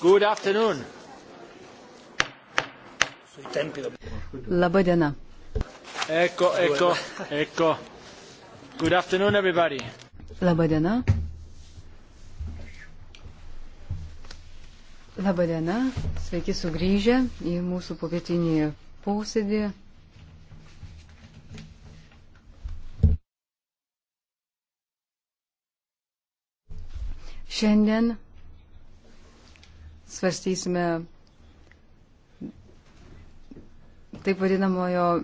Good afternoon. Labą dieną. Eko, eko, eko. Good afternoon, everybody. Labą dieną. Labą dieną. Sveiki sugrįžę į mūsų popietinį posėdį. Šiandien svarstysime taip vadinamojo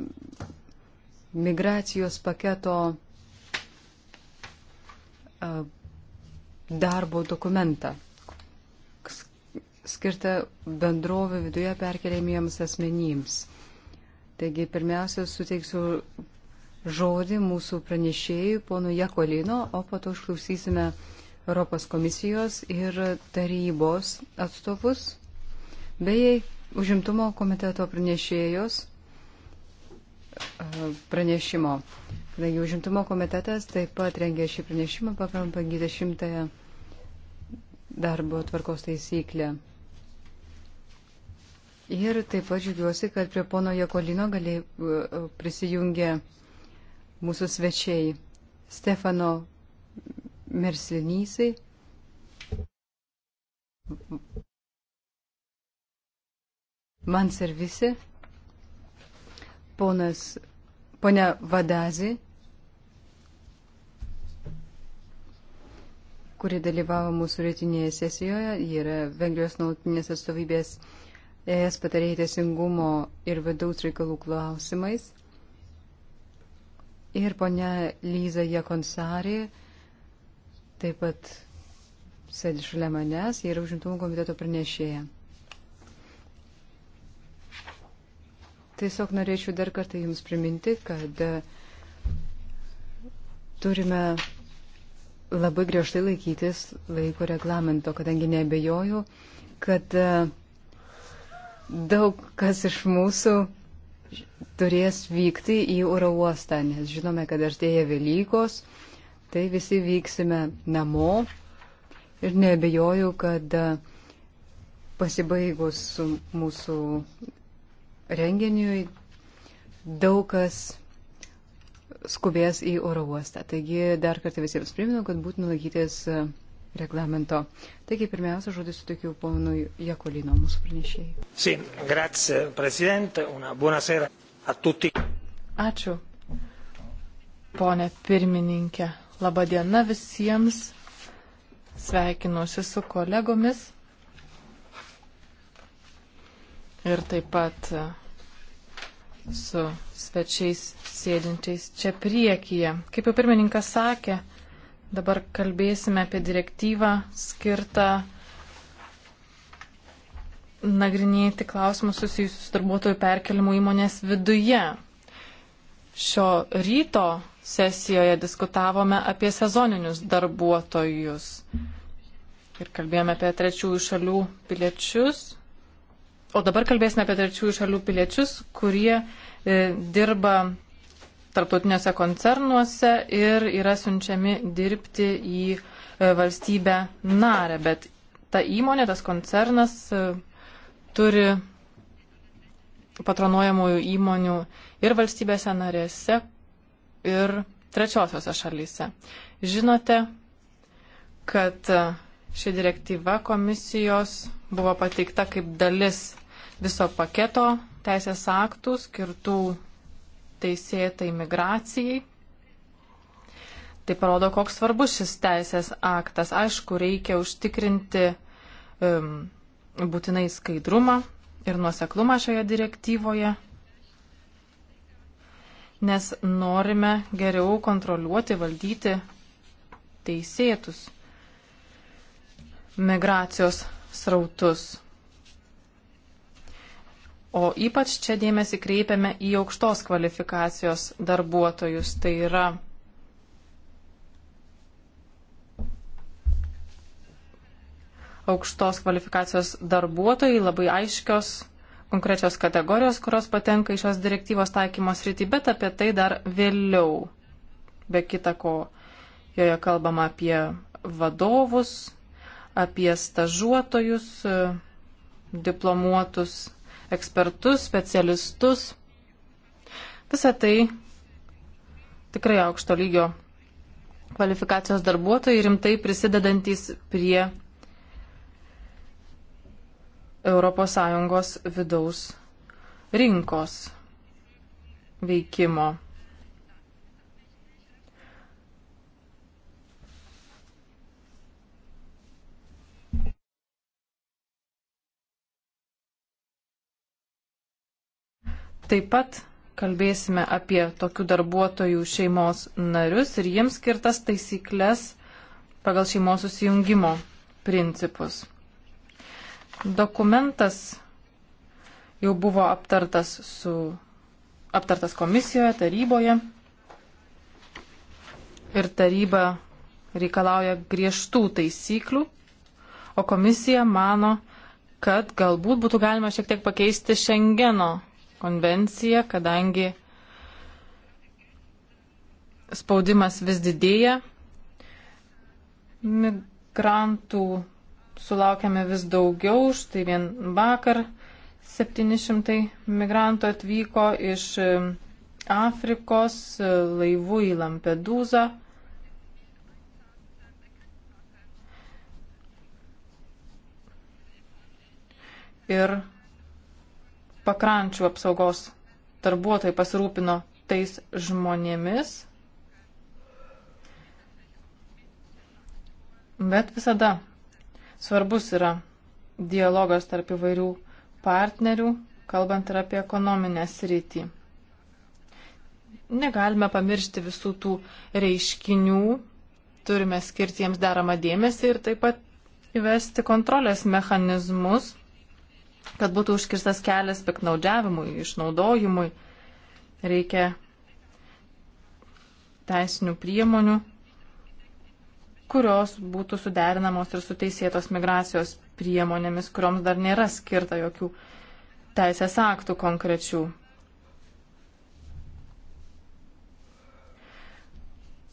migracijos paketo darbo dokumentą skirtą bendrovio viduje perkeliamiems asmenims. Taigi pirmiausia, suteiksiu žodį mūsų pranešėjai, ponu Jakolino, o po to išklausysime uh, Europos komisijos ir tarybos atstovus, bei užimtumo komiteto pranešėjos e, pranešimo. Kadangi užimtumo komitetas taip pat rengė šį pranešimą pagal 50 darbo tvarkos taisyklę. Ir taip pat žiūriuosi, kad prie pono Jekolino gali e, e, prisijungę mūsų svečiai Stefano Merslinysai. Man servisi, ponas, ponia Vadazi, kuri dalyvavo mūsų rytinėje sesijoje, ji yra Vengrijos nuolatinės atstovybės ES patarėjai teisingumo ir vidaus reikalų klausimais. Ir ponia Lyza Jekonsarė, taip pat sėdi šalia manęs, jie yra užimtumo komiteto pranešėja. Tiesiog norėčiau dar kartą Jums priminti, kad e, turime labai griežtai laikytis laiko reglamento, kadangi nebejoju, kad e, daug kas iš mūsų turės vykti į oro uostą, nes žinome, kad artėja Velykos, tai visi vyksime namo ir nebejoju, kad e, pasibaigus mūsų renginiui daug kas skubės į oro uostą. Taigi dar kartą visiems priminu, kad būtina laikytis e, reglamento. Taigi pirmiausia, žodį sutikiu ponui Jakolino, mūsų pranešėjai. Sì, grazie, presidente, una buonasera a tutti. Ačiū, ponė pirmininkė. Labadiena visiems. Sveikinuosi su kolegomis. Ir taip pat e, su svečiais sėdinčiais čia priekyje. Kaip jau pirmininkas sakė, dabar kalbėsime apie direktyvą skirtą nagrinėti klausimus susijusius su darbuotojų perkelimu įmonės viduje. Šio ryto sesijoje diskutavome apie sezoninius darbuotojus ir kalbėjome apie trečiųjų šalių piliečius. O dabar kalbėsime apie trečiųjų šalių piliečius, kurie e, dirba tarptautiniuose koncernuose ir yra siunčiami dirbti į e, valstybę narę. Bet ta įmonė, tas koncernas e, turi patronuojamųjų įmonių ir valstybėse narėse, ir trečiosiose šalyse. Žinote, kad ši direktyva komisijos buvo pateikta kaip dalis viso paketo teisės aktų skirtų teisėtai migracijai. Tai parodo, koks svarbus šis teisės aktas. Aišku, reikia užtikrinti um, būtinai skaidrumą ir nuoseklumą šioje direktyvoje, nes norime geriau kontroliuoti, valdyti teisėtus migracijos srautus. O ypač čia dėmesį kreipiame į aukštos kvalifikacijos darbuotojus. Tai yra aukštos kvalifikacijos darbuotojai, labai aiškios konkrečios kategorijos, kurios patenka į šios direktyvos taikymos rytį, bet apie tai dar vėliau. Be kita ko, joje kalbama apie vadovus, apie stažuotojus, diplomuotus ekspertus, specialistus. Visą tai tikrai aukšto lygio kvalifikacijos darbuotojai rimtai prisidedantis prie ES vidaus rinkos veikimo. Taip pat kalbėsime apie tokių darbuotojų šeimos narius ir jiems skirtas taisyklės pagal šeimos susijungimo principus dokumentas jau buvo aptartas, su, aptartas komisijoje, taryboje. Ir taryba reikalauja griežtų taisyklių, o komisija mano, kad galbūt būtų galima šiek tiek pakeisti Schengeno konvenciją, kadangi spaudimas vis didėja migrantų sulaukiame vis daugiau, štai vien vakar 700 migrantų atvyko iš Afrikos e, laivų į Lampedūzą. Ir pakrančių apsaugos darbuotojai pasirūpino tais žmonėmis. Bet visada Svarbus yra dialogas tarp įvairių partnerių, kalbant ir apie ekonominę sritį. Negalime pamiršti visų tų reiškinių, turime skirti jiems deramą dėmesį ir taip pat įvesti kontrolės mechanizmus, kad būtų užkirstas kelias piknaudžiavimui, išnaudojimui. Reikia teisinių priemonių kurios būtų suderinamos ir su teisėtos migracijos priemonėmis, kurioms dar nėra skirta jokių teisės aktų konkrečių.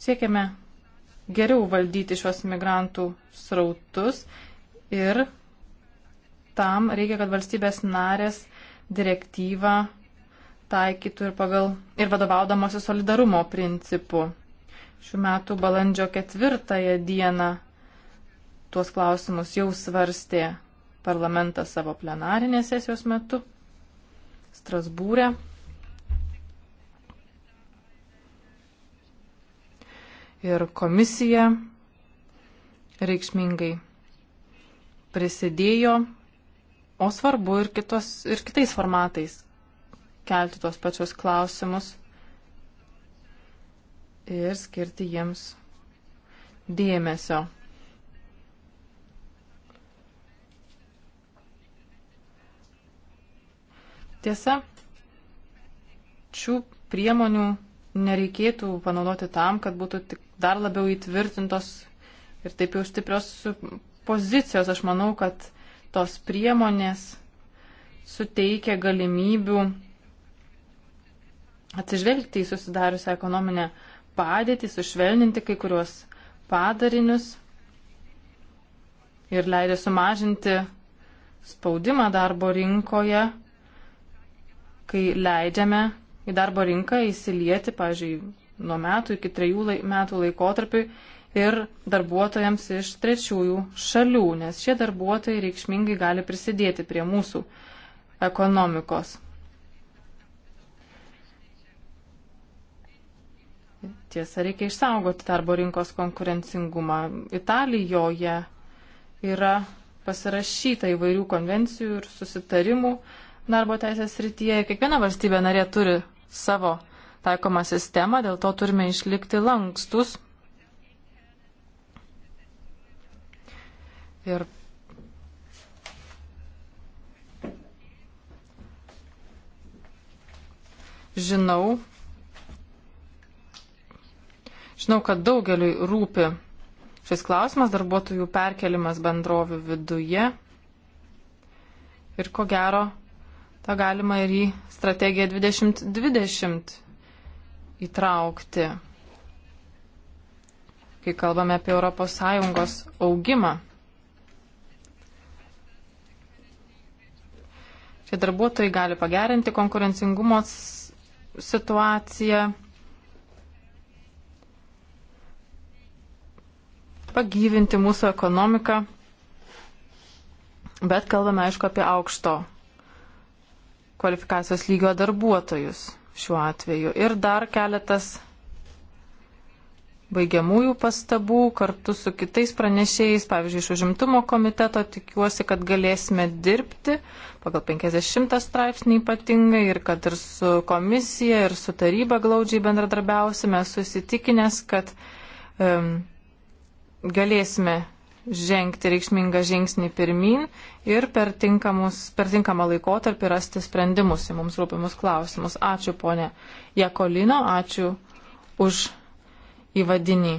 Siekiame geriau valdyti šios migrantų srautus ir tam reikia, kad valstybės narės direktyvą taikytų ir, pagal, ir vadovaudamosi solidarumo principu šių metų balandžio ketvirtąją dieną tuos klausimus jau svarstė parlamentas savo plenarinės sesijos metu Strasbūrė. ir komisija reikšmingai prisidėjo, o svarbu ir, kitos, ir kitais formatais kelti tuos pačius klausimus ir skirti jiems dėmesio. Tiesa, šių priemonių nereikėtų panaudoti tam, kad būtų tik dar labiau įtvirtintos ir taip jau stiprios pozicijos. Aš manau, kad tos priemonės suteikia galimybių atsižvelgti į susidariusią ekonominę padėtį, sušvelninti kai kuriuos padarinius ir leidė sumažinti spaudimą darbo rinkoje, kai leidžiame į darbo rinką įsilieti, pažiūrėjau, nuo metų iki trejų lai, metų laikotarpiui ir darbuotojams iš trečiųjų šalių, nes šie darbuotojai reikšmingai gali prisidėti prie mūsų ekonomikos. Tiesa, reikia išsaugoti darbo rinkos konkurencingumą. Italijoje yra pasirašyta įvairių konvencijų ir susitarimų darbo teisės rytyje. Kiekviena valstybė narė turi savo taikomą sistemą, dėl to turime išlikti lankstus. Ir žinau, Žinau, kad daugeliui rūpi šis klausimas, darbuotojų perkelimas bendrovių viduje. Ir ko gero, tą galima ir į strategiją 2020 įtraukti, kai kalbame apie ES augimą. Čia darbuotojai gali pagerinti konkurencingumo situaciją pagyvinti mūsų ekonomiką, bet kalbame aišku apie aukšto kvalifikacijos lygio darbuotojus šiuo atveju. Ir dar keletas baigiamųjų pastabų kartu su kitais pranešėjais, pavyzdžiui, iš užimtumo komiteto tikiuosi, kad galėsime dirbti pagal 50 straipsnį ypatingai ir kad ir su komisija, ir su taryba glaudžiai bendradarbiausime, susitikinęs, kad um, galėsime žengti reikšmingą žingsnį pirmin ir per, tinkamus, per tinkamą laikotarpį rasti sprendimus į mums rūpimus klausimus. Ačiū ponė Jekolino, ačiū už įvadinį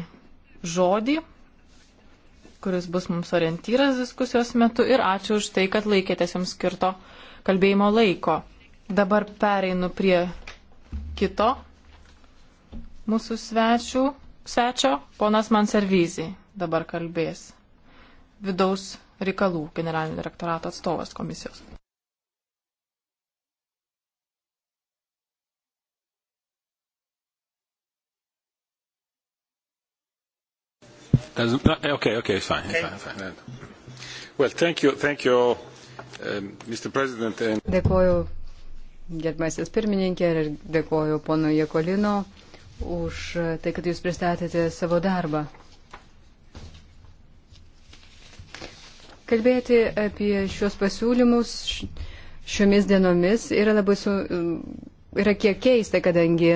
žodį, kuris bus mums orientyras diskusijos metu ir ačiū už tai, kad laikėtės jums skirto kalbėjimo laiko. Dabar pereinu prie kito mūsų svečių, svečio, ponas Manservyzi dabar kalbės vidaus reikalų generalinio direktorato atstovas komisijos. Okay, okay, it's fine. It's fine, it's fine. Well, thank you, thank you, um, Mr. President. And... Dėkuoju gerbiamasis pirmininkė ir dėkuoju pono Jekolino už tai, kad jūs pristatėte savo darbą. Kalbėti apie šios pasiūlymus šiomis dienomis yra labai su, yra kiek keista, kadangi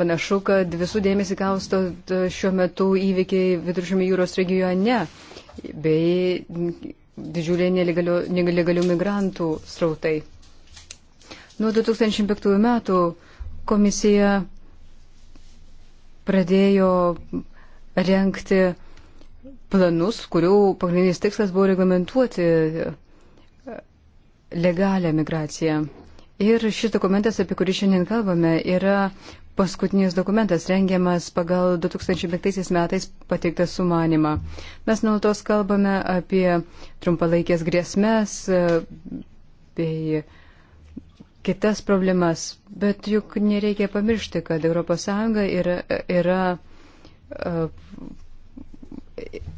panašu, kad visų dėmesį kausto šiuo metu įvykiai Viduržėmio jūros regione bei didžiuliai nelegalių, nelegalių migrantų srautai. Nuo 2005 metų komisija pradėjo renkti planus, kurių pagrindinis tikslas buvo reglamentuoti legalią migraciją. Ir šis dokumentas, apie kurį šiandien kalbame, yra paskutinis dokumentas rengiamas pagal 2005 metais pateiktą sumanimą. Mes nuolatos kalbame apie trumpalaikės grėsmės bei kitas problemas, bet juk nereikia pamiršti, kad ES yra, yra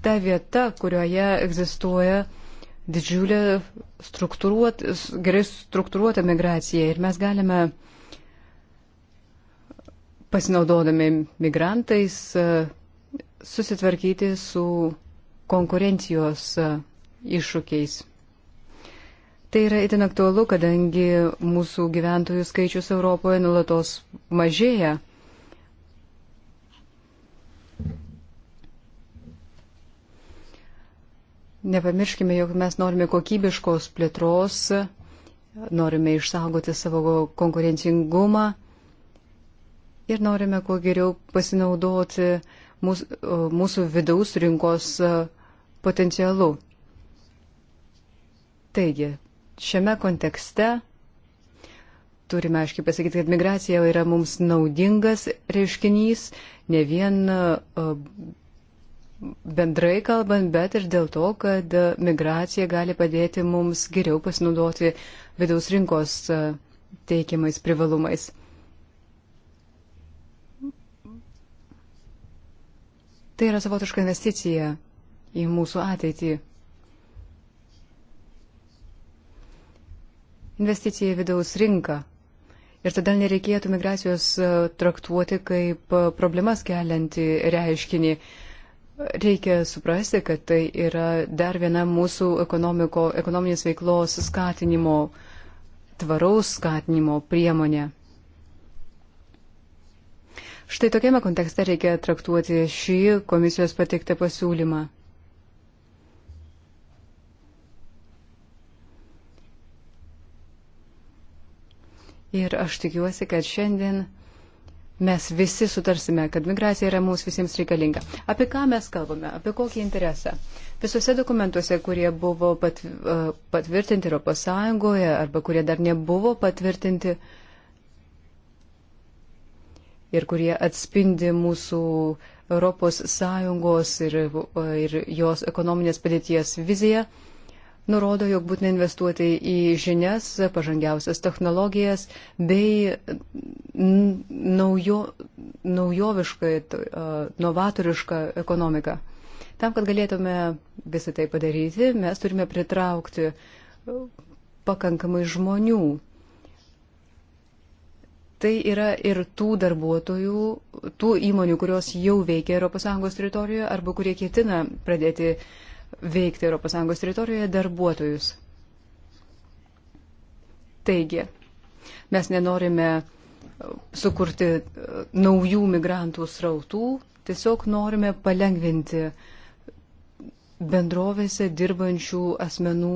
ta vieta, kurioje egzistuoja didžiulė struktūruot, gerai struktūruota migracija ir mes galime pasinaudodami migrantais e, susitvarkyti su konkurencijos e, iššūkiais. Tai yra itin aktualu, kadangi mūsų gyventojų skaičius Europoje nulatos mažėja. Nepamirškime, jog mes norime kokybiškos plėtros, norime išsaugoti savo konkurencingumą ir norime kuo geriau pasinaudoti mūsų, mūsų vidaus rinkos potencialu. Taigi, šiame kontekste turime aiškiai pasakyti, kad migracija yra mums naudingas reiškinys, ne vien bendrai kalbant, bet ir dėl to, kad migracija gali padėti mums geriau pasinaudoti vidaus rinkos e, teikiamais privalumais. Tai yra savotiška investicija į mūsų ateitį. Investicija į vidaus rinką. Ir tada nereikėtų migracijos e, traktuoti kaip e, problemas kelianti reiškinį, Reikia suprasti, kad tai yra dar viena mūsų ekonominės veiklos skatinimo, tvaraus skatinimo priemonė. Štai tokiame kontekste reikia traktuoti šį komisijos pateiktą pasiūlymą. Ir aš tikiuosi, kad šiandien mes visi sutarsime, kad migracija yra mums visiems reikalinga. Apie ką mes kalbame, apie kokį interesą? Visose dokumentuose, kurie buvo pat, patvirtinti Europos Sąjungoje arba kurie dar nebuvo patvirtinti ir kurie atspindi mūsų Europos Sąjungos ir, ir jos ekonominės padėties viziją, nurodo, jog būtina investuoti į žinias, pažangiausias technologijas bei naujo, naujovišką, novatorišką ekonomiką. Tam, kad galėtume visą tai padaryti, mes turime pritraukti pakankamai žmonių. Tai yra ir tų darbuotojų, tų įmonių, kurios jau veikia ES teritorijoje arba kurie ketina pradėti uh, veikti ES teritorijoje darbuotojus. Taigi, mes nenorime sukurti e, naujų migrantų srautų, tiesiog norime palengvinti bendrovėse dirbančių asmenų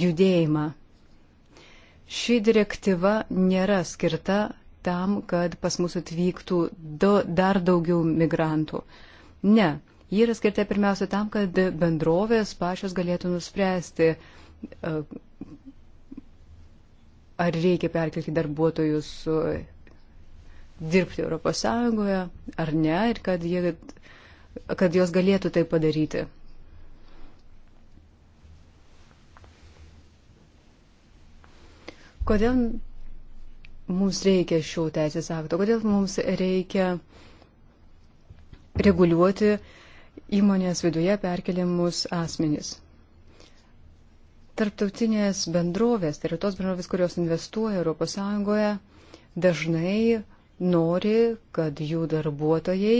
judėjimą. Ši direktyva nėra skirta tam, kad pas mus atvyktų do, dar daugiau migrantų. Ne, Ji yra skirta pirmiausia tam, kad bendrovės pačios galėtų nuspręsti, e, ar reikia perkelti darbuotojus e, dirbti ES ar ne, ir kad, jie, kad jos galėtų tai padaryti. Kodėl mums reikia šių teisės aktų, kodėl mums reikia reguliuoti uh, įmonės viduje perkeliamus asmenys. Tarptautinės bendrovės, tai yra tos bendrovės, kurios investuoja ES, dažnai nori, kad jų darbuotojai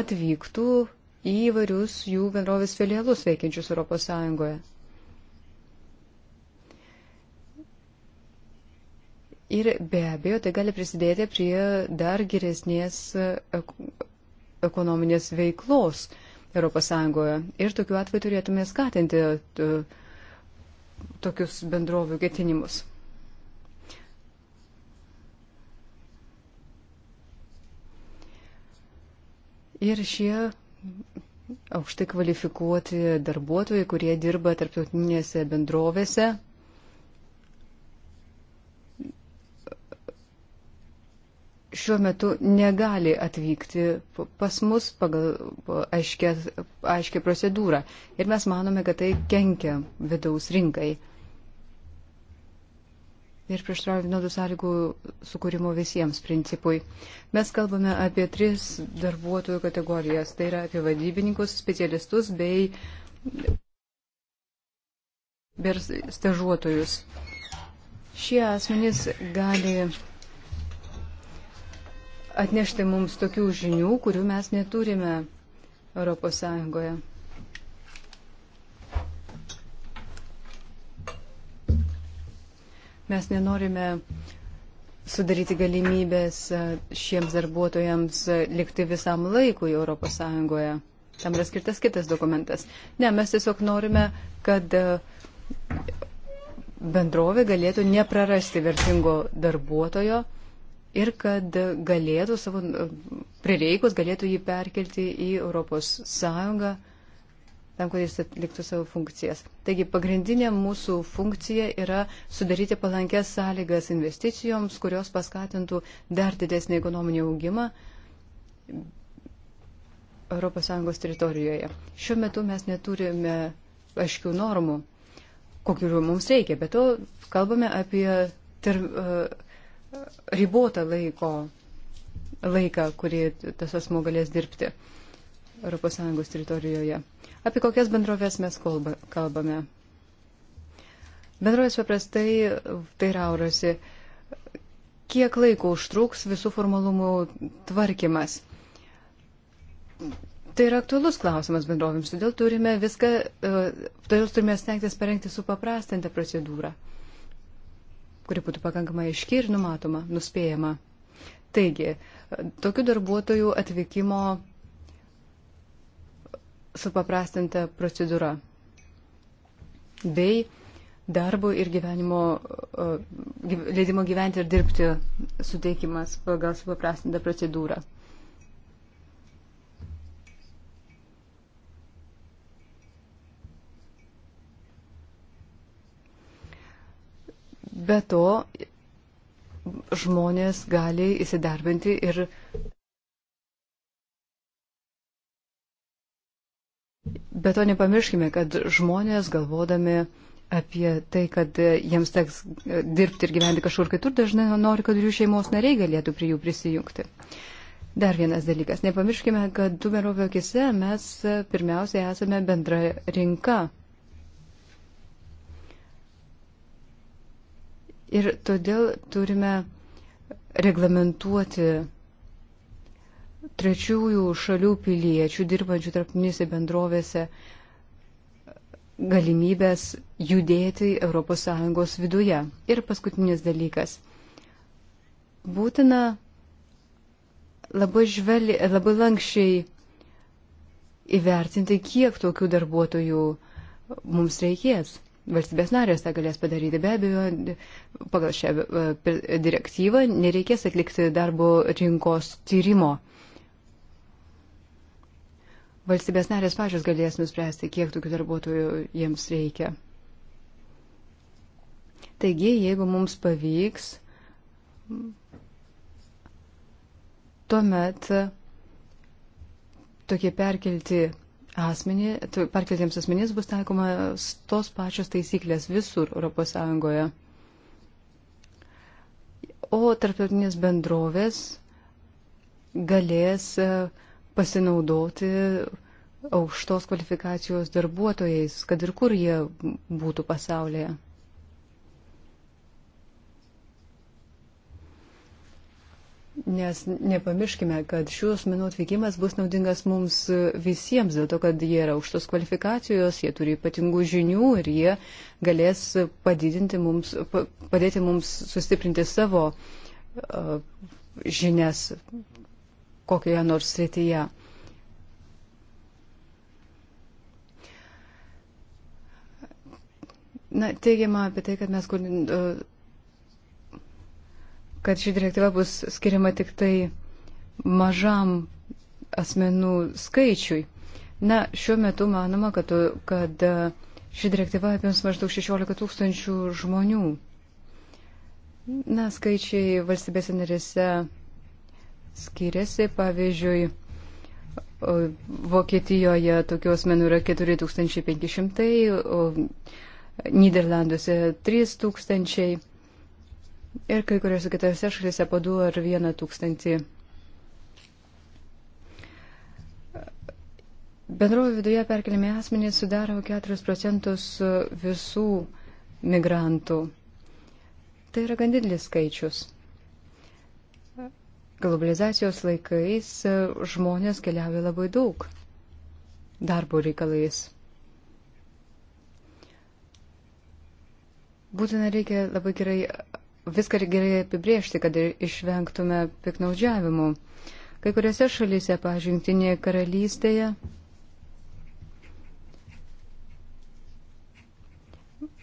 atvyktų į įvairius jų bendrovės filialus veikiančius ES. Ir be abejo, tai gali prisidėti prie dar geresnės ekonominės veiklos ES. Ir tokiu atveju turėtume skatinti e, tokius bendrovių ketinimus. Ir šie aukštai kvalifikuoti darbuotojai, kurie dirba tarptautinėse bendrovėse, šiuo metu negali atvykti pas mus pagal aiškę, aiškę procedūrą. Ir mes manome, kad tai kenkia vidaus rinkai. Ir prieštrauja vienodų sąlygų sukūrimo visiems principui. Mes kalbame apie tris darbuotojų kategorijas. Tai yra apie vadybininkus, specialistus bei, bei stažuotojus. Šie asmenys gali atnešti mums tokių žinių, kurių mes neturime Europos Sąjungoje. Mes nenorime sudaryti galimybės e, šiems darbuotojams likti visam laikui Europos Sąjungoje. Tam yra skirtas kitas dokumentas. Ne, mes tiesiog norime, kad e, bendrovė galėtų neprarasti vertingo darbuotojo ir kad galėtų savo prireikus, galėtų jį perkelti į Europos Sąjungą tam, kad jis atliktų savo funkcijas. Taigi pagrindinė mūsų funkcija yra sudaryti palankės sąlygas investicijoms, kurios paskatintų dar didesnį ekonominį augimą ES teritorijoje. Šiuo metu mes neturime aiškių normų, kokių mums reikia, bet to kalbame apie ter, uh, ribotą laiko, laiką, kurį tas asmo galės dirbti ES teritorijoje. Apie kokias bendrovės mes kalba, kalbame? Bendrovės paprastai tai raurasi, kiek laiko užtruks visų formalumų tvarkymas. Tai yra aktualus klausimas bendrovėms, todėl turime viską, e, todėl turime stengtis parengti supaprastintą procedūrą kuri būtų pakankamai aiški ir numatoma, nuspėjama. Taigi, tokių darbuotojų atvykimo supaprastinta procedūra bei darbo ir gyvenimo, leidimo gyventi ir dirbti suteikimas pagal supaprastintą procedūrą. Be to, žmonės gali įsidarbinti ir Be to nepamirškime, kad žmonės galvodami apie tai, kad jiems teks dirbti ir gyventi kažkur kitur, dažnai nori, kad jų šeimos nariai galėtų prie jų prisijungti. Dar vienas dalykas. Nepamirškime, kad Dumerovio akise mes pirmiausiai esame bendra rinka. Ir todėl turime reglamentuoti trečiųjų šalių piliečių dirbančių tarptautinėse bendrovėse galimybės judėti ES viduje. Ir paskutinis dalykas. Būtina labai, žveli, labai lankščiai įvertinti, kiek tokių darbuotojų mums reikės valstybės narės tą galės padaryti. Be abejo, pagal šią e, direktyvą nereikės atlikti darbo rinkos tyrimo. Valstybės narės pačios galės nuspręsti, kiek tokių darbuotojų jiems reikia. Taigi, jeigu mums pavyks, tuomet tokie perkelti asmenį, perkeltiems asmenys bus taikomas tos pačios taisyklės visur ES. O tarptautinės bendrovės galės e, pasinaudoti aukštos kvalifikacijos darbuotojais, kad ir kur jie būtų pasaulyje. Nes nepamirškime, kad šių asmenų atvykimas bus naudingas mums visiems, dėl to, kad jie yra aukštos kvalifikacijos, jie turi ypatingų žinių ir jie galės mums, padėti mums sustiprinti savo uh, žinias kokioje nors srityje. Na, teigiama apie tai, kad mes kur, uh, kad ši direktyva bus skiriama tik tai mažam asmenų skaičiui. Na, šiuo metu manoma, kad, kad ši direktyva apims maždaug 16 tūkstančių žmonių. Na, skaičiai valstybėse narėse skiriasi. Pavyzdžiui, Vokietijoje tokių asmenų yra 4500, Niderlanduose 3000 ir kai kuriuose kitose šalyse po 2 ar 1 tūkstantį. Bendrovė viduje perkeliami asmenys sudaro 4 procentus visų migrantų. Tai yra gan didelis skaičius. Globalizacijos laikais žmonės keliauja labai daug darbo reikalais. Būtina reikia labai gerai viską gerai apibriežti, kad išvengtume piknaudžiavimų. Kai kuriuose šalyse, pažinktinėje karalystėje,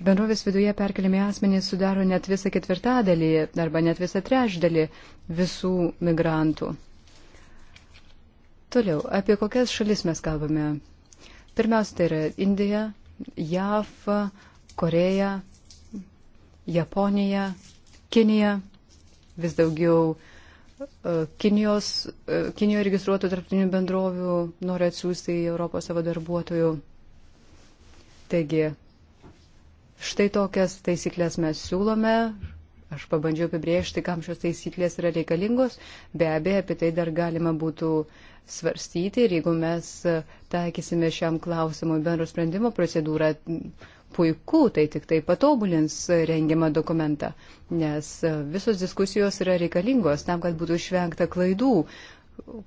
Bendrovės viduje perkeliami asmenys sudaro net visą ketvirtadalį arba net visą trečdalį visų migrantų. Toliau, apie kokias šalis mes kalbame? Pirmiausia, tai yra Indija, JAV, Koreja, Japonija, Kinija vis daugiau e, Kinijos, e, Kinijoje registruotų tarptautinių bendrovių nori atsiųsti į Europą savo darbuotojų. Taigi, štai tokias taisyklės mes siūlome. Aš pabandžiau apibriežti, kam šios taisyklės yra reikalingos. Be abejo, apie tai dar galima būtų svarstyti ir jeigu mes taikysime šiam klausimui bendro sprendimo procedūrą, puiku, tai tik tai patobulins rengiamą dokumentą, nes visos diskusijos yra reikalingos tam, kad būtų išvengta klaidų,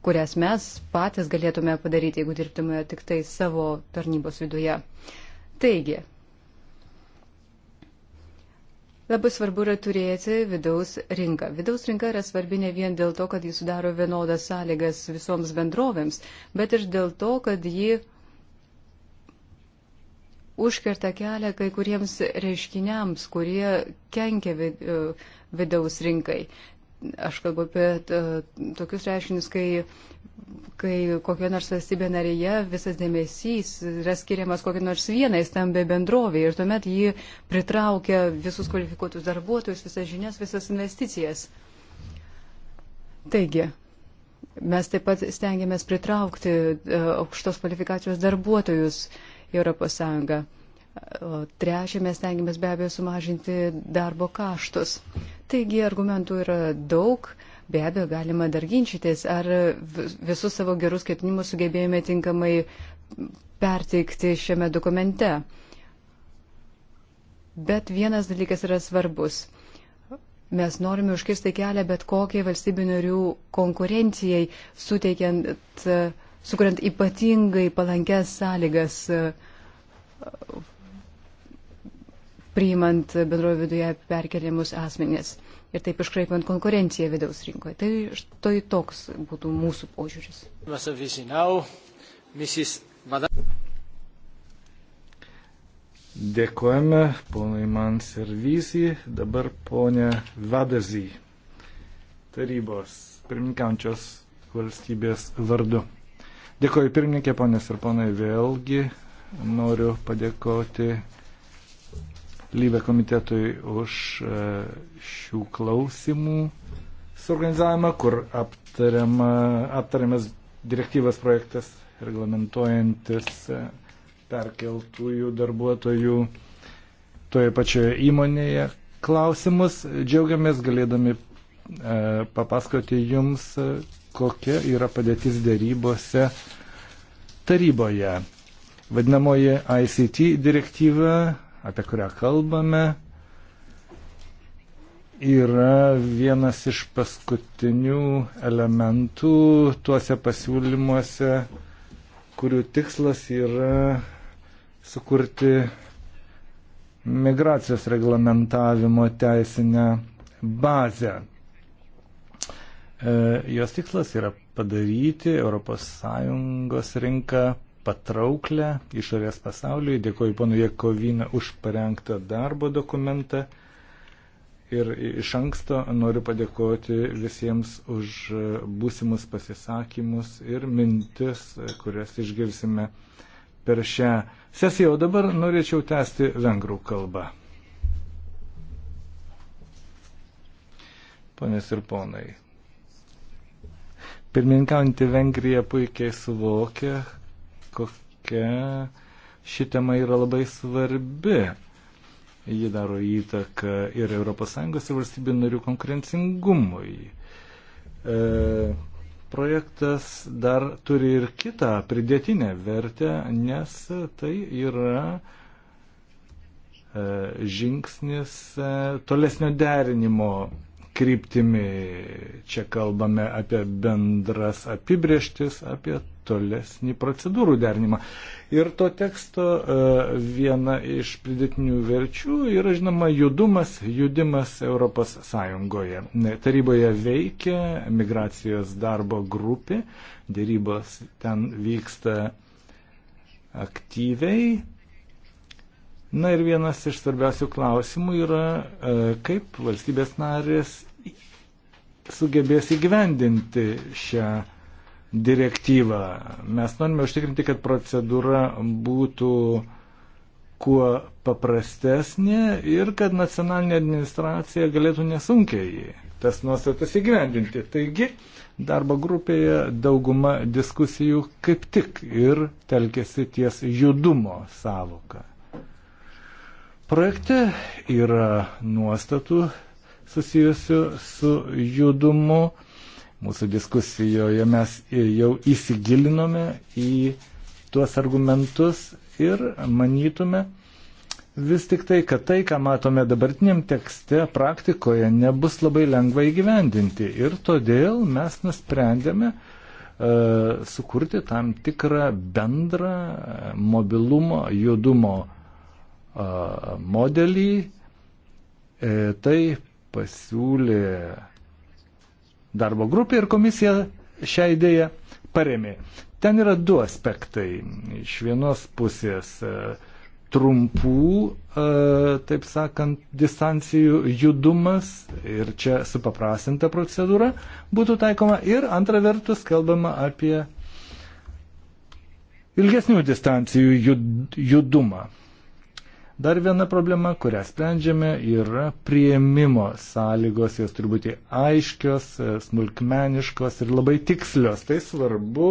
kurias mes patys galėtume padaryti, jeigu dirbtume tik tai savo tarnybos viduje. Taigi, Labai svarbu yra turėti vidaus rinką. Vidaus rinka yra svarbi ne vien dėl to, kad jis sudaro vienodas sąlygas visoms bendrovėms, bet ir dėl to, kad ji užkerta kelią kai kuriems reiškiniams, kurie kenkia e, vidaus rinkai. Aš kalbu apie e, tokius reiškinius, kai, kai kokio nors valstybė narėje visas dėmesys yra skiriamas kokio nors vienai stambė bendrovė ir tuomet ji pritraukia visus kvalifikuotus darbuotojus, visas žinias, visas investicijas. Taigi, mes taip pat stengiamės pritraukti e, aukštos kvalifikacijos darbuotojus į ES. O trečia, mes tengiamės be abejo sumažinti darbo kaštus. Taigi argumentų yra daug, be abejo galima dar ginčytis, ar visus savo gerus ketinimus sugebėjome tinkamai perteikti šiame dokumente. Bet vienas dalykas yra svarbus. Mes norime užkirsti kelią bet kokiai valstybių narių konkurencijai, suteikiant uh, sukuriant ypatingai palankes sąlygas e, priimant bendrojo viduje perkeliamus asmenės ir taip iškraipant konkurenciją vidaus rinkoje. Tai štai toks būtų mūsų požiūris. Dėkojame ponui Manservysi, dabar ponė Vadazy, tarybos pirmininkiančios valstybės vardu. Dėkoju pirmininkė, ponės ir ponai, vėlgi noriu padėkoti Lybė komitetui už e, šių klausimų suorganizavimą, kur aptariama, aptariamas direktyvas projektas reglamentuojantis e, perkeltųjų darbuotojų toje pačioje įmonėje klausimus. Džiaugiamės galėdami e, papasakoti jums kokia yra padėtis dėrybose taryboje. Vadinamoji ICT direktyva, apie kurią kalbame, yra vienas iš paskutinių elementų tuose pasiūlymuose, kurių tikslas yra sukurti migracijos reglamentavimo teisinę bazę. E, jos tikslas yra padaryti ES rinką patrauklę išorės pasauliui. Dėkoju panu Jekovina už parengtą darbo dokumentą. Ir iš anksto noriu padėkoti visiems už būsimus pasisakymus ir mintis, kurias išgirsime per šią sesiją. O dabar norėčiau tęsti vengrų kalbą. Ponės ir ponai, Pirmininkaujantį Vengriją puikiai suvokia, kokia ši tema yra labai svarbi. Ji daro įtaką ir ES ir valstybių narių konkurencingumui. E, projektas dar turi ir kitą pridėtinę vertę, nes tai yra e, žingsnis e, tolesnio derinimo kryptimi. Čia kalbame apie bendras apibrieštis, apie tolesnį procedūrų derinimą. Ir to teksto e, viena iš pridėtinių verčių yra, žinoma, judumas, judimas Europos Sąjungoje. Taryboje veikia migracijos darbo grupė, dėrybos ten vyksta aktyviai Na ir vienas iš svarbiausių klausimų yra, e, kaip valstybės narės sugebės įgyvendinti šią direktyvą. Mes norime užtikrinti, kad procedūra būtų kuo paprastesnė ir kad nacionalinė administracija galėtų nesunkiai tas nuostatas įgyvendinti. Taigi, darbo grupėje dauguma diskusijų kaip tik ir telkėsi ties judumo savoką. Projekte yra nuostatų susijusių su judumu. Mūsų diskusijoje mes jau įsigilinome į tuos argumentus ir manytume vis tik tai, kad tai, ką matome dabartiniam tekste, praktikoje nebus labai lengva įgyvendinti. Ir todėl mes nusprendėme uh, sukurti tam tikrą bendrą mobilumo, judumo uh, modelį. E, tai pasiūlė darbo grupė ir komisija šią idėją paremė. Ten yra du aspektai. Iš vienos pusės e, trumpų, e, taip sakant, distancijų judumas ir čia supaprastinta procedūra būtų taikoma. Ir antra vertus kalbama apie ilgesnių distancijų judumą. Dar viena problema, kurią sprendžiame, yra prieimimo sąlygos, jos turi būti aiškios, smulkmeniškos ir labai tikslios. Tai svarbu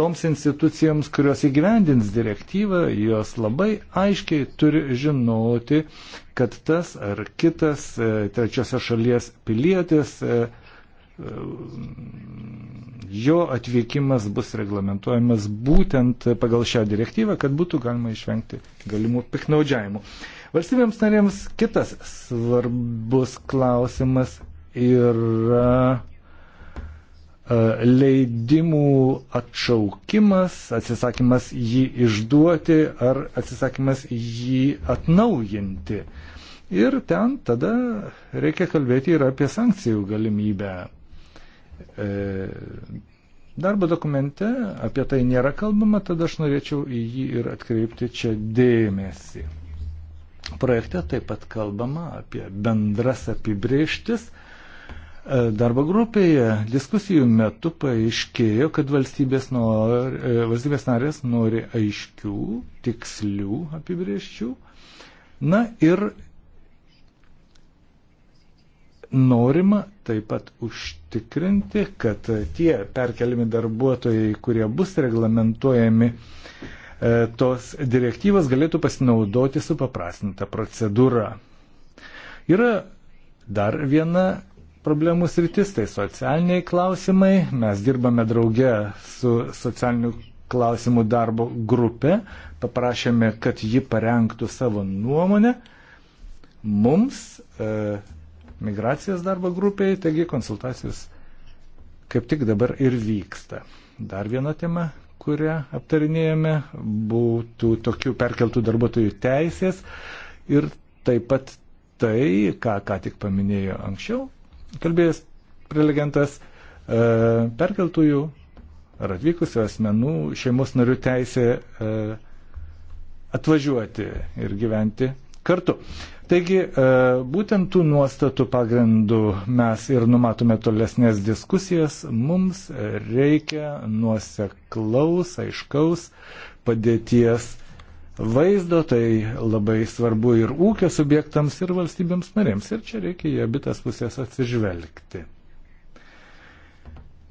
toms institucijoms, kurios įgyvendins direktyvą, jos labai aiškiai turi žinoti, kad tas ar kitas e, trečiosios šalies pilietis e, jo atvykimas bus reglamentuojamas būtent pagal šią direktyvą, kad būtų galima išvengti galimų piknaudžiavimų. Valstybėms narėms kitas svarbus klausimas yra e, leidimų atšaukimas, atsisakymas jį išduoti ar atsisakymas jį atnaujinti. Ir ten tada reikia kalbėti ir apie sankcijų galimybę. E, darbo dokumente apie tai nėra kalbama, tad aš norėčiau į jį ir atkreipti čia dėmesį. Projekte taip pat kalbama apie bendras apibrieštis. E, darbo grupėje diskusijų metu paaiškėjo, kad valstybės, nor, e, valstybės narės nori aiškių, tikslių apibrieščių. Na ir norima taip pat užtikrinti, kad tie perkeliami darbuotojai, kurie bus reglamentuojami e, tos direktyvos, galėtų pasinaudoti su paprastinta procedūra. Yra dar viena problemų sritis, tai socialiniai klausimai. Mes dirbame drauge su socialinių klausimų darbo grupė, paprašėme, kad ji parengtų savo nuomonę. Mums e, migracijas darbo grupiai, taigi konsultacijos kaip tik dabar ir vyksta. Dar viena tema, kurią aptarinėjame, būtų tokių perkeltų darbuotojų teisės ir taip pat tai, ką ką tik paminėjo anksčiau, kalbėjęs prelegentas, e, perkeltųjų ar atvykusių asmenų šeimos narių teisė e, atvažiuoti ir gyventi kartu. Taigi, e, būtent tų nuostatų pagrindų mes ir numatome tolesnės diskusijas. Mums reikia nuoseklaus, aiškaus padėties vaizdo, tai labai svarbu ir ūkio subjektams, ir valstybėms narėms. Ir čia reikia į abitas pusės atsižvelgti.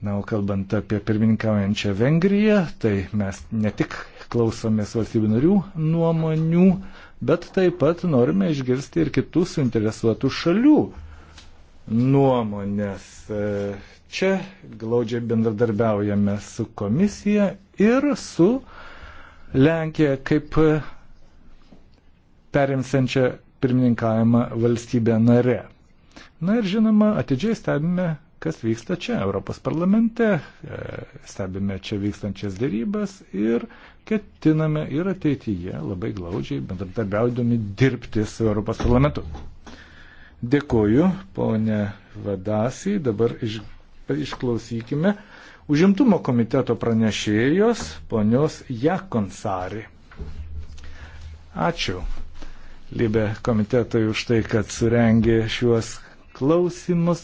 Na, o kalbant apie pirmininkaujančią Vengriją, tai mes ne tik klausomės valstybių narių nuomonių, bet taip pat norime išgirsti ir kitų suinteresuotų šalių nuomonės. Čia glaudžiai bendradarbiaujame su komisija ir su Lenkija kaip perimsiančia pirmininkavimą valstybę narę. Na ir žinoma, atidžiai stebime, kas vyksta čia Europos parlamente, stebime čia vykstančias dėrybas ir ketiname ir ateityje labai glaudžiai bendradarbiaudami dirbti su Europos parlamentu. Dėkoju, ponė Vadasi, dabar iš, išklausykime užimtumo komiteto pranešėjos, ponios Jakonsari. Ačiū Libė komitetui už tai, kad surengė šiuos klausimus.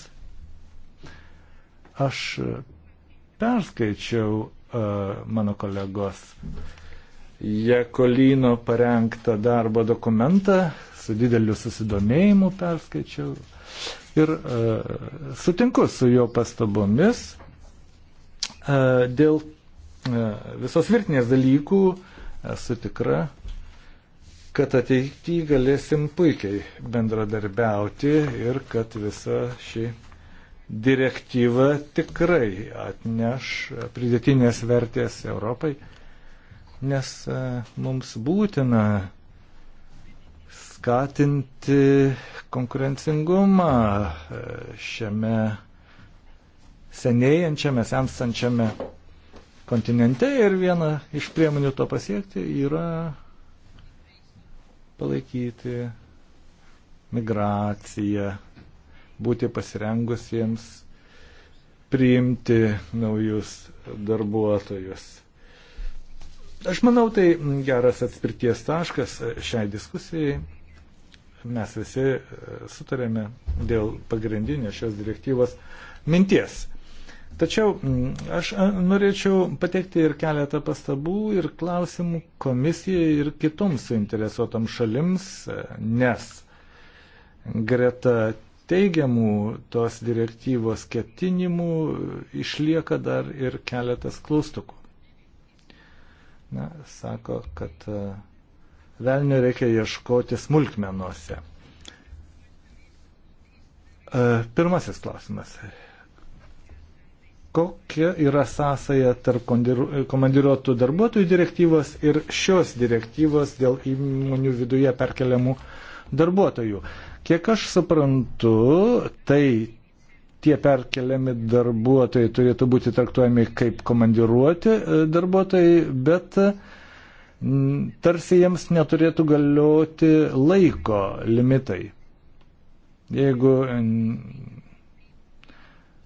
Aš perskaičiau E, mano kolegos Jekolino parengtą darbo dokumentą, su dideliu susidomėjimu perskaičiau ir e, sutinku su jo pastabomis e, dėl visos virtinės dalykų, esu tikra, kad ateityje galėsim puikiai bendradarbiauti ir kad visa ši direktyva tikrai atneš pridėtinės vertės Europai, nes e, mums būtina skatinti konkurencingumą e, šiame senėjančiame, senstančiame kontinente ir viena iš priemonių to pasiekti yra palaikyti migraciją būti pasirengusiems priimti naujus darbuotojus. Aš manau, tai geras atspirties taškas šiai diskusijai. Mes visi e, sutarėme dėl pagrindinės šios direktyvos minties. Tačiau aš norėčiau pateikti ir keletą pastabų ir klausimų komisijai ir kitoms suinteresuotam šalims, e, nes greta teigiamų tos direktyvos ketinimų išlieka dar ir keletas klaustukų. Na, sako, kad e, velnio reikia ieškoti smulkmenuose. E, pirmasis klausimas. Kokia yra sąsaja tarp komandiruotų darbuotojų direktyvos ir šios direktyvos dėl įmonių viduje perkeliamų darbuotojų? Kiek aš suprantu, tai tie perkeliami darbuotojai turėtų būti traktuojami kaip komandiruoti e, darbuotojai, bet tarsi jiems neturėtų galioti laiko limitai. Jeigu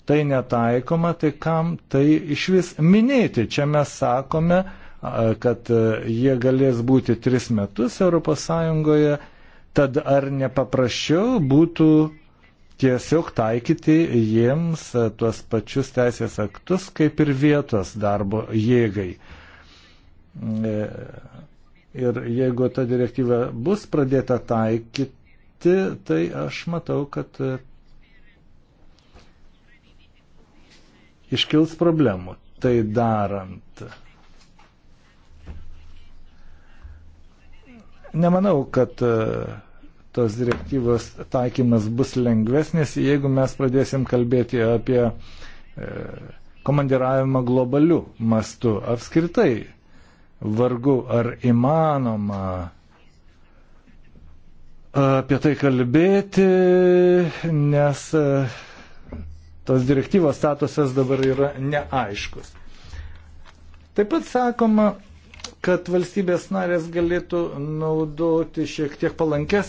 tai netaikoma, tai kam tai iš vis minėti? Čia mes sakome, kad e, jie galės būti tris metus ES Tad ar nepaprasčiau būtų tiesiog taikyti jiems tuos pačius teisės aktus kaip ir vietos darbo jėgai. E, ir jeigu ta direktyva bus pradėta taikyti, tai aš matau, kad e, iškils problemų tai darant. Nemanau, kad e, tos direktyvos taikymas bus lengvesnis, jeigu mes pradėsim kalbėti apie e, komandiravimą globaliu mastu. Apskritai, vargu ar įmanoma apie tai kalbėti, nes e, tos direktyvos statusas dabar yra neaiškus. Taip pat sakoma, kad valstybės narės galėtų naudoti šiek tiek palankes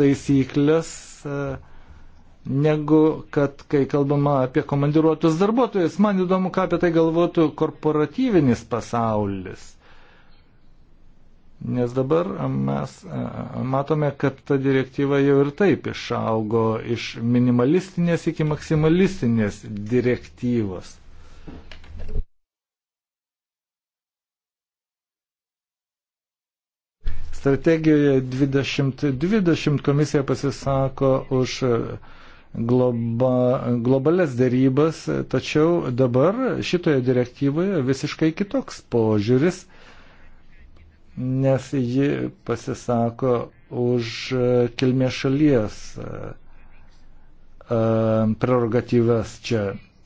taisyklės e, negu kad kai kalbama apie komandiruotus darbuotojus. Man įdomu, ką apie tai galvotų korporatyvinis pasaulis. Nes dabar mes e, matome, kad ta direktyva jau ir taip išaugo iš minimalistinės iki maksimalistinės direktyvos. Strategijoje 2020 komisija pasisako už globa, globales dėrybas, tačiau dabar šitoje direktyvoje visiškai kitoks požiūris, nes ji pasisako už kilmės šalies prerogatyvas čia.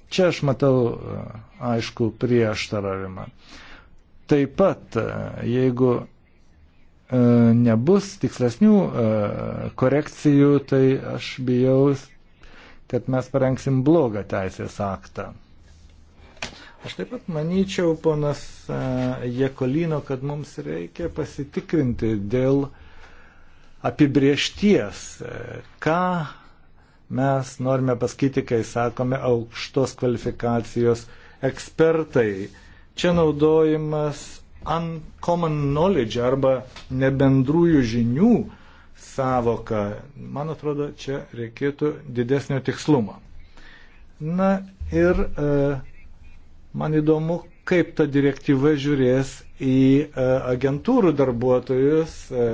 Čia aš matau aišku prieštaravimą. Taip pat, jeigu E, nebus tikslesnių e, korekcijų, tai aš bijau, kad mes parengsim blogą teisės aktą. Aš taip pat manyčiau, ponas e, Jekolino, kad mums reikia pasitikrinti dėl apibriešties, ką mes norime pasakyti, kai sakome aukštos kvalifikacijos ekspertai. Čia naudojimas uncommon knowledge arba nebendrųjų žinių savoką, man atrodo, čia reikėtų didesnio tikslumo. Na ir e, man įdomu, kaip ta direktyva žiūrės į e, agentūrų darbuotojus, e,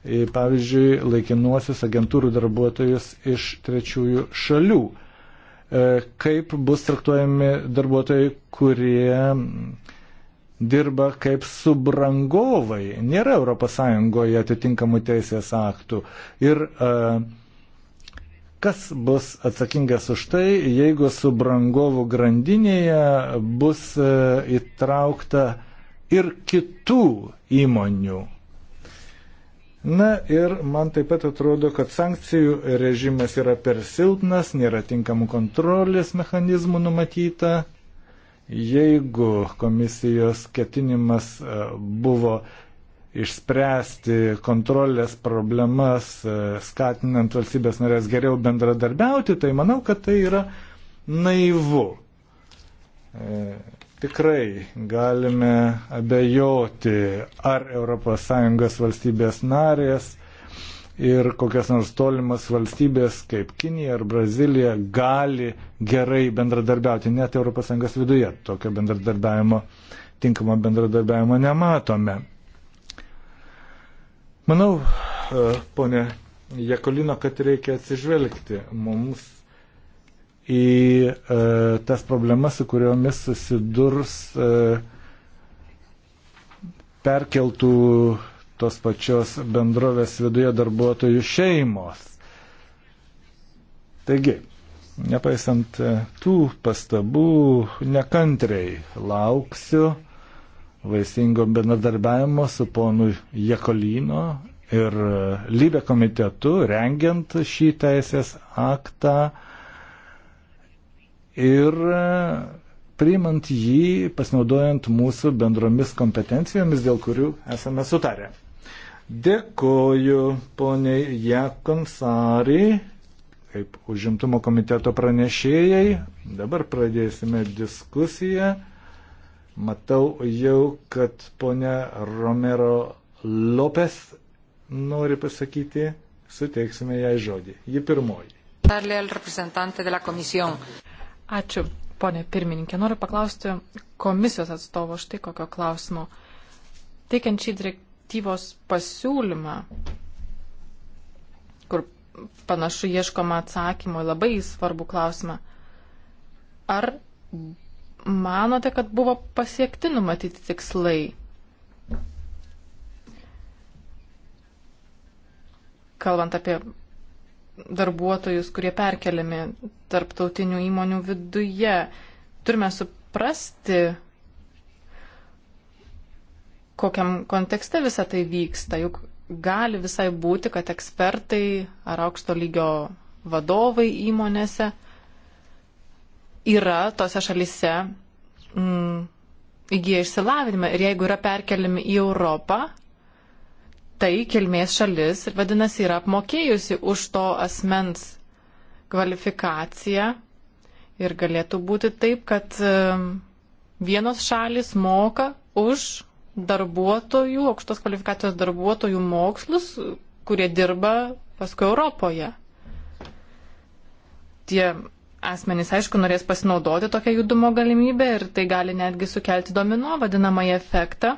į, pavyzdžiui, laikinuosius agentūrų darbuotojus iš trečiųjų šalių. E, kaip bus traktuojami darbuotojai, kurie dirba kaip subrangovai. Nėra ES atitinkamų teisės aktų. Ir uh, kas bus atsakingas už tai, jeigu subrangovų grandinėje bus uh, įtraukta ir kitų įmonių. Na ir man taip pat atrodo, kad sankcijų režimas yra per silpnas, nėra tinkamų kontrolės mechanizmų numatyta. Jeigu komisijos ketinimas e, buvo išspręsti kontrolės problemas, e, skatinant valstybės narės geriau bendradarbiauti, tai manau, kad tai yra naivu. E, tikrai galime abejoti, ar ES valstybės narės ir kokias nors tolimas valstybės kaip Kinija ar Brazilija gali gerai bendradarbiauti net ES viduje. Tokio bendradarbiavimo, tinkamo bendradarbiavimo nematome. Manau, e, ponė Jekolino, kad reikia atsižvelgti mums į e, tas problemas, su kuriomis susidurs e, perkeltų tos pačios bendrovės viduje darbuotojų šeimos. Taigi, nepaisant tų pastabų, nekantriai lauksiu vaisingo bendradarbiavimo su ponu Jekolino ir lybė komitetu, rengiant šį teisės aktą ir priimant jį, pasinaudojant mūsų bendromis kompetencijomis, dėl kurių esame sutarę. Dėkoju poniai Jekonsari, kaip užimtumo komiteto pranešėjai. Dabar pradėsime diskusiją. Matau jau, kad ponia Romero Lopes nori pasakyti, suteiksime jai žodį. Ji pirmoji. Ačiū, ponė pirmininkė. Noriu paklausti komisijos atstovo štai kokio klausimo. Teikiant šį direktyvą direktyvos pasiūlymą, kur panašu ieškoma atsakymo į labai svarbų klausimą. Ar manote, kad buvo pasiekti numatyti tikslai? Kalbant apie darbuotojus, kurie perkeliami tarptautinių įmonių viduje, turime suprasti, kokiam kontekste visa tai vyksta. Juk gali visai būti, kad ekspertai ar aukšto lygio vadovai įmonėse yra tose šalise mm, įgyja išsilavinimą ir jeigu yra perkeliami į Europą, tai kilmės šalis ir vadinasi yra apmokėjusi už to asmens kvalifikaciją ir galėtų būti taip, kad vienos šalis moka už darbuotojų, aukštos kvalifikacijos darbuotojų mokslus, kurie dirba paskui Europoje. Tie asmenys, aišku, norės pasinaudoti tokią judumo galimybę ir tai gali netgi sukelti domino vadinamąjį efektą.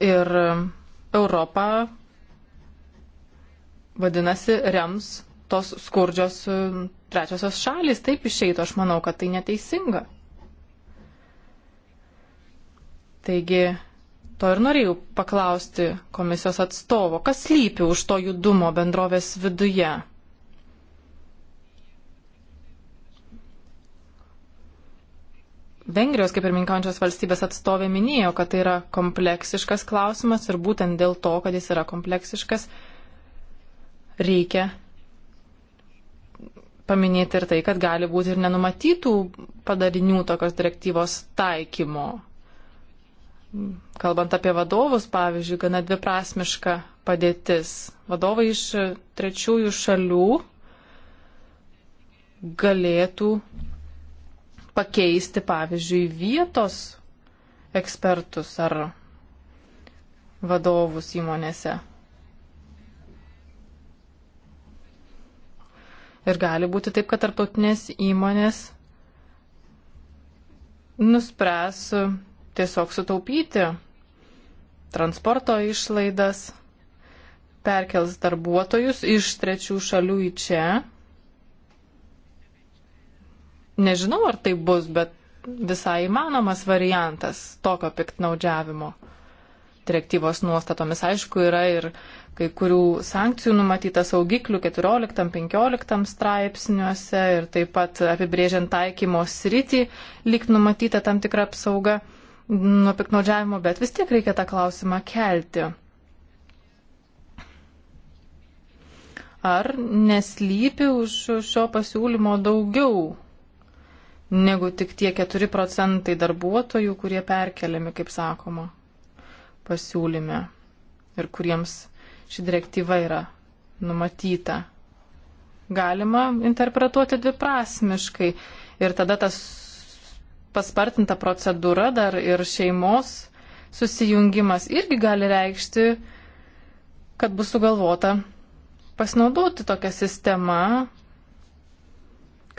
Ir Europa, vadinasi, rems tos skurdžios trečiosios šalis. Taip išeito, aš manau, kad tai neteisinga. Taigi, to ir norėjau paklausti komisijos atstovo, kas lypi už to judumo bendrovės viduje. Vengrijos kaip ir minkančios valstybės atstovė minėjo, kad tai yra kompleksiškas klausimas ir būtent dėl to, kad jis yra kompleksiškas, reikia paminėti ir tai, kad gali būti ir nenumatytų padarinių tokios direktyvos taikymo kalbant apie vadovus, pavyzdžiui, gana dviprasmiška padėtis. Vadovai iš trečiųjų šalių galėtų pakeisti, pavyzdžiui, vietos ekspertus ar vadovus įmonėse. Ir gali būti taip, kad tarptautinės įmonės nuspręs tiesiog sutaupyti transporto išlaidas, perkels darbuotojus iš trečių šalių į čia. Nežinau, ar tai bus, bet visai įmanomas variantas tokio piktnaudžiavimo direktyvos nuostatomis. Aišku, yra ir kai kurių sankcijų numatyta saugiklių 14-15 straipsniuose ir taip pat apibrėžiant taikymo sritį, lik numatyta tam tikra apsauga nuo piknaudžiavimo, bet vis tiek reikia tą klausimą kelti. Ar neslypi už šio pasiūlymo daugiau negu tik tie 4 procentai darbuotojų, kurie perkeliami, kaip sakoma, pasiūlyme ir kuriems ši direktyva yra numatyta? Galima interpretuoti dviprasmiškai ir tada tas paspartinta procedūra dar ir šeimos susijungimas irgi gali reikšti, kad bus sugalvota pasinaudoti tokią sistemą,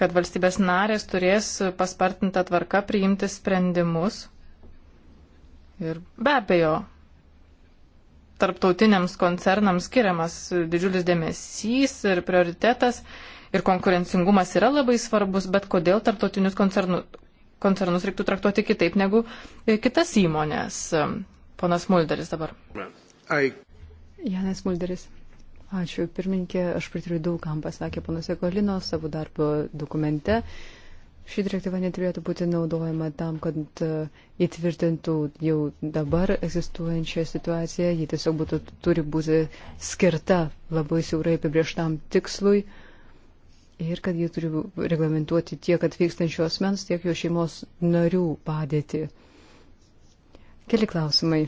kad valstybės narės turės paspartintą tvarką priimti sprendimus. Ir be abejo, tarptautiniams koncernams skiriamas didžiulis dėmesys ir prioritetas ir konkurencingumas yra labai svarbus, bet kodėl tarptautinius koncernus, koncernus reiktų traktuoti kitaip negu e, kitas įmonės. Ponas Mulderis dabar. I... Janas Mulderis. Ačiū, pirmininkė. Aš pritariu daugam, pasakė ponas Ekolino savo darbo dokumente. Ši direktyva neturėtų būti naudojama tam, kad e, įtvirtintų jau dabar egzistuojančią situaciją. Ji tiesiog būtų, turi būti skirta labai siaurai apibrieštam tikslui. Uh, ir kad jie turi reglamentuoti tiek atvykstančių asmens, tiek jo šeimos narių padėtį. Keli klausimai.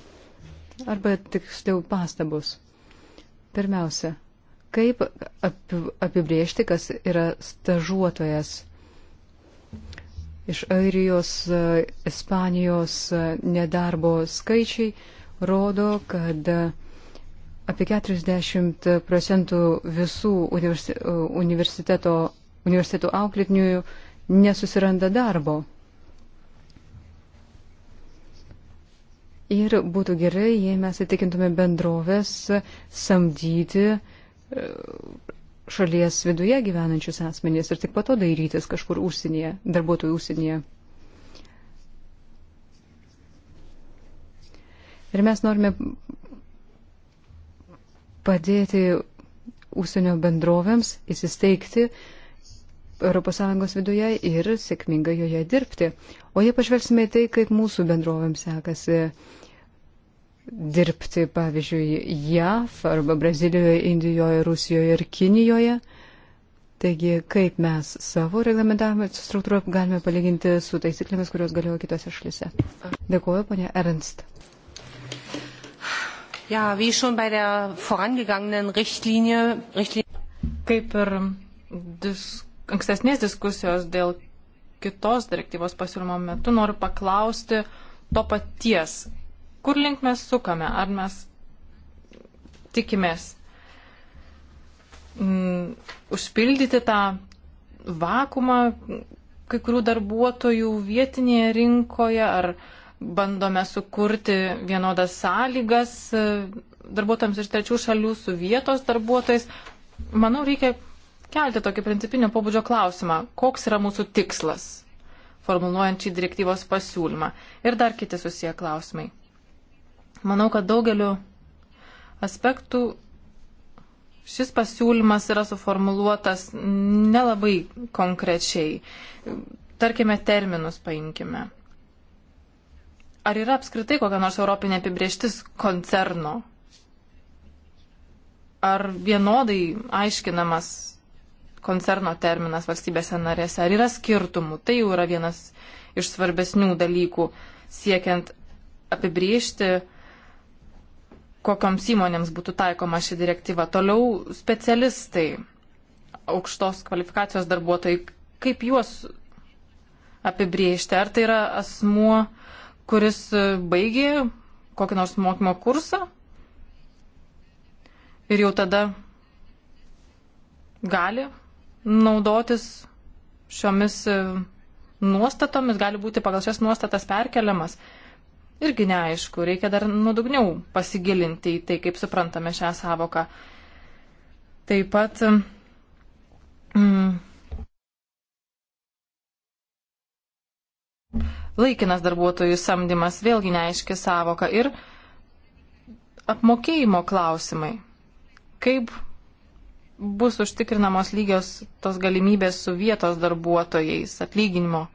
Arba tiksliau pastabus. Pirmiausia, kaip apibriežti, kas yra stažuotojas iš Airijos, Ispanijos nedarbo skaičiai rodo, kad Apie 40 procentų visų universiteto, universitetų auklėtinių nesusiranda darbo. Ir būtų gerai, jei mes įtikintume bendrovės samdyti e, šalies viduje gyvenančius asmenys ir tik po to dairytis kažkur užsienyje, darbuotojų užsienyje. Ir mes norime padėti užsienio bendrovėms įsisteigti ES viduje ir sėkmingai joje dirbti. O jei pažvelgsime į tai, kaip mūsų bendrovėms sekasi dirbti, pavyzdžiui, JAV arba Brazilijoje, Indijoje, Rusijoje ir Kinijoje, Taigi, kaip mes savo reglamentavimo struktūrą galime palyginti su taisyklėmis, kurios galioja kitose šalise. Dėkuoju, ponia Ernst. Ja, wie schon bei der vorangegangenen Richtlinie. Richtlinie Kaip ir dis, ankstesnės diskusijos dėl kitos direktyvos pasiūlymo metu noriu paklausti to paties. Kur link mes sukame? Ar mes tikimės m, mm, užpildyti tą vakumą kai kurių darbuotojų vietinėje rinkoje, ar bandome sukurti vienodas sąlygas e, darbuotojams iš trečių šalių su vietos darbuotojais. Manau, reikia kelti tokį principinio pobūdžio klausimą, koks yra mūsų tikslas, formuluojant šį direktyvos pasiūlymą. Ir dar kiti susiję klausimai. Manau, kad daugeliu aspektų šis pasiūlymas yra suformuluotas nelabai konkrečiai. Tarkime, terminus paimkime ar yra apskritai kokia nors europinė apibrieštis koncerno? Ar vienodai aiškinamas koncerno terminas valstybėse narėse? Ar yra skirtumų? Tai jau yra vienas iš svarbesnių dalykų siekiant apibriežti, kokioms įmonėms būtų taikoma ši direktyva. Toliau specialistai, aukštos kvalifikacijos darbuotojai, kaip juos apibriežti? Ar tai yra asmuo, kuris e, baigė kokį nors mokymo kursą ir jau tada gali naudotis šiomis e, nuostatomis, gali būti pagal šias nuostatas perkeliamas. Irgi neaišku, reikia dar nuodugniau pasigilinti į tai, kaip suprantame šią savoką. Taip pat. E, mm, laikinas darbuotojų samdymas, vėlgi neaiški savoka ir apmokėjimo klausimai. Kaip bus užtikrinamos lygios tos galimybės su vietos darbuotojais atlyginimo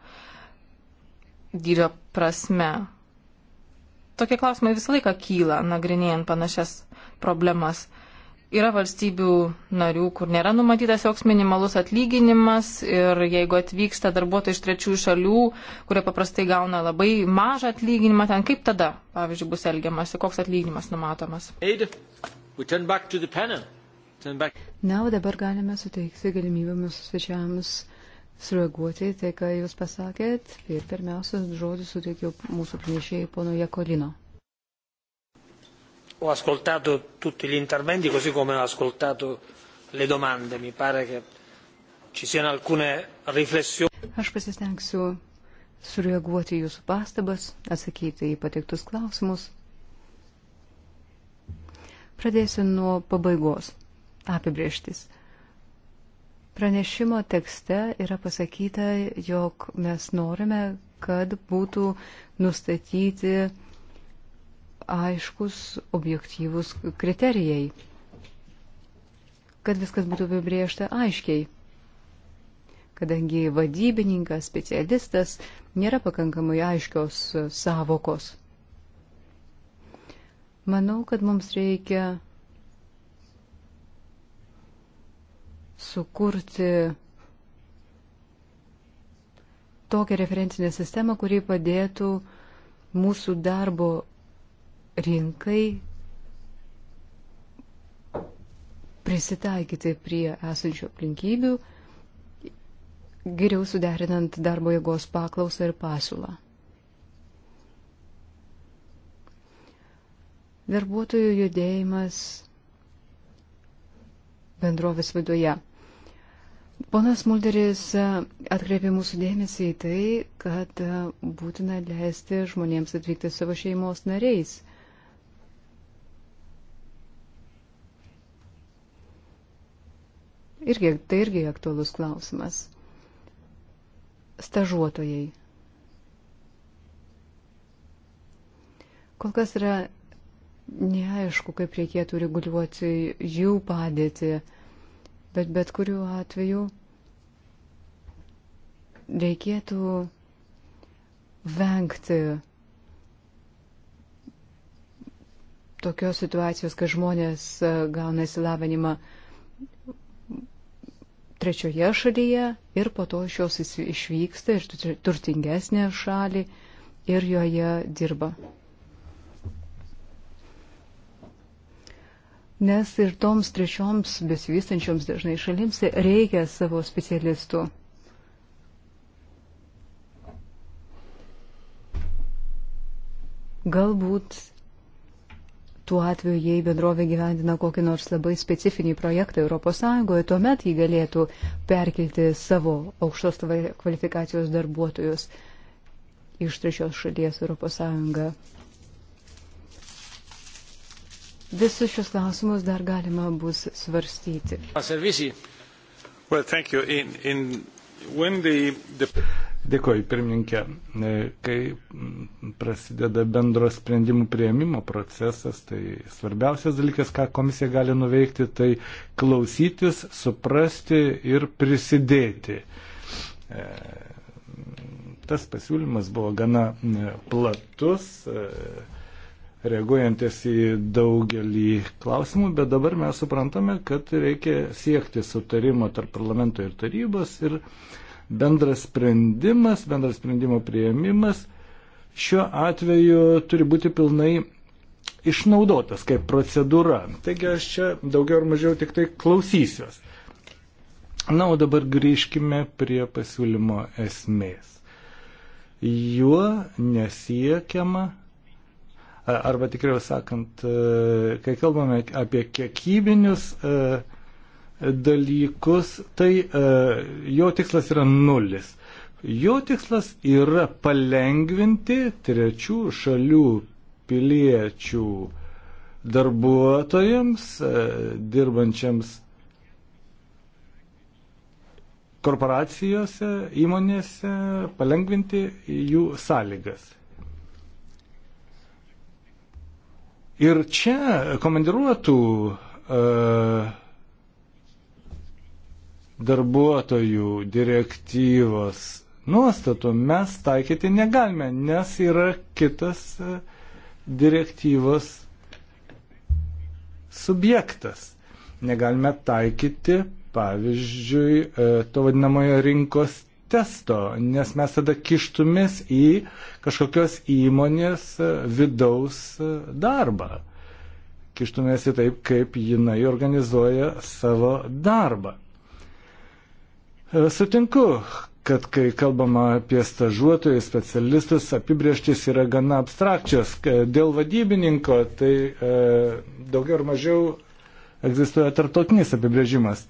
dydžio prasme. Tokie klausimai visą laiką kyla, nagrinėjant panašias problemas. Yra valstybių narių, kur nėra numatytas joks minimalus atlyginimas ir jeigu atvyksta darbuotojai iš trečiųjų šalių, kurie paprastai gauna labai mažą atlyginimą, ten kaip tada, pavyzdžiui, bus elgiamasi, koks atlyginimas numatomas. Na, o dabar galime suteikti galimybę mūsų svečiams sureaguoti tai, ką jūs pasakėt ir pirmiausia žodį suteikiau mūsų pranešėjai pono Jekolino ho ascoltato tutti gli interventi così come ho ascoltato le domande. Mi pare che ci siano alcune riflessioni. Aš pasistengsiu sureaguoti jūsų pastabas, atsakyti į pateiktus klausimus. Pradėsiu nuo pabaigos apibrieštis. Pranešimo tekste yra pasakyta, jog mes norime, kad būtų nustatyti aiškus, objektyvus kriterijai, kad viskas būtų apibriešta aiškiai, kadangi vadybininkas, specialistas nėra pakankamai aiškios savokos. Manau, kad mums reikia sukurti tokią referencinę sistemą, kuri padėtų mūsų darbo rinkai prisitaikyti prie esančių aplinkybių, geriau suderinant darbo jėgos paklausą ir pasiūlą. Darbuotojų judėjimas bendrovės viduje. Ponas Mulderis atkreipė mūsų dėmesį į tai, kad būtina leisti žmonėms atvykti savo šeimos nariais. Irgi, tai irgi aktualus klausimas. Stažuotojai. Kol kas yra neaišku, kaip reikėtų reguliuoti jų padėtį, bet bet kuriuo atveju reikėtų vengti tokios situacijos, kai žmonės e, gauna įsilavinimą trečioje šalyje ir po to iš jos išvyksta ir turtingesnė šalį ir joje dirba. Nes ir toms trečioms besivystančioms dažnai šalims reikia savo specialistų. Galbūt Tuo atveju, jei bendrovė gyvendina kokį nors labai specifinį projektą ES, tuomet jį galėtų perkelti savo aukštos kvalifikacijos darbuotojus iš trečios šalies ES. Visus šios klausimus dar galima bus svarstyti. Well, in, in, the, the... Dėkoju, pirmininkė. E, kai prasideda bendro sprendimų prieimimo procesas, tai svarbiausias dalykas, ką komisija gali nuveikti, tai klausytis, suprasti ir prisidėti. E, tas pasiūlymas buvo gana e, platus, reaguojantis į daugelį klausimų, bet dabar mes suprantame, kad reikia siekti sutarimo tarp parlamento ir tarybos ir tarybos bendras sprendimas, bendras sprendimo prieimimas šiuo atveju turi būti pilnai išnaudotas kaip procedūra. Taigi aš čia daugiau ar mažiau tik tai klausysiuos. Na, o dabar grįžkime prie pasiūlymo esmės. Juo nesiekiama, arba tikriau sakant, e, kai kalbame apie kiekybinius uh, dalykus, tai e, jo tikslas yra nulis. Jo tikslas yra palengvinti trečių šalių piliečių darbuotojams, e, dirbančiams korporacijose, įmonėse, palengvinti jų sąlygas. Ir čia komandiruotų uh, darbuotojų direktyvos nuostatų mes taikyti negalime, nes yra kitas e, direktyvos subjektas. Negalime taikyti, pavyzdžiui, e, to vadinamojo rinkos testo, nes mes tada kištumės į kažkokios įmonės e, vidaus darbą. Kištumės į taip, kaip jinai organizuoja savo darbą. E, sutinku, kad kai kalbama apie stažuotojus, specialistus, apibrieštis yra gana abstrakčios. Dėl vadybininko tai e, daugiau ar mažiau egzistuoja tartotinis apibrėžimas. E,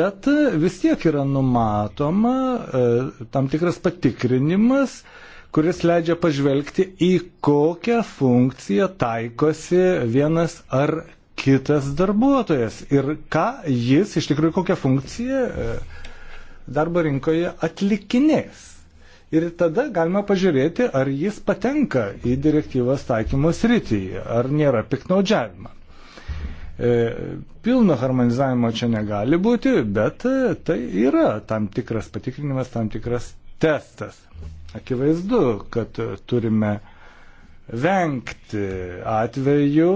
bet vis tiek yra numatoma e, tam tikras patikrinimas, kuris leidžia pažvelgti, į kokią funkciją taikosi vienas ar kitas darbuotojas ir ką jis iš tikrųjų kokią funkciją e, darbo rinkoje atlikinės. Ir tada galima pažiūrėti, ar jis patenka į direktyvos taikymo sritį, ar nėra piknaudžiavimą. E, pilno harmonizavimo čia negali būti, bet e, tai yra tam tikras patikrinimas, tam tikras testas. Akivaizdu, kad turime vengti atveju,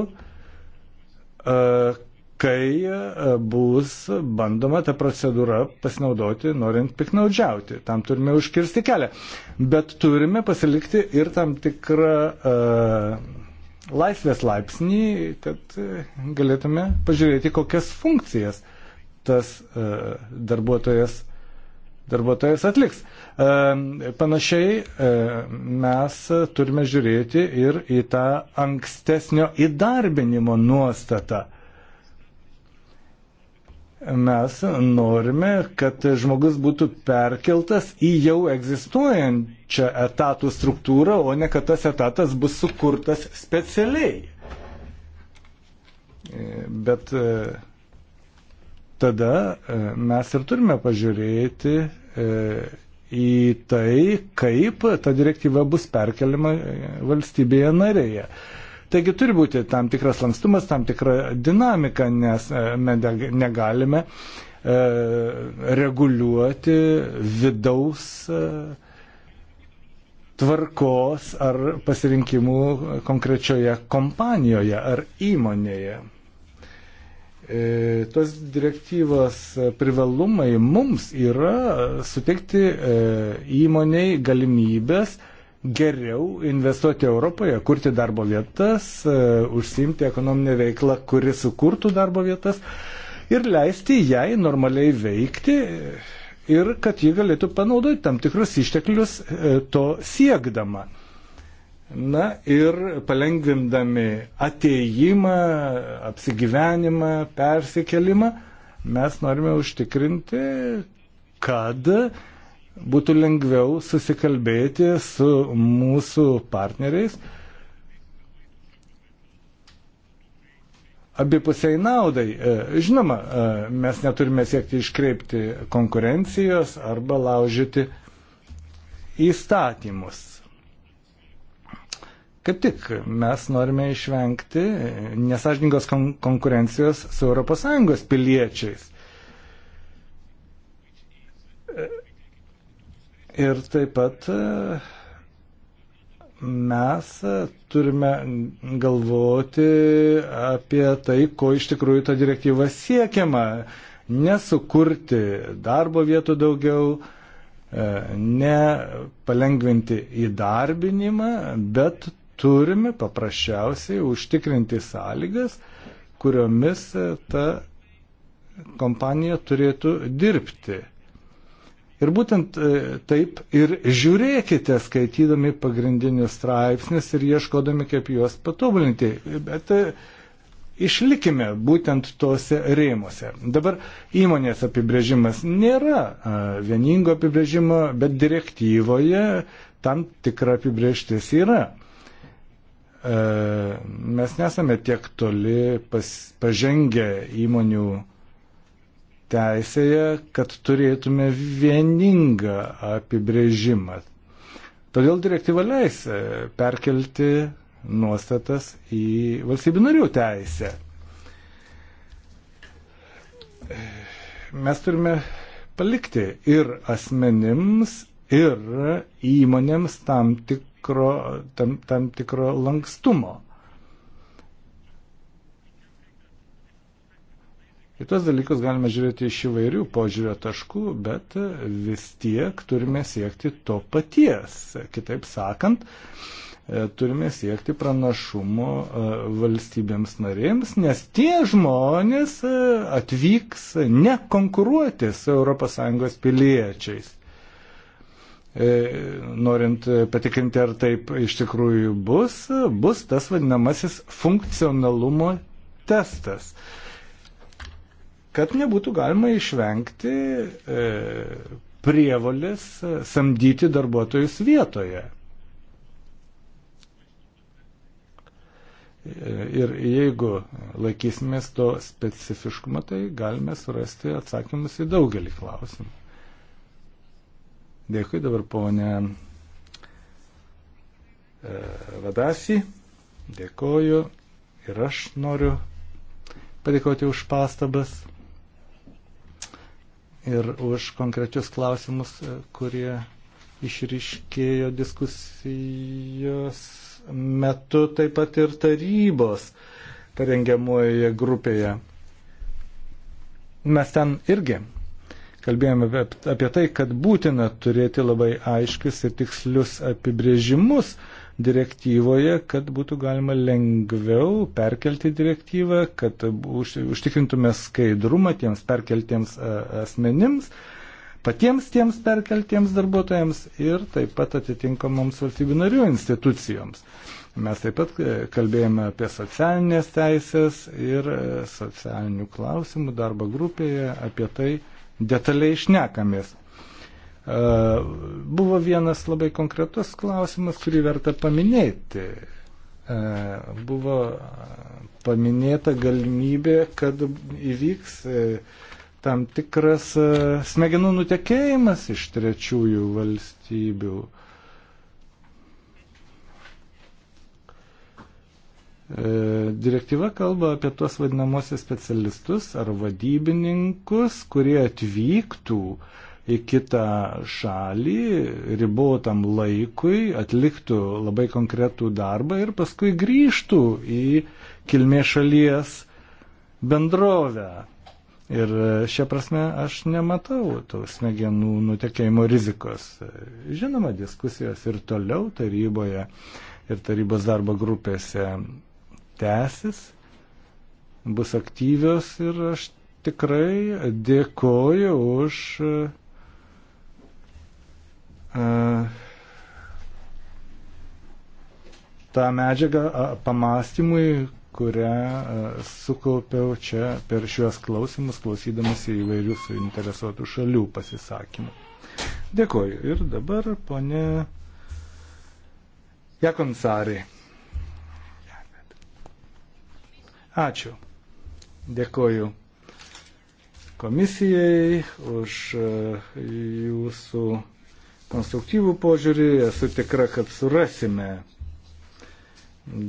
E, kai e, bus bandoma tą procedūrą pasinaudoti, norint piknaudžiauti. Tam turime užkirsti kelią. Bet turime pasilikti ir tam tikrą uh, laisvės laipsnį, kad galėtume pažiūrėti, kokias funkcijas tas uh, darbuotojas darbuotojas atliks. E, panašiai e, mes turime žiūrėti ir į tą ankstesnio įdarbinimo nuostatą. Mes norime, kad žmogus būtų perkeltas į jau egzistuojančią etatų struktūrą, o ne kad tas etatas bus sukurtas specialiai. E, bet tada e, mes ir turime pažiūrėti e, į tai, kaip ta direktyva bus perkeliama e, valstybėje narėje. Taigi turi būti tam tikras lankstumas, tam tikra dinamika, nes mes negalime reguliuoti vidaus tvarkos ar pasirinkimų konkrečioje kompanijoje ar įmonėje. E, tos direktyvos privalumai mums yra suteikti e, įmoniai galimybės geriau investuoti Europoje, kurti darbo vietas, e, užsiimti ekonominę veiklą, kuri sukurtų darbo vietas ir leisti jai normaliai veikti ir kad ji galėtų panaudoti tam tikrus išteklius to siekdama. Na ir palengvindami ateimą, apsigyvenimą, persikelimą, mes norime užtikrinti, kad būtų lengviau susikalbėti su mūsų partneriais abipusiai naudai. E, žinoma, e, mes neturime siekti iškreipti konkurencijos arba laužyti įstatymus. Kaip tik mes norime išvengti nesažningos kon konkurencijos su ES piliečiais. Ir taip pat mes turime galvoti apie tai, ko iš tikrųjų ta direktyva siekiama. Nesukurti darbo vietų daugiau, e, ne palengventi įdarbinimą, bet turime paprasčiausiai užtikrinti sąlygas, kuriomis e, ta kompanija turėtų dirbti. Ir būtent e, taip ir žiūrėkite, skaitydami pagrindinius straipsnius ir ieškodami, kaip juos patobulinti. Bet e, išlikime būtent tose rėmose. Dabar įmonės apibrėžimas nėra vieningo apibrėžimo, bet direktyvoje tam tikra apibrėžtis yra. E, mes nesame tiek toli pas, pažengę įmonių teisėje, kad turėtume vieningą apibrėžimą. Todėl direktyva leis e, perkelti nuostatas į valstybių narių teisę. Mes turime palikti ir asmenims, ir įmonėms tam tik tikro, tam, tam tikro lankstumo. Į tuos dalykus galime žiūrėti iš įvairių požiūrio taškų, bet vis tiek turime siekti to paties. Kitaip sakant, turime siekti pranašumo e, valstybėms narėms, nes tie žmonės e, atvyks nekonkuruoti su ES piliečiais. E, norint patikrinti, ar taip iš tikrųjų bus, bus tas vadinamasis funkcionalumo testas. Kad nebūtų galima išvengti e, prievolės samdyti darbuotojus vietoje. Ir jeigu laikysimės to specifiškumo, tai galime surasti atsakymus į daugelį klausimų. Dėkui dabar ponė e, Vadasi. Dėkoju ir aš noriu padėkoti už pastabas ir už konkrečius klausimus, e, kurie išriškėjo diskusijos metu taip pat ir tarybos parengiamoje grupėje. Mes ten irgi kalbėjome apie tai, kad būtina turėti labai aiškius ir tikslius apibrėžimus direktyvoje, kad būtų galima lengviau perkelti direktyvą, kad užtikrintume skaidrumą tiems perkeltiems e, asmenims, patiems tiems perkeltiems darbuotojams ir taip pat atitinkamoms valstybių narių institucijoms. Mes taip pat e, kalbėjome apie socialinės teisės ir e, socialinių klausimų darbo grupėje, apie tai, detaliai išnekamės. E, buvo vienas labai konkretus klausimas, kurį verta paminėti. E, buvo paminėta galimybė, kad įvyks e, tam tikras smegenų nutekėjimas iš trečiųjų valstybių. Uh, E, direktyva kalba apie tuos vadinamosius specialistus ar vadybininkus, kurie atvyktų į kitą šalį ribotam laikui, atliktų labai konkretų darbą ir paskui grįžtų į kilmė šalies bendrovę. Ir e, šią prasme aš nematau tos smegenų nutekėjimo rizikos. Žinoma, diskusijos ir toliau taryboje ir tarybos darbo grupėse tęsis, bus aktyvios ir aš tikrai dėkoju už uh, tą medžiagą uh, pamastymui, kurią uh, sukaupiau čia per šiuos klausimus, klausydamas įvairių suinteresuotų šalių pasisakymų. Dėkoju. Ir dabar ponė Jakonsarė. Ačiū. Dėkoju komisijai už e, jūsų konstruktyvų požiūrį. Esu tikra, kad surasime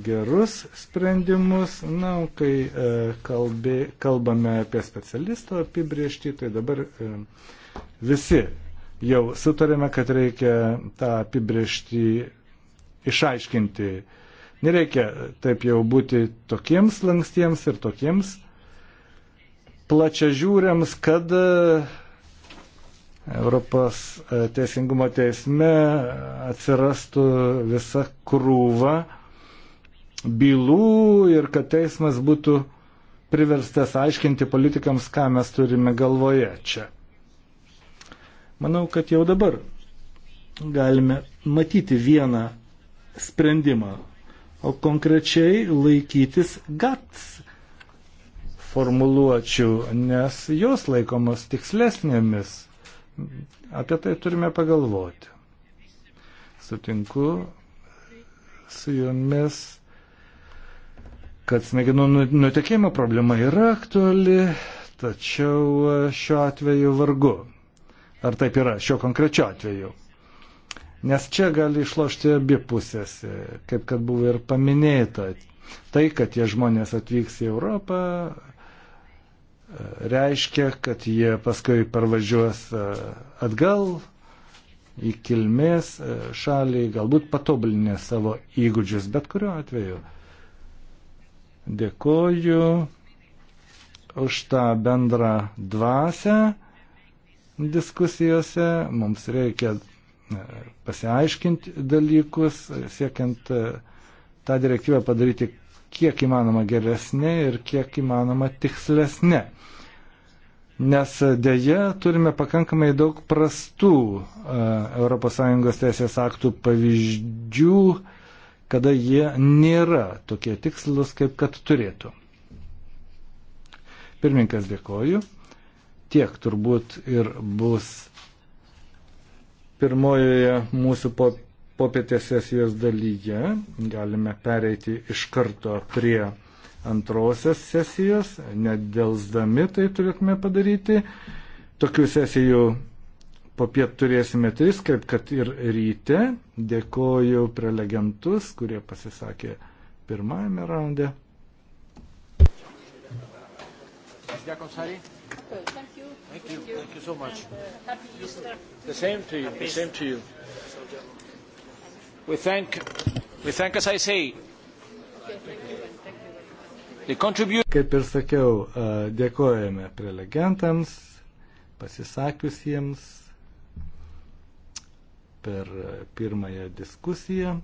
gerus sprendimus. Na, o kai e, kalbė, kalbame apie specialisto apibriežtį, tai dabar e, visi jau sutarėme, kad reikia tą apibriežtį išaiškinti. Nereikia taip jau būti tokiems lankstiems ir tokiems plačiažiūriams, kad e, Europos e, teisingumo teisme atsirastų visa krūva bylų ir kad teismas būtų priverstas aiškinti politikams, ką mes turime galvoje čia. Manau, kad jau dabar galime matyti vieną sprendimą o konkrečiai laikytis GATS formuluočių, nes jos laikomos tikslesnėmis. Apie tai turime pagalvoti. Sutinku su jumis, kad smegenų nu- nutekėjimo problema yra aktuali, tačiau e, šiuo atveju vargu. Ar taip yra šiuo konkrečiu atveju? Nes čia gali išlošti abi pusės, kaip kad buvo ir paminėta. Tai, kad tie žmonės atvyks į Europą, reiškia, kad jie paskui parvažiuos e, atgal į kilmės e, šalį, galbūt patobulinę savo įgūdžius, bet kuriuo atveju. Dėkoju už tą bendrą dvasę diskusijose. Mums reikia E, pasiaiškinti dalykus, siekiant e, tą direktyvą padaryti kiek įmanoma geresnė ir kiek įmanoma tikslesnė. Nes dėje turime pakankamai daug prastų e, ES teisės aktų pavyzdžių, kada jie nėra tokie tikslus, kaip kad turėtų. Pirmininkas dėkoju. Tiek turbūt ir bus pirmojoje mūsų po, popietės sesijos dalyje. Galime pereiti iš karto prie antrosios sesijos, nedelsdami tai turėtume padaryti. Tokių sesijų popiet turėsime tris, kaip kad ir ryte. Dėkoju prelegentus, kurie pasisakė pirmajame raunde. Thank you. Thank you. Thank you so much. Uh, Happy Easter. The same to you. The same to you. We thank, we thank as I say. Kaip ir sakiau, uh, dėkojame prelegentams, pasisakiusiems per uh, pirmąją diskusiją.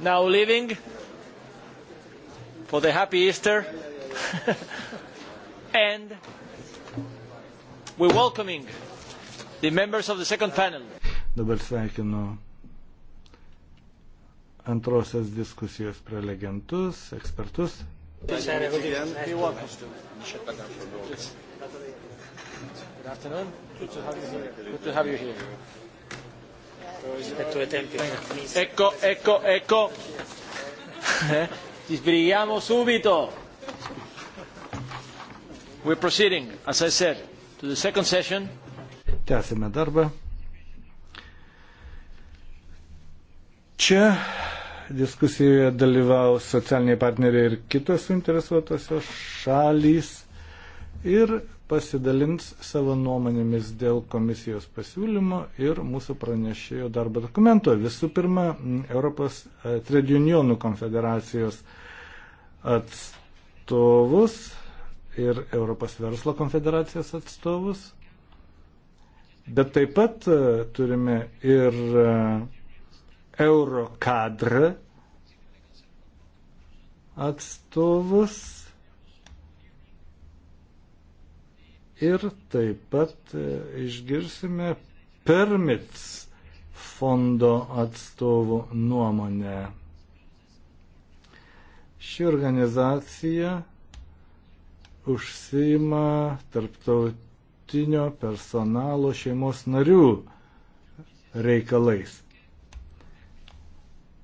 Now leaving for the happy Easter. and we're welcoming the members of the second panel. Dabar sveikinu antrosios diskusijos prelegentus, ekspertus. Good afternoon. Good to have you here. Good to have you here. Ecco, ecco, ecco. Ci sbrighiamo subito. We're proceeding, as I said, to the second session. Tęsime darbą. Čia diskusijoje dalyvaus socialiniai partneriai ir kitos suinteresuotosios šalys. Ir pasidalins savo nuomonėmis dėl komisijos pasiūlymo ir mūsų pranešėjo darbo dokumento. Visų pirma, Europos e, trade unionų konfederacijos atstovus ir Europos verslo konfederacijos atstovus. Bet taip pat e, turime ir e, Eurokadr atstovus ir taip pat e, išgirsime Permits fondo atstovų nuomonę. Ši organizacija užsima tarptautinio personalo šeimos narių reikalais.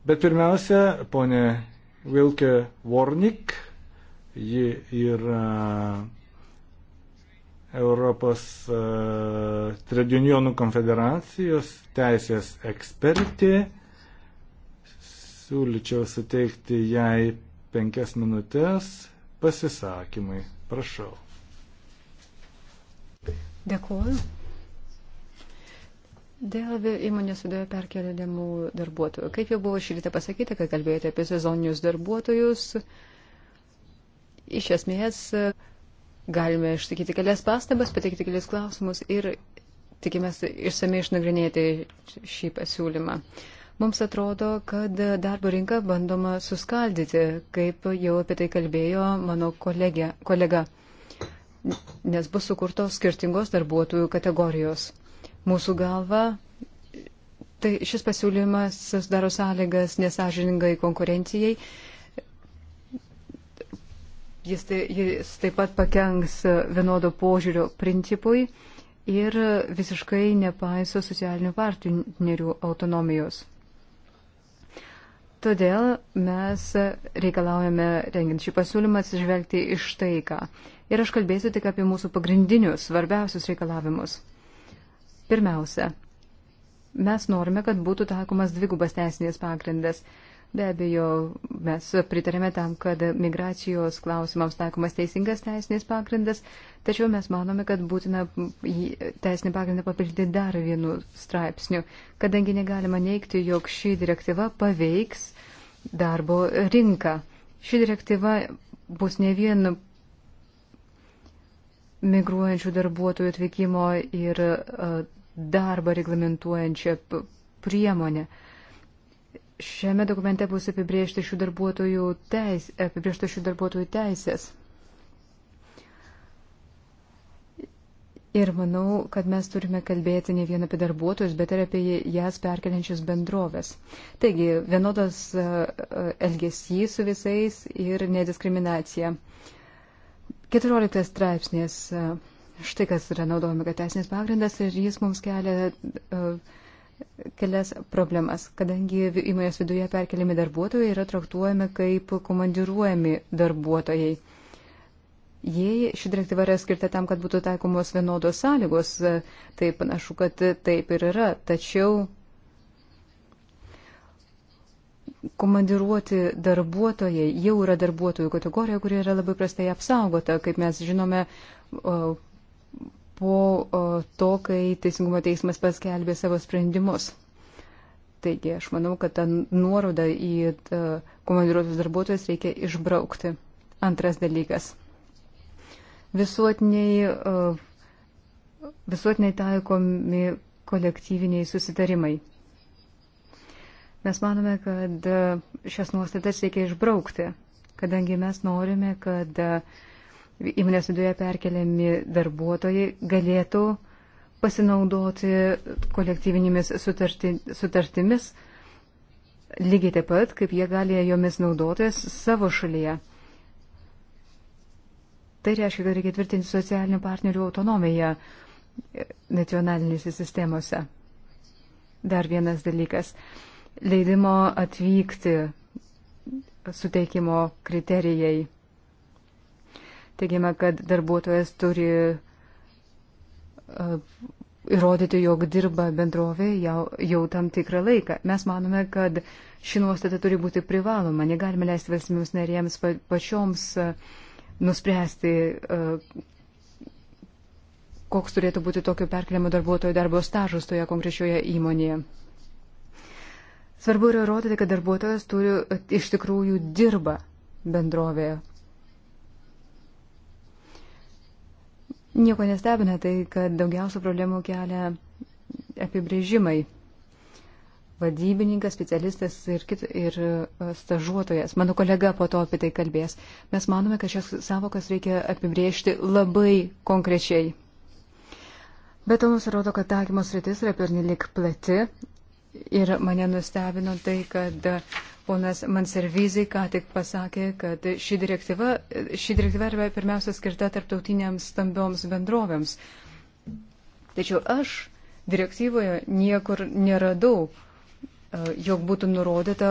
Bet pirmiausia, ponė Vilke Vornik, ji yra Europos e, Tredjunionų konfederacijos teisės ekspertė. Siūlyčiau suteikti jai penkias minutės pasisakymai. Prašau. Dėkuoju. Dėl įmonės viduje perkeliamų darbuotojų. Kaip jau buvo šį rytą pasakyta, kai kalbėjote apie sezoninius darbuotojus, iš esmės Galime išsakyti kelias pastabas, pateikti kelias klausimus ir tikimės išsamei išnagrinėti šį pasiūlymą. Mums atrodo, kad darbo rinką bandoma suskaldyti, kaip jau apie tai kalbėjo mano kolegė, kolega, nes bus sukurtos skirtingos darbuotojų kategorijos. Mūsų galva, tai šis pasiūlymas sudaro sąlygas nesažiningai konkurencijai Jis, tai, jis taip pat pakenks vienodo požiūrio principui ir visiškai nepaiso socialinių partnerių autonomijos. Todėl mes reikalaujame, rengiant šį pasiūlymą, atsižvelgti iš tai, ką. Ir aš kalbėsiu tik apie mūsų pagrindinius, svarbiausius reikalavimus. Pirmiausia, mes norime, kad būtų taikomas dvigubas teisinės pagrindas. Be abejo, mes pritarėme tam, kad migracijos klausimams taikomas teisingas teisinis pagrindas, tačiau mes manome, kad būtina teisinį pagrindą papildyti dar vienu straipsniu, kadangi negalima neikti, jog ši direktyva paveiks darbo rinką. Ši direktyva bus ne vien migruojančių darbuotojų atvykimo ir darbą reglamentuojančią priemonę. Šiame dokumente bus apibriežta šių darbuotojų, teis, apibriežta šių darbuotojų teisės. Ir manau, kad mes turime kalbėti ne vien apie darbuotojus, bet ir apie jas perkeliančius bendrovės. Taigi, vienodas e, e, elgesys su visais ir nediskriminacija. 14 straipsnės. E, štai kas yra naudojama, kad teisinės pagrindas ir jis mums kelia. Uh, kelias problemas, kadangi įmonės viduje perkeliami darbuotojai yra traktuojami kaip komandiruojami darbuotojai. Jei ši direktyva yra skirta tam, kad būtų taikomos vienodos sąlygos, tai panašu, kad taip ir yra. Tačiau komandiruoti darbuotojai jau yra darbuotojų kategorija, kuri yra labai prastai apsaugota. Kaip mes žinome, po to, kai Teisingumo teismas paskelbė savo sprendimus. Taigi aš manau, kad tą nuorodą į e, komandiruotus darbuotojus reikia išbraukti. Antras dalykas. Visuotiniai, visuotiniai taikomi kolektyviniai susitarimai. Mes manome, kad e, šias nuostatas reikia išbraukti, kadangi mes norime, kad uh, įmonės viduje perkeliami darbuotojai galėtų pasinaudoti kolektyvinėmis sutarti, sutartimis, lygiai taip pat, kaip jie gali jomis naudotis savo šalyje. Tai reiškia, kad reikia tvirtinti socialinių partnerių autonomiją nacionalinėse sistemose. Dar vienas dalykas. Leidimo atvykti suteikimo kriterijai teigiama, kad darbuotojas turi uh, įrodyti, jog dirba bendrovė jau, jau tam tikrą laiką. Mes manome, kad ši nuostata turi būti privaloma. Negalime leisti valstybėms narėms pa, pačioms uh, nuspręsti, uh, koks turėtų būti tokio perkeliamo darbuotojo darbo stažas toje konkrečioje įmonėje. Svarbu yra įrodyti, kad darbuotojas turi, iš tikrųjų dirba bendrovėje, Nieko nestebina tai, kad daugiausia problemų kelia apibrėžimai. Vadybininkas, specialistas ir, kit, ir e, stažuotojas. Mano kolega po to apie tai kalbės. Mes manome, kad šias savokas reikia apibrėžti labai konkrečiai. Bet to mums rodo, kad taikymo sritis yra pernelik plati ir mane nustebino tai, kad Ponas Manservizai ką tik pasakė, kad ši direktyva, ši direktyva yra pirmiausia skirta tarptautiniams stambioms bendrovėms. Tačiau aš direktyvoje niekur neradau, e, jog būtų nurodyta,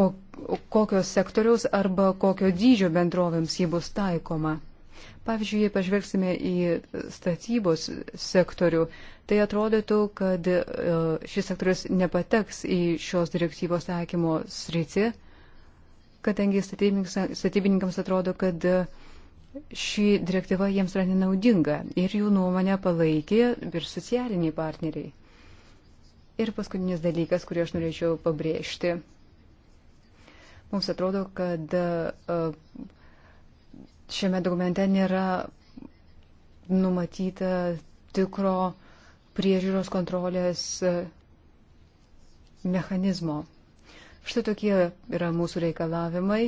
kokios sektoriaus arba kokio dydžio bendrovėms ji bus taikoma. Pavyzdžiui, jei pažvelgsime į statybos sektorių, tai atrodytų, kad e, šis sektorius nepateks į šios direktyvos taikymo sritį, kadangi statybininkams atrodo, kad e, ši direktyva jiems yra nenaudinga ir jų nuomonę palaikė ir socialiniai partneriai. Ir paskutinis dalykas, kurį aš norėčiau pabrėžti. Mums atrodo, kad e, šiame dokumente nėra numatyta tikro priežiūros kontrolės e, mechanizmo. Štai tokie yra mūsų reikalavimai.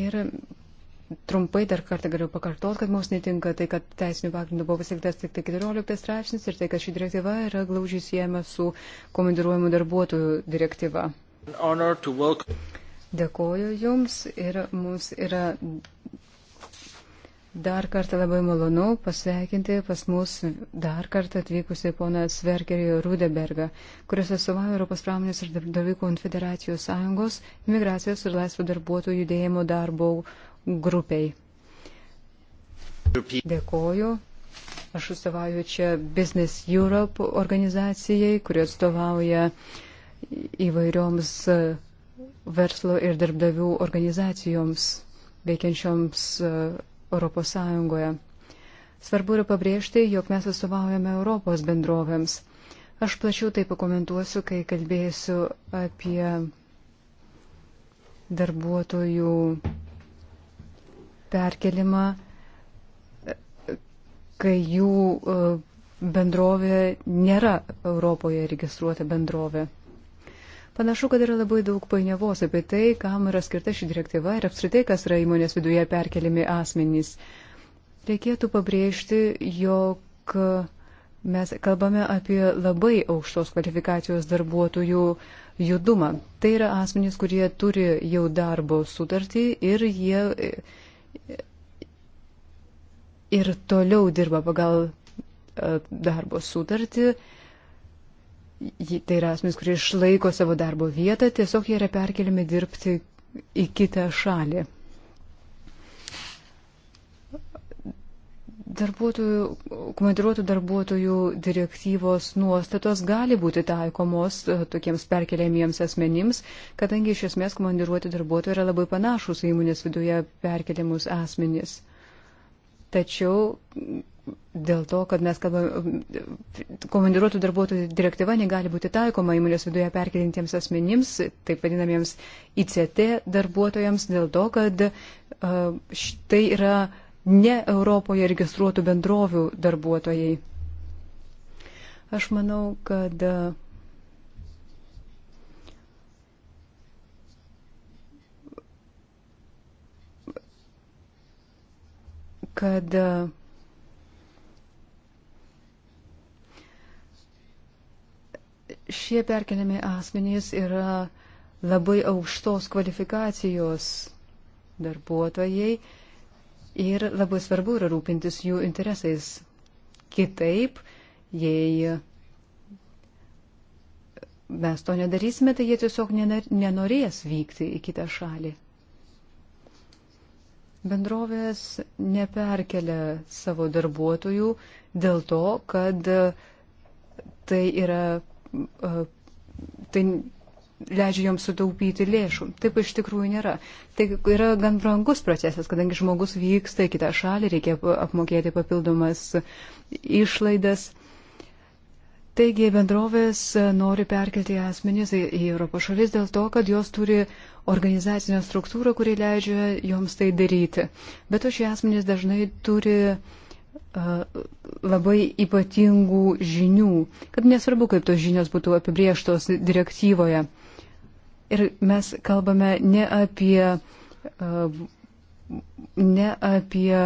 Ir trumpai dar kartą galiu pakartoti, kad mums netinka tai, kad teisinių pagrindų buvo pasiektas tik 14 tai straipsnis ir tai, kad ši direktyva yra glaužiai siejama su komandiruojamų darbuotojų direktyva. Honor to welcome. Dėkoju Jums ir mums yra dar kartą labai malonu pasveikinti pas mus dar kartą atvykusi poną Sverkerį Rudebergą, kuris atstovauja Europos pramonės ir darbdavikų konfederacijos sąjungos migracijos ir laisvų darbuotojų judėjimo darbo grupiai. Dėkoju. Aš atstovauju čia Business Europe organizacijai, kuri atstovauja įvairioms uh, verslo ir darbdavių organizacijoms veikiančioms ES. Svarbu yra pabrėžti, jog mes atstovaujame Europos bendrovėms. Aš plačiau tai pakomentuosiu, kai kalbėsiu apie darbuotojų perkelimą, kai jų e, bendrovė nėra Europoje registruota bendrovė. Panašu, kad yra labai daug painiavos apie tai, kam yra skirta ši direktyva ir apskritai, kas yra įmonės viduje perkeliami asmenys. Reikėtų pabrėžti, jog mes kalbame apie labai aukštos kvalifikacijos darbuotojų judumą. Tai yra asmenys, kurie turi jau darbo sutartį ir jie ir toliau dirba pagal e, darbo sutartį tai yra asmenys, kurie išlaiko savo darbo vietą, tiesiog jie yra perkeliami dirbti į kitą šalį. Darbuotojų, komandiruotų darbuotojų direktyvos nuostatos gali būti taikomos e, tokiems perkeliamiems asmenims, kadangi iš esmės komandiruoti darbuotojai yra labai panašus į įmonės viduje perkeliamus asmenys. Tačiau dėl to, kad mes kalbame, komandiruotų darbuotojų direktyva negali būti taikoma įmonės viduje perkelintiems asmenims, taip vadinamiems ICT darbuotojams, dėl to, kad tai yra ne Europoje registruotų bendrovių darbuotojai. Aš manau, kad kad uh šie perkeliami asmenys yra labai aukštos kvalifikacijos darbuotojai ir labai svarbu yra rūpintis jų interesais. Kitaip, jei mes to nedarysime, tai jie tiesiog nenorės vykti į kitą šalį. Bendrovės neperkelia savo darbuotojų dėl to, kad tai yra tai leidžia joms sutaupyti lėšų. Taip iš tikrųjų nėra. Tai yra gan brangus procesas, kadangi žmogus vyksta į kitą šalį, reikia apmokėti papildomas išlaidas. Taigi bendrovės nori perkelti asmenys į Europos šalis dėl to, kad jos turi organizacinę struktūrą, kuri leidžia joms tai daryti. Bet už šie asmenys dažnai turi uh, labai ypatingų žinių, kad nesvarbu, kaip tos žinios būtų apibrieštos direktyvoje. Ir mes kalbame ne apie, ne apie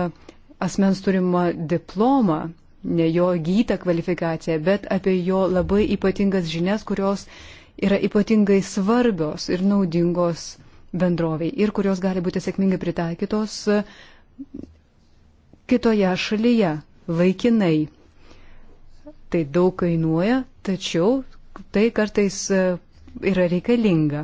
asmens turimą diplomą, ne jo gytą kvalifikaciją, bet apie jo labai ypatingas žinias, kurios yra ypatingai svarbios ir naudingos bendroviai ir kurios gali būti sėkmingai pritaikytos kitoje šalyje laikinai. Tai daug kainuoja, tačiau tai kartais e, yra reikalinga.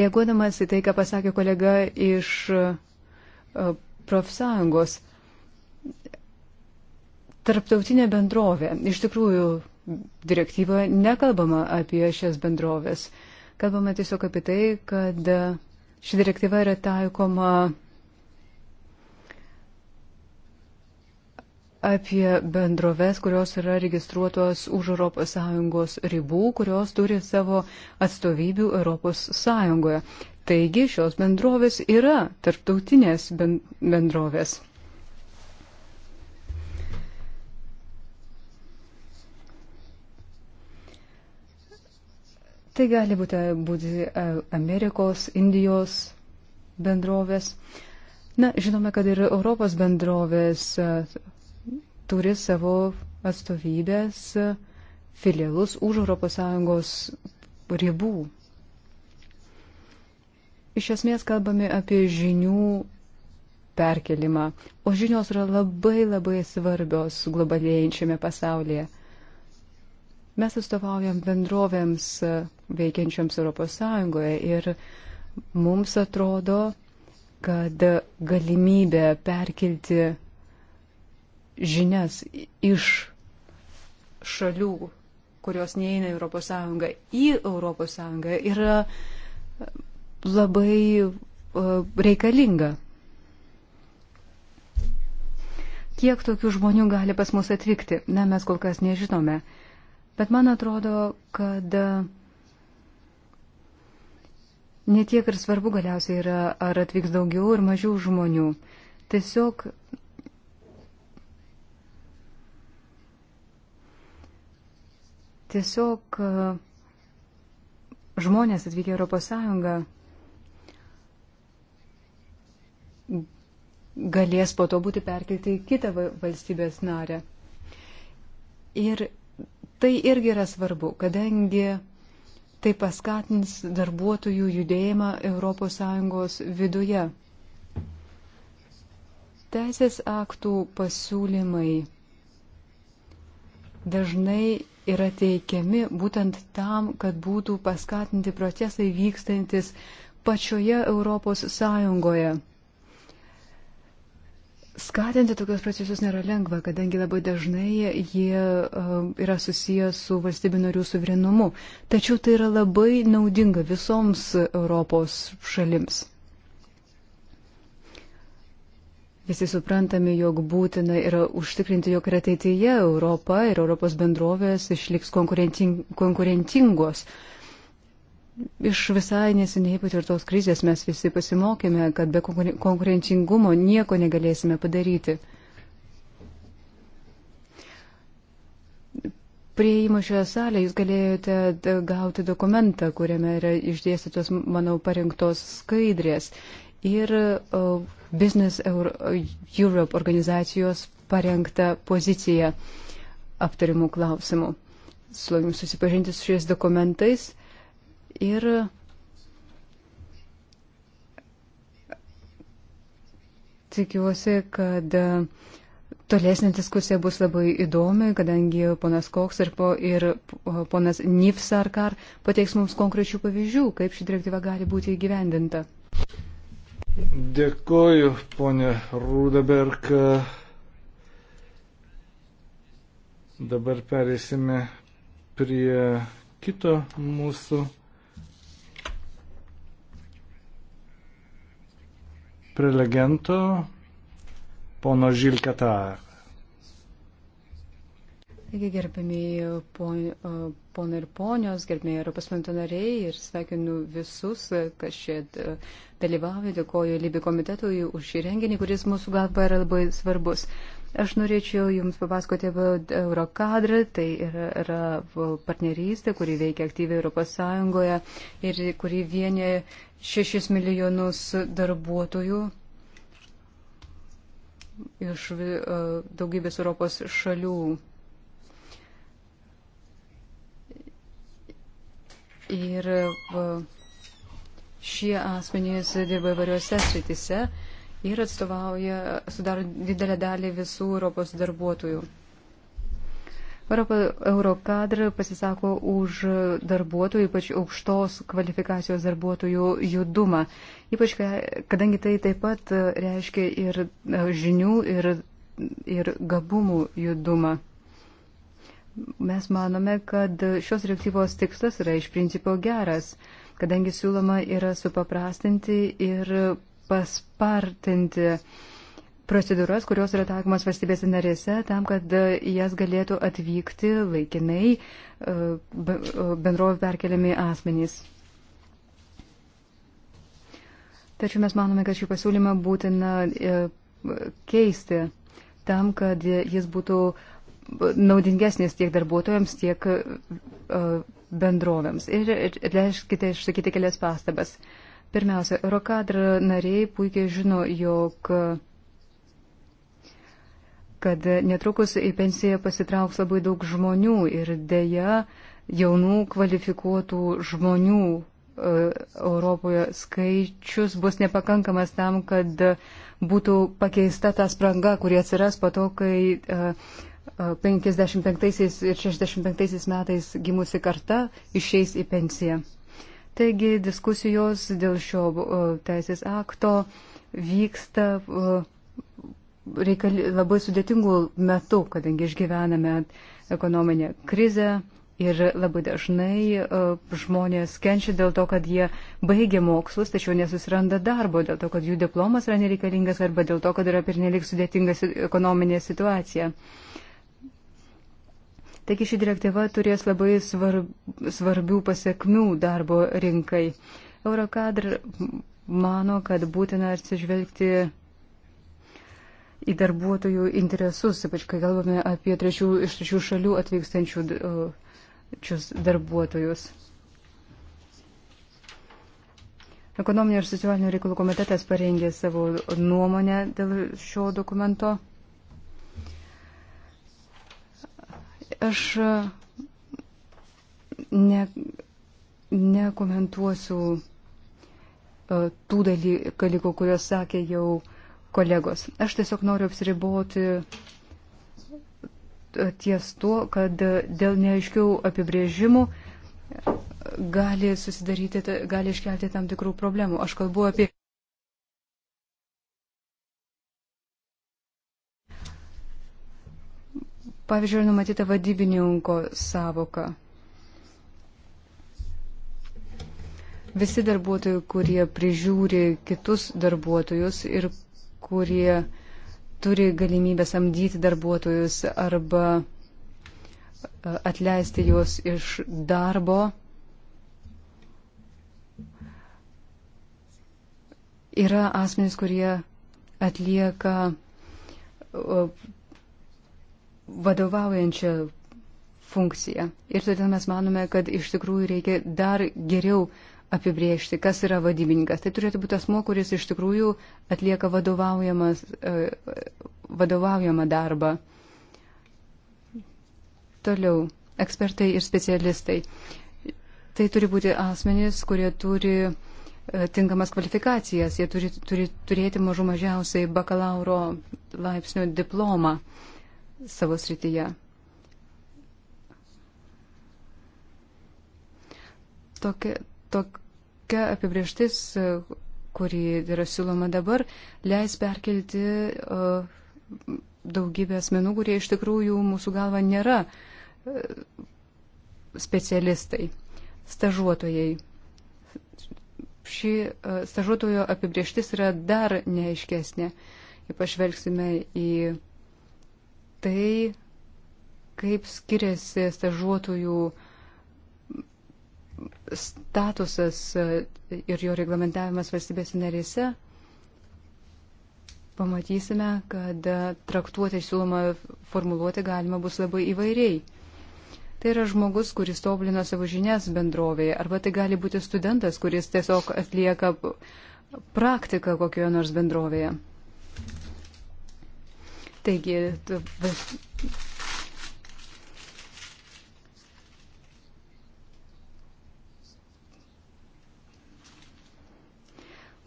Reaguodamas į tai, ką pasakė kolega iš e, profsąjungos, tarptautinė bendrovė, iš tikrųjų direktyvoje nekalbama apie šias bendrovės. Kalbama tiesiog apie tai, kad ši direktyva yra taikoma apie bendroves, kurios yra registruotos už ES ribų, kurios turi savo atstovybių ES. Taigi šios bendrovės yra tarptautinės bendrovės. Tai gali būti, būti e, Amerikos, Indijos bendrovės. Na, žinome, kad ir Europos bendrovės turi savo atstovybės filialus už ES ribų. Iš esmės kalbame apie žinių perkelimą, o žinios yra labai labai svarbios globalėjančiame pasaulyje. Mes atstovaujam bendrovėms veikiančioms ES ir mums atrodo, kad galimybė perkelti žinias iš šalių, kurios neįeina Europos Sąjungą, į Europos Sąjungą yra e, labai e, reikalinga. Kiek tokių žmonių gali pas mus atvykti? Na, mes kol kas nežinome. Bet man atrodo, kad e, netiek ir svarbu galiausiai yra, ar atvyks daugiau ir mažiau žmonių. Tiesiog Tiesiog e, žmonės atvykę Europos Sąjungą galės po to būti perkelti į kitą valstybės narę. Ir tai irgi yra svarbu, kadangi tai paskatins darbuotojų judėjimą ES viduje. Teisės aktų pasiūlymai dažnai yra teikiami būtent tam, kad būtų paskatinti procesai vykstantis pačioje Europos Sąjungoje. Skatinti tokius procesus nėra lengva, kadangi labai dažnai jie e, yra susijęs su valstybių narių suverenumu. Tačiau tai yra labai naudinga visoms Europos šalims. Visi suprantame, jog būtina yra užtikrinti, jog ir ateityje Europa ir Europos bendrovės išliks konkurenting, konkurentingos. Iš visai neseniai patirtos krizės mes visi pasimokėme, kad be konkurencingumo nieko negalėsime padaryti. Prieimo šioje salėje jūs galėjote gauti dokumentą, kuriame yra išdėstytos mano parinktos skaidrės. Ir Business Europe organizacijos parengtą poziciją aptarimų klausimų. Slogim susipažinti su šiais dokumentais ir tikiuosi, kad e, tolesnė diskusija bus labai įdomi, kadangi ponas Koks ir, po, ir ponas Nifsarkar pateiks mums konkrečių pavyzdžių, kaip ši direktyva gali būti įgyvendinta. Dėkoju, ponė Rūdaberg. Dabar perėsime prie kito mūsų prelegento, pono Žilkatar. Taigi, gerbėmiai ponai ir ponios, gerbėjai Europos parlamento nariai ir sveikinu visus, kas čia e, dalyvauja. Dėkoju Libi komitetui už šį renginį, kuris mūsų galva yra labai svarbus. Aš norėčiau Jums papasakoti apie Eurokadrą, tai yra, yra partnerystė, kuri veikia aktyviai Europos Sąjungoje ir kuri vienė 6 milijonus darbuotojų iš e, daugybės Europos šalių. Ir šie asmenys dirba įvairiuose sritise ir atstovauja, sudaro didelę dalį visų Europos darbuotojų. Eurokadr pasisako už darbuotojų, ypač aukštos kvalifikacijos darbuotojų judumą. Ypač, kadangi tai taip pat reiškia ir e, žinių, ir, ir gabumų judumą. Mes manome, kad šios direktyvos tikslas yra iš principo geras, kadangi siūloma yra supaprastinti ir paspartinti procedūras, kurios yra taikomas valstybėse narėse, tam, kad jas galėtų atvykti laikinai e, e, bendrovų perkeliami asmenys. Tačiau mes manome, kad šį pasiūlymą būtina e, keisti tam, kad jis būtų uh, naudingesnės tiek darbuotojams, tiek e, bendrovėms. Ir leiskite išsakyti kelias pastabas. Pirmiausia, Eurokadr nariai puikiai žino, jog kad netrukus į pensiją pasitrauks labai daug žmonių ir dėja jaunų kvalifikuotų žmonių e, Europoje skaičius bus nepakankamas tam, kad būtų pakeista ta spranga, kurie atsiras po to, kai e, 55 ir 65 metais gimusi karta išeis į pensiją. Taigi diskusijos dėl šio e, teisės akto vyksta e, reikali, labai sudėtingų metų, kadangi išgyvename ekonominę krizę ir labai dažnai e, žmonės kenčia dėl to, kad jie baigia mokslus, tačiau nesusiranda darbo, dėl to, kad jų diplomas yra nereikalingas arba dėl to, kad yra pernelik sudėtinga ekonominė situacija. Taigi ši direktyva turės labai svarb, svarbių pasiekmių darbo rinkai. Eurokadr mano, kad būtina atsižvelgti į darbuotojų interesus, ypač kai kalbame apie trečių, iš trečių šalių atvykstančių uh, darbuotojus. Ekonominio ir socialinio reikalų komitetas parengė savo nuomonę dėl šio dokumento. Aš ne, nekomentuosiu e, tų dalykų, kuriuos sakė jau kolegos. Aš tiesiog noriu apsiriboti e, ties tuo, kad dėl neaiškių apibrėžimų gali susidaryti, gali iškelti tam tikrų problemų. Aš kalbu apie Pavyzdžiui, numatyta vadybininko savoka. Visi darbuotojai, kurie prižiūri kitus darbuotojus ir kurie turi galimybę samdyti darbuotojus arba e, atleisti juos iš darbo. Yra asmenys, kurie atlieka vadovaujančią funkciją. Ir todėl mes manome, kad iš tikrųjų reikia dar geriau apibriežti, kas yra vadybininkas. Tai turėtų būti asmo, kuris iš tikrųjų atlieka e, vadovaujamą darbą. Toliau, ekspertai ir specialistai. Tai turi būti asmenys, kurie turi e, tinkamas kvalifikacijas, jie turi, turi turėti mažų mažiausiai bakalauro laipsnio diplomą. Uh, savo srityje. Tokia, tokia apibrieštis, kuri yra siūloma dabar, leis perkelti daugybę asmenų, kurie iš tikrųjų mūsų galva nėra e, specialistai, stažuotojai. Ši e, stažuotojo apibrieštis yra dar neaiškesnė. Jei pažvelgsime į tai, kaip skiriasi stažuotojų statusas ir jo reglamentavimas valstybės narėse, pamatysime, kad traktuoti siūloma formuluoti galima bus labai įvairiai. Tai yra žmogus, kuris tobulina savo žinias bendrovėje, arba tai gali būti studentas, kuris tiesiog atlieka praktiką kokioje nors bendrovėje. Taigi,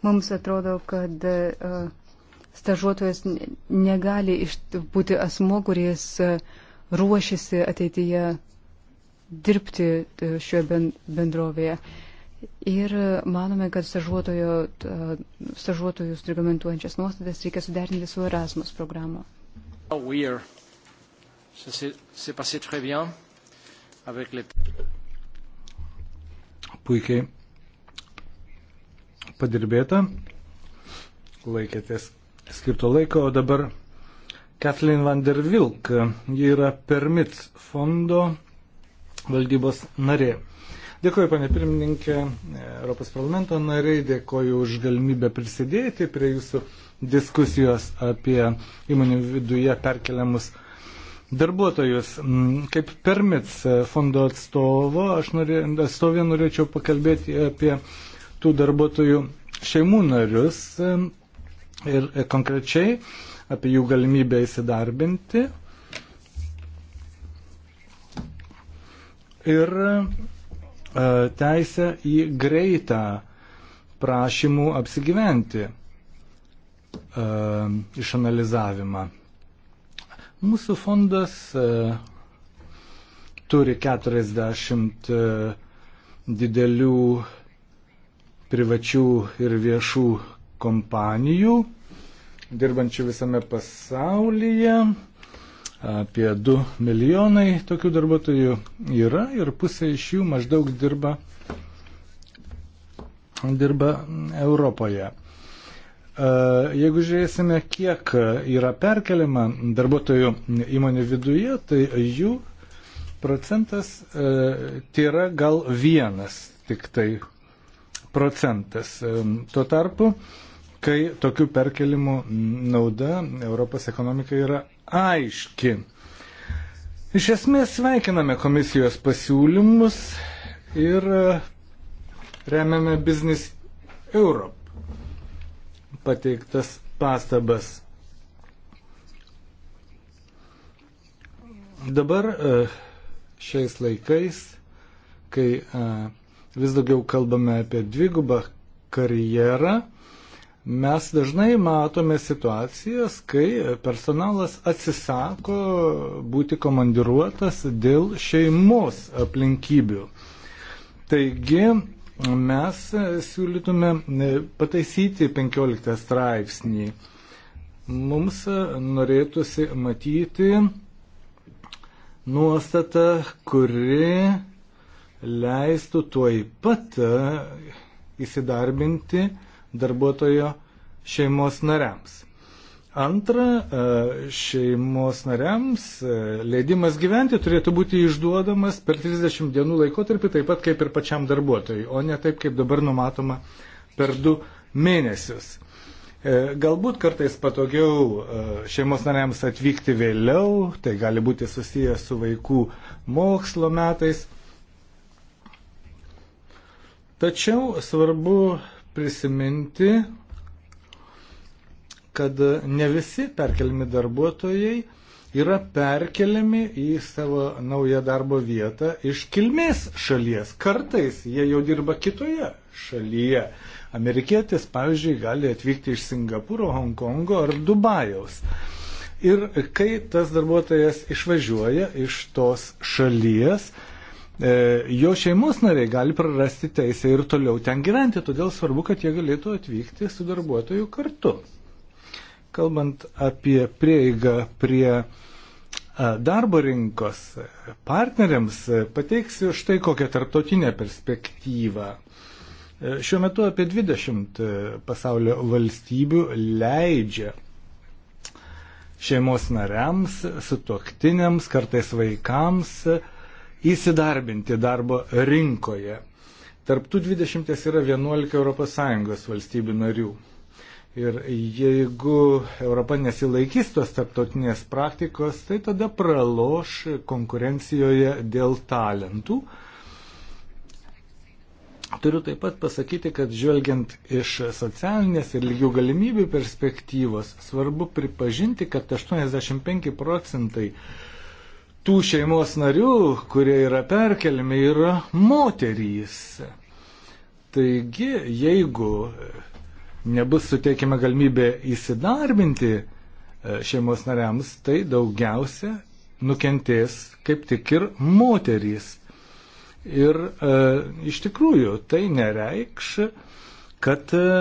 mums atrodo, kad e, stažuotojas negali būti asmo, kuris e, ruošiasi ateityje dirbti e, šioje bendrovėje. Ir manome, kad stažuotojus reglamentuojančias nuostatas reikia suderinti su Erasmus programu. Oh, we are. C'est passé très bien avec les... Puikiai padirbėta, laikėtės skirto laiko, o dabar Kathleen van der Vilk, ji yra Permit fondo valdybos narė. Dėkuoju, panė pirmininkė, Europos parlamento nariai, dėkuoju už galimybę prisidėti prie jūsų diskusijos apie įmonių viduje perkeliamus darbuotojus. Mm, kaip permits e, fondo atstovo, aš norė, atstovė norėčiau pakalbėti apie tų darbuotojų šeimų narius e, ir e, konkrečiai apie jų galimybę įsidarbinti. Ir teisę į greitą prašymų apsigyventi. E, išanalizavimą. Mūsų fondas e, turi 40 e, didelių privačių ir viešų kompanijų, dirbančių visame pasaulyje. Apie 2 milijonai tokių darbuotojų yra ir pusė iš jų maždaug dirba, dirba Europoje. E, jeigu žiūrėsime, kiek yra perkeliama darbuotojų įmonių viduje, tai jų procentas e, tai yra gal vienas tik tai procentas. E, tuo tarpu, kai tokių perkelimų nauda Europos ekonomikai yra aiški. Iš esmės sveikiname komisijos pasiūlymus ir remiame Business Europe pateiktas pastabas. Dabar e, šiais laikais, kai e, vis daugiau kalbame apie dvigubą karjerą, mes dažnai matome situacijas, kai personalas atsisako būti komandiruotas dėl šeimos aplinkybių. Taigi Mes e, siūlytume e, pataisyti 15 straipsnį. Mums e, norėtųsi matyti nuostatą, kuri leistų tuoj pat įsidarbinti darbuotojo šeimos nariams. Antra, e, šeimos nariams e, leidimas gyventi turėtų būti išduodamas per 30 dienų laikotarpį, taip pat kaip ir pačiam darbuotojui, o ne taip, kaip dabar numatoma per 2 mėnesius. E, galbūt kartais patogiau šeimos nariams atvykti vėliau, tai gali būti susijęs su vaikų mokslo metais. Tačiau svarbu prisiminti, kad ne visi perkelimi darbuotojai yra perkeliami į savo naują darbo vietą iš kilmės šalies. Kartais jie jau dirba kitoje šalyje. Amerikietis, pavyzdžiui, gali atvykti iš Singapūro, Hongkongo ar Dubajaus. Ir kai tas darbuotojas išvažiuoja iš tos šalies, e, jo šeimos nariai gali prarasti teisę ir toliau ten gyventi, todėl svarbu, kad jie galėtų atvykti su darbuotoju kartu. Kalbant apie prieigą prie darbo rinkos partneriams, pateiksiu štai kokią tarptautinę perspektyvą. E, šiuo metu apie 20 e, pasaulio valstybių leidžia šeimos nariams, sutuoktiniams, kartais vaikams įsidarbinti darbo rinkoje. Tarptų 20 yra 11 ES valstybių narių. Ir jeigu Europa nesilaikys tos tarptautinės praktikos, tai tada praloš konkurencijoje dėl talentų. Turiu taip pat pasakyti, kad žvelgiant iš socialinės ir lygių galimybių perspektyvos, svarbu pripažinti, kad 85 procentai tų šeimos narių, kurie yra perkeliami, yra moterys. Taigi, jeigu nebus suteikiama galimybė įsidarbinti e, šeimos nariams, tai daugiausia nukentės kaip tik ir moterys. Ir e, iš tikrųjų tai nereikš, kad e,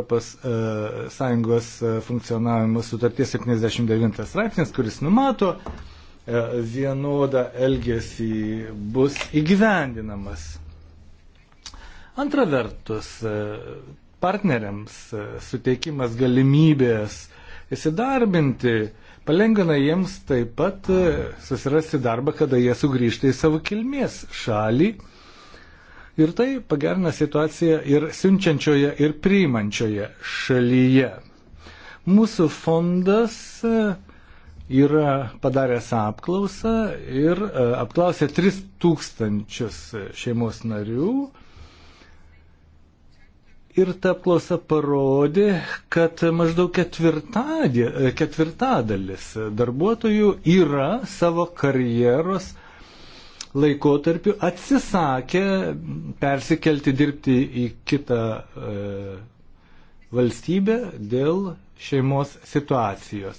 ES e, e, funkcionavimo sutarties 79 straipsnis, kuris numato e, vienodą elgesį, bus įgyvendinamas. Antra vertus, e, partneriams e, suteikimas galimybės įsidarbinti palengvina jiems taip pat e, susirasti darbą, kada jie sugrįžta į savo kilmės šalį. Ir tai pagerina situaciją ir siunčiančioje, ir priimančioje šalyje. Mūsų fondas yra padaręs apklausą ir apklausė 3000 šeimos narių Ir ta apklausa parodė, kad maždaug ketvirtadalis darbuotojų yra savo karjeros laikotarpiu atsisakę persikelti dirbti į kitą e, valstybę dėl šeimos situacijos.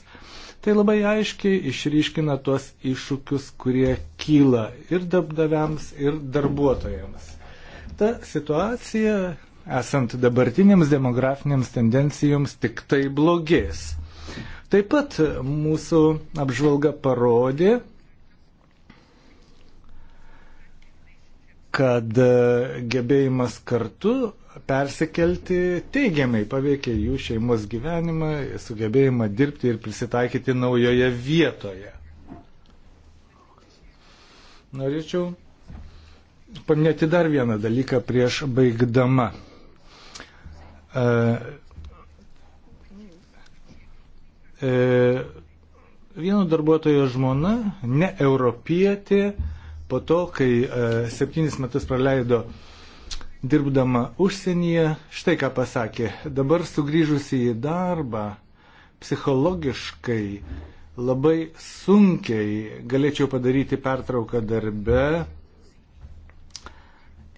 Tai labai aiškiai išryškina tuos iššūkius, kurie kyla ir darbdaviams, ir darbuotojams. Ta situacija esant dabartinėms demografinėms tendencijoms, tik tai blogės. Taip pat mūsų apžvalga parodė, kad gebėjimas kartu persikelti teigiamai paveikia jų šeimos gyvenimą, sugebėjimą dirbti ir prisitaikyti naujoje vietoje. Norėčiau paminėti dar vieną dalyką prieš baigdama. E, e, vieno darbuotojo žmona, ne europietė, po to, kai e, septynis metus praleido dirbdama užsienyje, štai ką pasakė. Dabar sugrįžusi į darbą, psichologiškai labai sunkiai galėčiau padaryti pertrauką darbe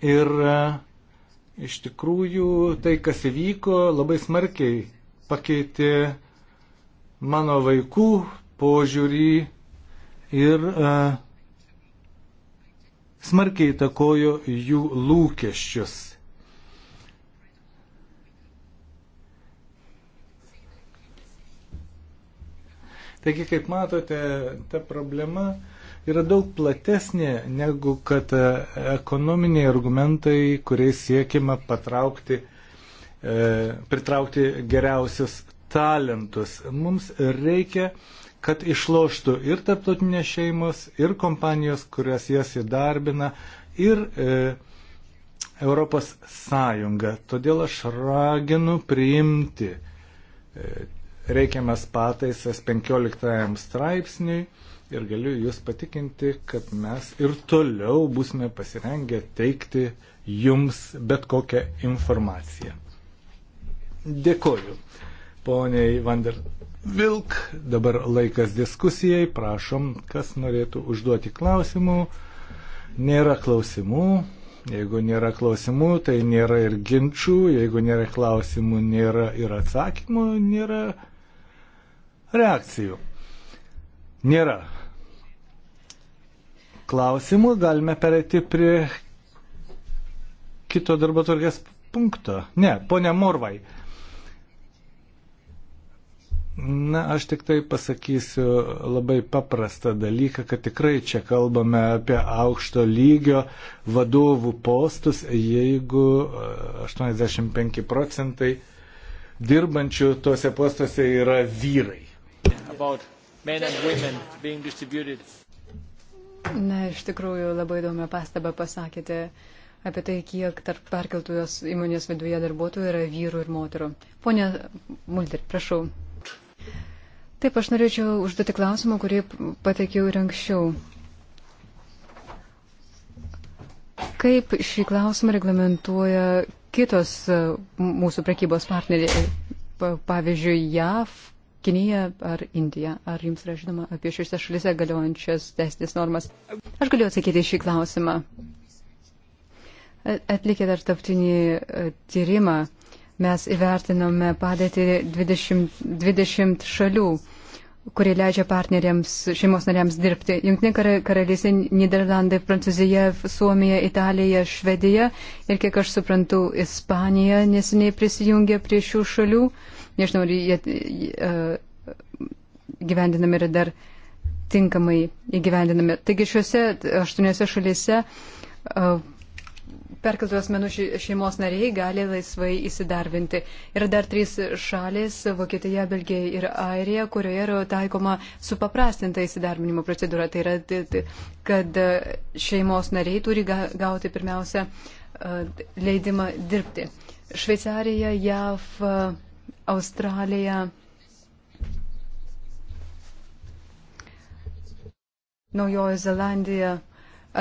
ir Iš tikrųjų, tai, kas įvyko, labai smarkiai pakeitė mano vaikų požiūrį ir a, e, smarkiai įtakojo jų lūkesčius. Taigi, kaip matote, ta problema yra daug platesnė negu kad e, ekonominiai argumentai, kuriais siekima patraukti, e, pritraukti geriausius talentus. Mums reikia, kad išloštų ir taptotinės šeimos, ir kompanijos, kurias jas įdarbina, ir e, Europos Sąjunga. Todėl aš raginu priimti e, reikiamas pataisas 15 straipsniui ir galiu Jūs patikinti, kad mes ir toliau būsime pasirengę teikti Jums bet kokią informaciją. Dėkoju. Poniai Vander Vilk, dabar laikas diskusijai, prašom, kas norėtų užduoti klausimų. Nėra klausimų, jeigu nėra klausimų, tai nėra ir ginčių, jeigu nėra klausimų, nėra ir atsakymų, nėra reakcijų. Nėra klausimų, galime pereiti prie kito darbo tvarkės punkto. Ne, ponia Morvai. Na, aš tik tai pasakysiu labai paprastą dalyką, kad tikrai čia kalbame apie aukšto lygio vadovų postus, jeigu 85 e, procentai dirbančių tuose postuose yra vyrai. About men and women being distributed. Na, iš tikrųjų labai įdomią pastabą pasakėte apie tai, kiek tarp perkeltųjos įmonės viduje darbuotojų yra vyrų ir moterų. Pone Mulder, prašau. Taip, aš norėčiau užduoti klausimą, kurį pateikiau ir anksčiau. Kaip šį klausimą reglamentuoja kitos mūsų prekybos partneriai, pavyzdžiui, JAV, Kinija ar Indija. Ar jums yra žinoma apie šiose šalise galiojančias teisinės normas? Aš galiu atsakyti šį klausimą. Atlikę dar taptinį e, tyrimą, mes įvertinome padėtį 20, 20 šalių kurie leidžia partneriams, šeimos nariams dirbti. Junktinė karalystė, Niderlandai, Prancūzija, Suomija, Italija, Švedija ir, kiek aš suprantu, Ispanija nesiniai prisijungė prie šių šalių. Uh, nežinau, ar jie e, gyvendinami yra dar tinkamai įgyvendinami. Taigi šiuose aštuoniuose šalyse e, perkeltų asmenų šeimos nariai gali laisvai įsidarbinti. Yra dar trys šalis - Vokietija, Belgija ir Airija, kurioje yra taikoma supaprastinta įsidarbinimo procedūra. Tai yra, kad šeimos nariai turi gauti pirmiausia e, leidimą dirbti. Šveicarija, JAV. Australija. Naujojo Zelandija,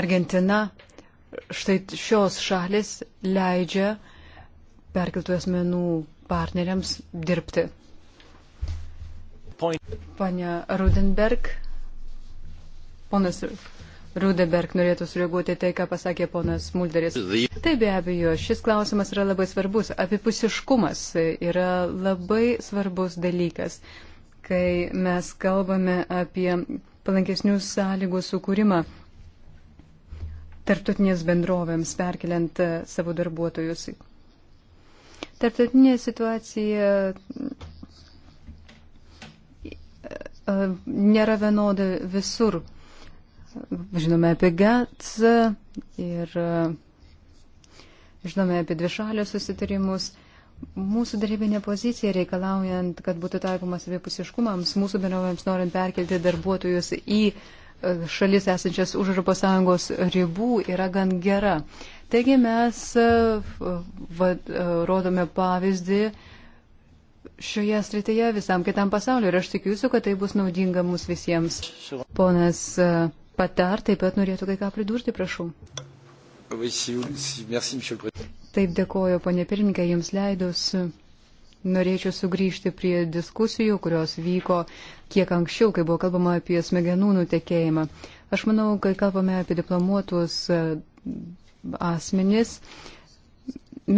Argentina, štai šios šalis leidžia perkeltų asmenų partneriams dirbti. Pane Rudenberg, ponas Rudeberg norėtų sureaguoti tai, ką pasakė ponas Mulderis. Taip, be abejo, šis klausimas yra labai svarbus. Apipusiškumas yra labai svarbus dalykas, kai mes kalbame apie palankesnių sąlygų sukūrimą tarptautinės bendrovėms, perkeliant e, savo darbuotojus. Tarptautinė situacija e, e, nėra vienoda visur. Žinome apie GATS ir e, žinome apie dvišalios susitarimus. Mūsų darybinė pozicija reikalaujant, kad būtų taikomas abipusiškumams, mūsų bendrovėms norint perkelti darbuotojus į e, šalis esančias už ES ribų yra gan gera. Taigi mes e, vad, rodome pavyzdį šioje srityje visam kitam pasauliu ir aš tikiuosi, kad tai bus naudinga mums visiems. Ponas uh, Patar taip pat norėtų kai ką pridurti, prašau. Taip dėkoju, ponė pirmininkė, jums leidus. Norėčiau sugrįžti prie diskusijų, kurios vyko kiek anksčiau, kai buvo kalbama apie smegenų nutekėjimą. Aš manau, kai kalbame apie diplomuotus e, asmenis,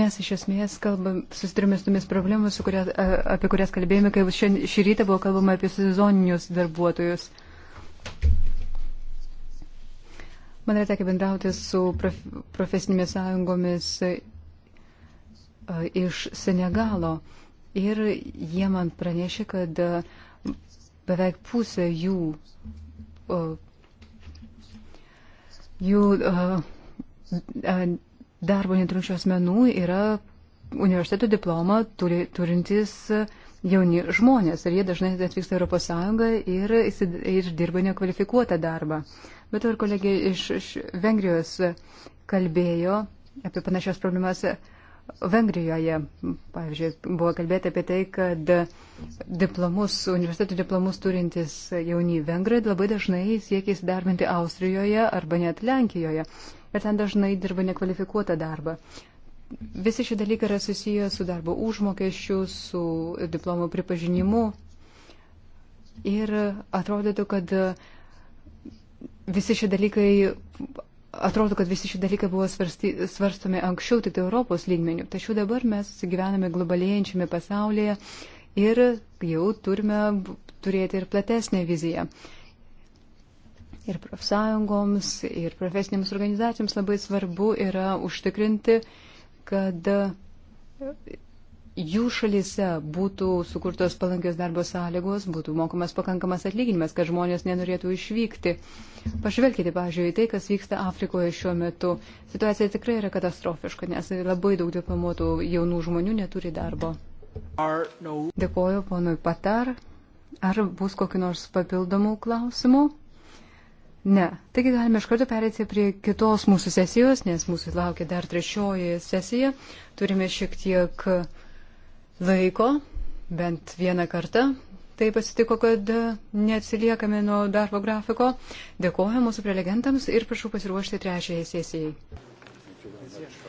mes iš esmės kalbam, susidurime su tomis problemomis, kuria, apie kurias kalbėjome, kai šį rytą buvo kalbama apie sezoninius darbuotojus. Man yra tekę bendrauti su prof, profesinėmis sąjungomis e, iš Senegalo ir jie man pranešė, kad e, beveik pusė jų, e, jų darbo neturinčių asmenų yra universiteto diplomą turi, turintys jauni žmonės ir jie dažnai atvyksta Europos Sąjungą ir, ir dirba nekvalifikuotą darbą bet ir kolegė iš, iš Vengrijos kalbėjo apie panašias problemas Vengrijoje. Pavyzdžiui, buvo kalbėta apie tai, kad diplomus, universitetų diplomus turintis jauni vengrai labai dažnai siekia įsidarbinti Austrijoje arba net Lenkijoje. Ir ten dažnai dirba nekvalifikuotą darbą. Visi šie dalykai yra susiję su darbo užmokesčiu, su diplomo pripažinimu. Ir atrodytų, kad uh, visi šie dalykai, atrodo, kad visi šie dalykai buvo svarsti, svarstomi anksčiau tik tai Europos lygmenių. Tačiau dabar mes gyvename globalėjančiame pasaulyje ir jau turime turėti ir platesnę viziją. Ir profsąjungoms, ir profesinėms organizacijoms labai svarbu yra užtikrinti, kad jų šalise būtų sukurtos palankios darbo sąlygos, būtų mokamas pakankamas atlyginimas, kad žmonės nenorėtų išvykti. Pažvelkite, pažiūrėjau, į tai, kas vyksta Afrikoje šiuo metu. Situacija tikrai yra katastrofiška, nes labai daug diplomuotų jaunų žmonių neturi darbo. Dėkoju ponui Patar. Ar bus kokiu nors papildomų klausimų? Ne. Taigi galime iš karto perėti prie kitos mūsų sesijos, nes mūsų laukia dar trečioji sesija. Turime šiek tiek uh, laiko, bent vieną kartą. Taip atsitiko, kad neatsiliekame nuo darbo grafiko. Dėkuoju mūsų prelegentams ir prašau pasiruošti trečiajai sesijai. Yes, yes.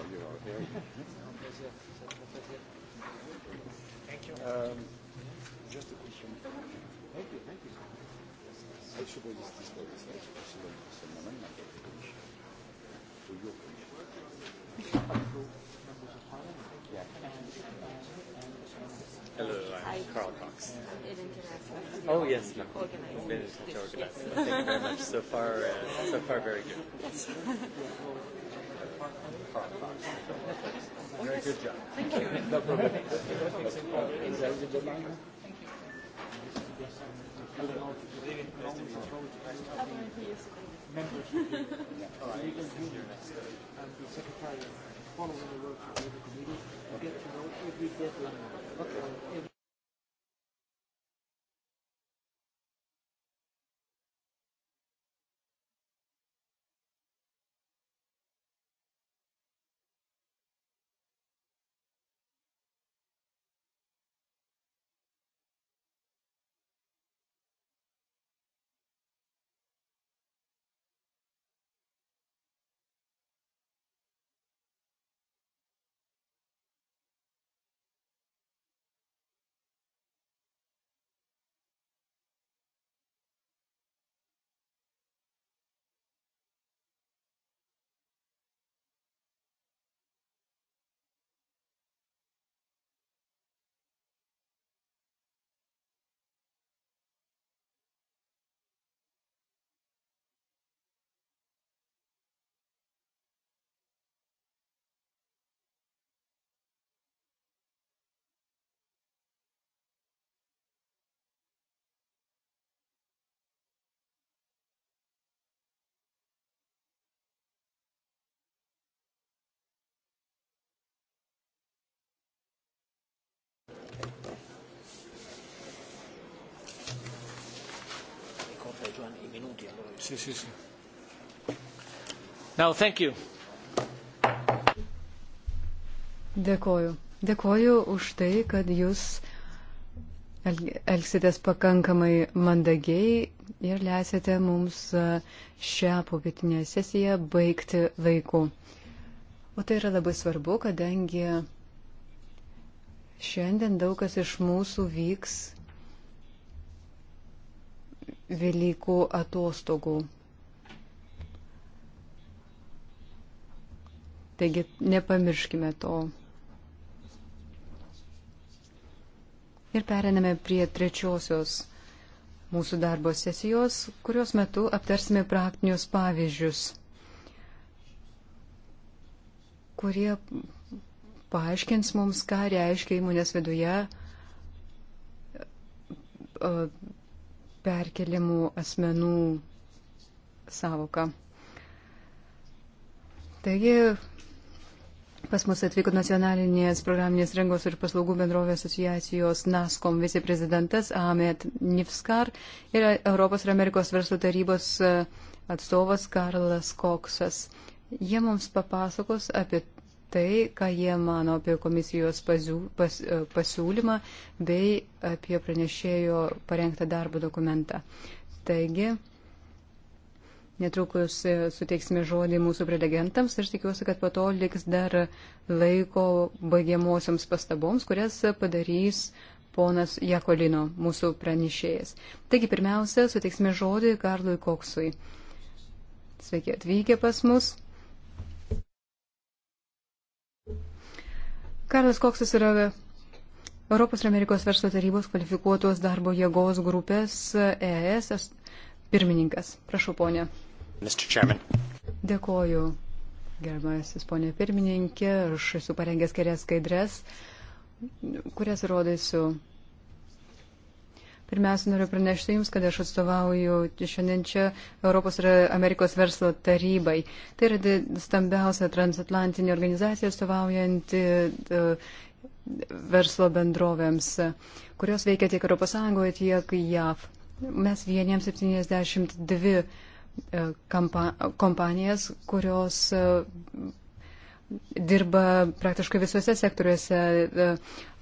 Oh yes, no. organized. Managed to organize. Yes. Thank you very much. So far, uh, so far, very good. Yes. Very good job. Thank you. No problem. Is that the deadline? Thank you. Apparently yesterday. Members. All right. You can do and the secretary following the work of the committee get to know every deadline. Okay. Sì, sì, sì. Now, thank you. Dėkoju. Dėkoju už tai, kad jūs elgsitės pakankamai mandagiai ir leisite mums uh, šią popietinę sesiją baigti laiku. O tai yra labai svarbu, kadangi šiandien daug kas iš mūsų vyks Velykų atostogų. Taigi nepamirškime to. Ir periname prie trečiosios mūsų darbo sesijos, kurios metu aptarsime praktinius pavyzdžius, kurie paaiškins mums, ką reiškia įmonės viduje perkeliamų asmenų savoką. Taigi, pas mus atvyko nacionalinės programinės rengos ir paslaugų bendrovės asociacijos NASCOM viceprezidentas Ahmet Nifskar ir Europos ir Amerikos verslo tarybos atstovas Karlas Koksas. Jie mums papasakos apie tai, ką jie mano apie komisijos pasiū, pas, e, pasiūlymą bei apie pranešėjo parengtą darbo dokumentą. Taigi, netrukus e, suteiksime žodį mūsų prelegentams ir tikiuosi, kad po to liks dar laiko baigiamosioms pastaboms, kurias padarys ponas Jakolino, mūsų pranešėjas. Taigi, pirmiausia, suteiksime žodį Karlui Koksui. Sveiki atvykę pas mus. Karlas Koksas yra Europos ir Amerikos verslo tarybos kvalifikuotos darbo jėgos grupės e, ES pirmininkas. Prašau, ponė. Dėkoju, gerbiamasis ponė pirmininkė. Aš esu parengęs kelias skaidres, kurias rodysiu Pirmiausia, noriu pranešti Jums, kad aš atstovauju šiandien čia Europos ir Amerikos verslo tarybai. Tai yra stambiausia transatlantinė organizacija atstovaujanti e, verslo bendrovėms, kurios veikia tiek ES, tiek JAV. Mes vieniem 72 e, kompanijas, kurios e, dirba praktiškai visose sektoriuose e,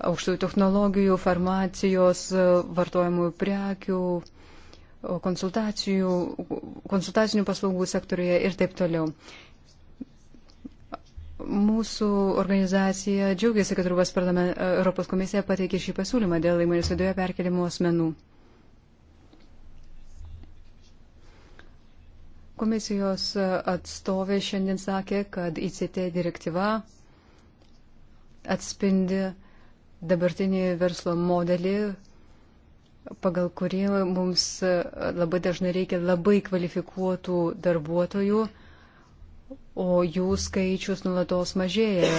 aukštųjų technologijų, farmacijos, e, vartojimų prekių, konsultacijų, konsultacinių paslaugų sektoriuje ir taip toliau. Mūsų organizacija džiaugiasi, kad Europos komisija pateikė šį pasiūlymą dėl įmonės viduje perkelimo asmenų. Komisijos atstovė šiandien sakė, kad ICT direktyva atspindi dabartinį verslo modelį, pagal kurį mums labai dažnai reikia labai kvalifikuotų darbuotojų, o jų skaičius nulatos mažėja.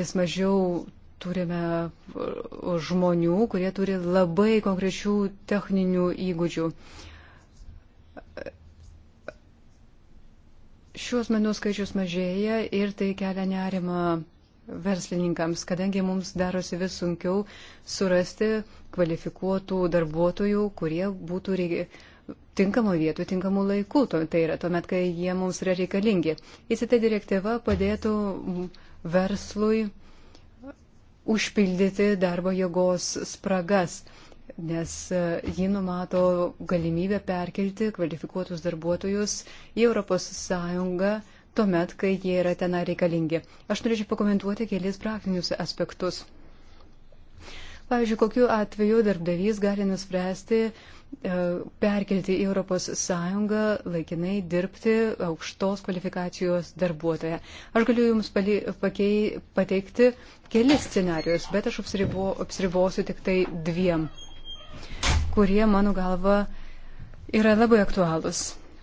Vis mažiau turime žmonių, kurie turi labai konkrečių techninių įgūdžių. Šios menų skaičius mažėja ir tai kelia nerimą verslininkams, kadangi mums darosi vis sunkiau surasti kvalifikuotų darbuotojų, kurie būtų reikia tinkamų vietų, tinkamų laikų, tai yra tuomet, kai jie mums yra reikalingi. ICT direktyva padėtų verslui užpildyti darbo jėgos spragas nes e, ji numato galimybę perkelti kvalifikuotus darbuotojus į ES tuomet, kai jie yra ten reikalingi. Aš norėčiau pakomentuoti kelis praktinius aspektus. Pavyzdžiui, kokiu atveju darbdavys gali nuspręsti e, perkelti į ES laikinai dirbti aukštos kvalifikacijos darbuotoją. Aš galiu Jums pali, pakei, pateikti kelis scenarius, bet aš apsiribo, apsiribosiu tik tai dviem kurie, mano galva, yra labai aktualūs.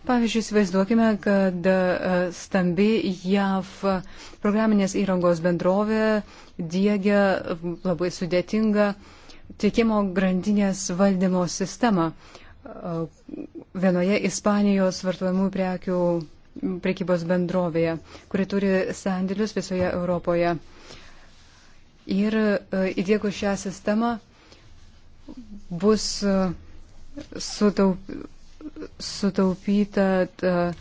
Pavyzdžiui, įsivaizduokime, kad e, stambi JAV programinės įrangos bendrovė dėgia labai sudėtingą tiekimo grandinės valdymo sistemą e, vienoje Ispanijos vartojimų prekių prekybos bendrovėje, kuri turi sandėlius visoje Europoje. Ir e, įdėkus šią sistemą bus e, sutaup, sutaupyta e,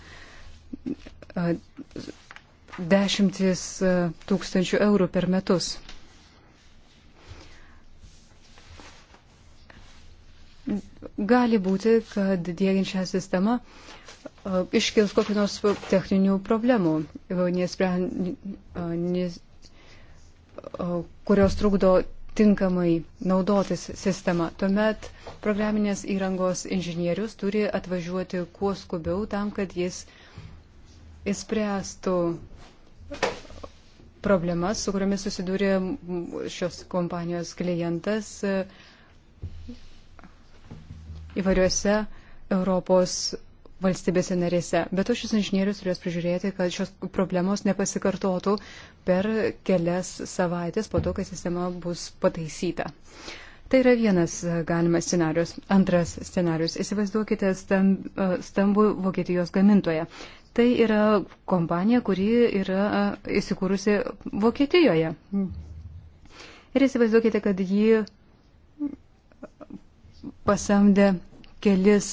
e, dešimtis tūkstančių eurų per metus. Gali būti, kad dėgiant šią sistemą iškils kokių nors techninių problemų, nes, nes, kurios trukdo tinkamai naudotis sistema, tuomet programinės įrangos inžinierius turi atvažiuoti kuo skubiau tam, kad jis įspręstų problemas, su kuriamis susidūrė šios kompanijos klientas e, įvairiuose Europos valstybėse narėse. Bet to šis inžinierius turės prižiūrėti, kad šios problemos nepasikartotų per kelias savaitės po to, kai sistema bus pataisyta. Tai yra vienas galimas scenarius. Antras scenarius. Įsivaizduokite e, stambų Vokietijos gamintoją. Tai yra kompanija, kuri yra e, įsikūrusi Vokietijoje. Ir įsivaizduokite, kad ji pasamdė kelis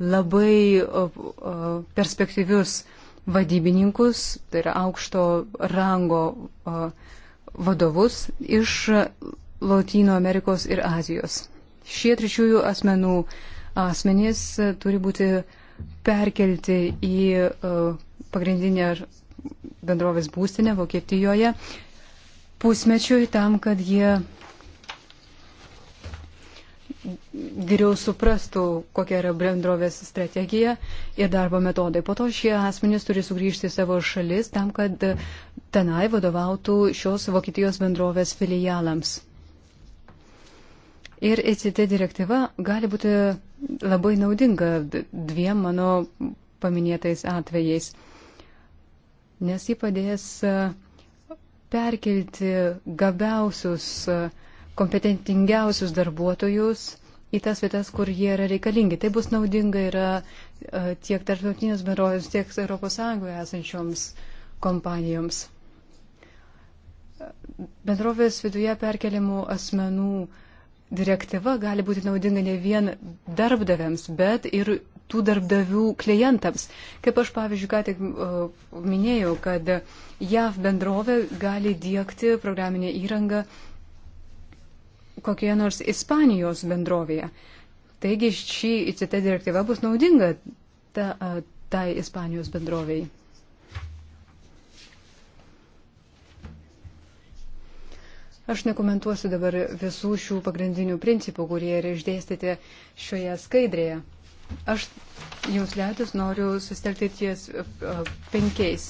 labai perspektyvius vadybininkus, tai yra aukšto rango vadovus iš Latino Amerikos ir Azijos. Šie trečiųjų asmenų asmenys turi būti perkelti į pagrindinę bendrovės būstinę Vokietijoje pusmečiui tam, kad jie geriau suprastų, kokia yra bendrovės strategija ir darbo metodai. Po to šie asmenys turi sugrįžti į savo šalis tam, kad tenai vadovautų šios Vokietijos bendrovės filialams. Ir ECT direktyva gali būti labai naudinga dviem mano paminėtais atvejais, nes ji padės perkelti gabiausius uh, kompetentingiausius darbuotojus į tas vietas, kur jie yra reikalingi. Tai bus naudinga yra e, tiek tarptautinės bendrovės, tiek ES esančioms kompanijoms. Bendrovės viduje perkeliamų asmenų direktyva gali būti naudinga ne vien darbdaviams, bet ir tų darbdavių klientams. Kaip aš, pavyzdžiui, ką tik uh, minėjau, kad JAV bendrovė gali dėkti programinę įrangą uh, kokioje nors Ispanijos bendrovėje. Taigi šį ICT direktyvą bus naudinga ta, tai Ispanijos bendrovėjai. Aš nekomentuosiu dabar visų šių pagrindinių principų, kurie yra išdėstyti šioje skaidrėje. Aš jums leidus noriu sustelkti ties penkiais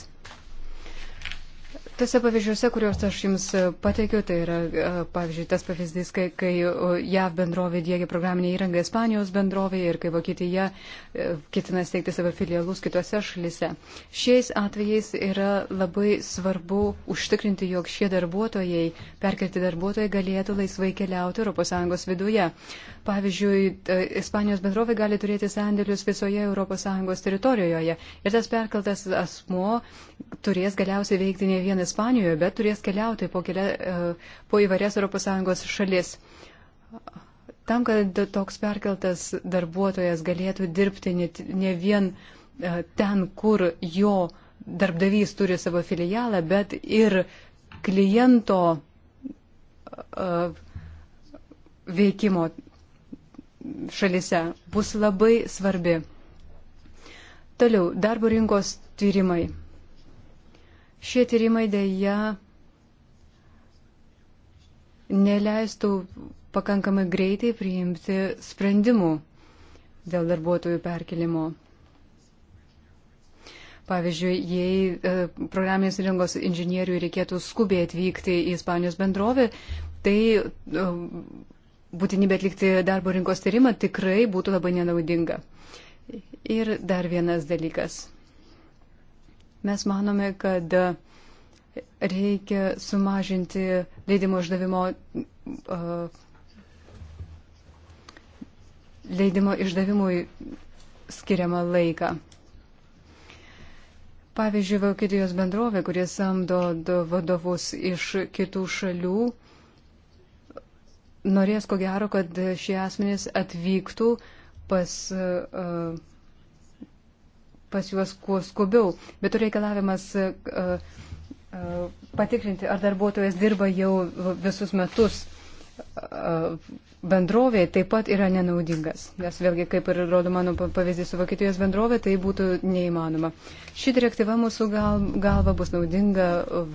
Tose pavyzdžiuose, kuriuos aš Jums e, pateikiu, tai yra, e, pavyzdžiui, tas pavyzdys, kai, kai e, JAV bendrovė dėgia programinę įrangą Ispanijos bendrovėje ir kai Vokietija ketina steigti savo filialus kitose šalise. Šiais atvejais yra labai svarbu užtikrinti, jog šie darbuotojai, perkelti darbuotojai galėtų laisvai keliauti ES viduje. Pavyzdžiui, Ispanijos bendrovė gali turėti sandėlius visoje ES teritorijoje ir tas perkeltas asmo turės galiausiai veikti ne vienas Ispanijoje, bet turės keliauti po, kelia, e, po įvairias ES šalis. Tam, kad toks perkeltas darbuotojas galėtų dirbti ne, ne vien e, ten, kur jo darbdavys turi savo filialą, bet ir kliento e, veikimo šalise bus labai svarbi. Toliau, darbo rinkos tyrimai. Šie tyrimai dėja neleistų pakankamai greitai priimti sprendimų dėl darbuotojų perkelimo. Pavyzdžiui, jei e, programinės įrangos inžinieriui reikėtų skubiai atvykti į Ispanijos bendrovę, tai e, būtinybė atlikti darbo rinkos tyrimą tikrai būtų labai nenaudinga. Ir dar vienas dalykas. Mes manome, kad reikia sumažinti leidimo išdavimo. leidimo išdavimui skiriamą laiką. Pavyzdžiui, Vokietijos bendrovė, kurie samdo vadovus iš kitų šalių, norės ko gero, kad šie asmenys atvyktų pas uh, pas juos kuo skubiau. Bet to reikalavimas e, e, patikrinti, ar darbuotojas dirba jau visus metus e, bendrovė taip pat yra nenaudingas. Nes vėlgi, kaip ir rodo mano pavyzdys su Vokietijos bendrovė, tai būtų neįmanoma. Ši direktyva mūsų gal, galva bus naudinga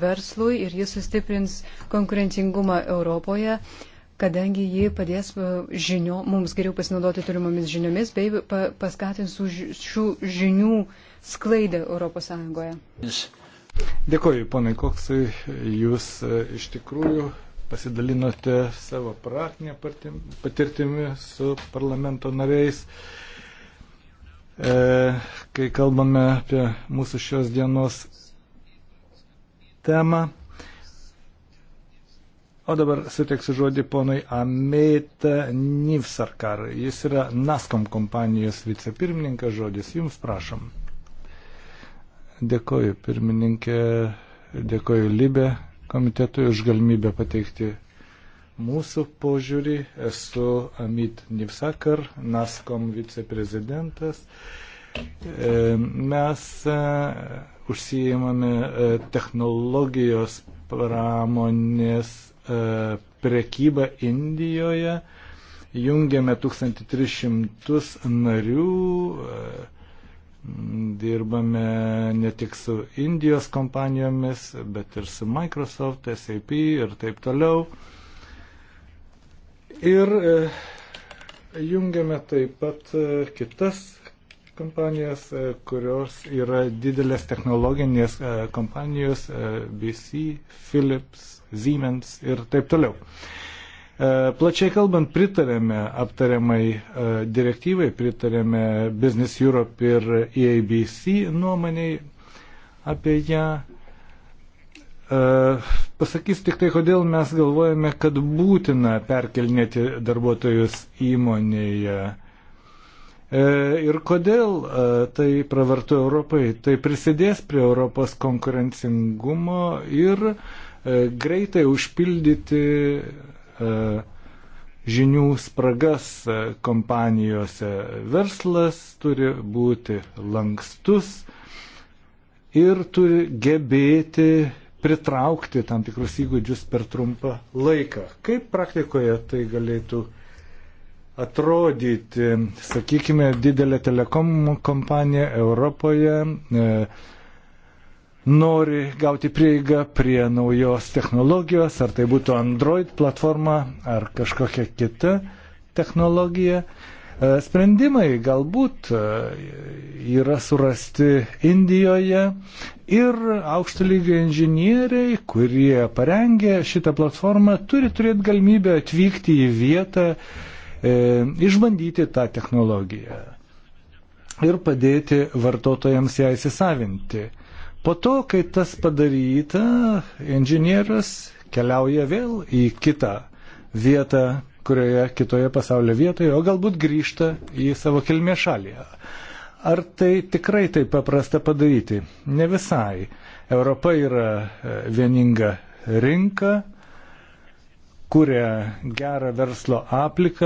verslui ir jis sustiprins konkurencingumą Europoje. Uh, kadangi ji padės e, žinio, mums geriau pasinaudoti turimomis žiniomis bei pa, paskatins šių žinių sklaidą ES. Dėkoju, ponai Koksai, jūs e, iš tikrųjų pasidalinote savo praktinę patirtimi su parlamento nariais. E, kai kalbame apie mūsų šios dienos temą. O dabar suteiksiu žodį ponui Amit Nivsarkar. Jis yra NASCOM kompanijos vicepirmininkas. Žodis jums prašom. Dėkoju pirmininkė, dėkoju Libė komitetui už galimybę pateikti mūsų požiūrį. Esu Amit Nivsarkar, NASCOM viceprezidentas. E, mes e, užsijimame e, technologijos pramonės E, prekybą Indijoje. Jungiame 1300 narių, e, dirbame ne tik su Indijos kompanijomis, bet ir su Microsoft, SAP ir taip toliau. Ir e, jungiame taip pat kitas kompanijas, kurios yra didelės technologinės kompanijos BC, Philips, Siemens ir taip toliau. E, plačiai kalbant, pritarėme aptariamai e, direktyvai, pritarėme Business Europe ir EABC nuomoniai apie ją. E, pasakys tik tai, kodėl mes galvojame, kad būtina perkelnėti darbuotojus įmonėje. Ir kodėl tai pravartu Europai? Tai prisidės prie Europos konkurencingumo ir uh, E, greitai užpildyti e, žinių spragas e, kompanijose. Verslas turi būti lankstus ir turi gebėti pritraukti tam tikrus įgūdžius per trumpą laiką. Kaip praktikoje tai galėtų atrodyti, sakykime, didelė telekom kompanija Europoje, e, nori gauti prieigą prie naujos technologijos, ar tai būtų Android platforma ar kažkokia kita technologija. E, sprendimai galbūt e, yra surasti Indijoje ir aukšto lygio inžinieriai, kurie parengė šitą platformą, turi turėti galimybę atvykti į vietą, e, išbandyti tą technologiją ir padėti vartotojams ją įsisavinti. Po to, kai tas padaryta, inžinieras keliauja vėl į kitą vietą, kurioje kitoje pasaulio vietoje, o galbūt grįžta į savo kilmės šalį. Ar tai tikrai taip paprasta padaryti? Ne visai. Europa yra e, vieninga rinka, kuria gerą verslo apliką,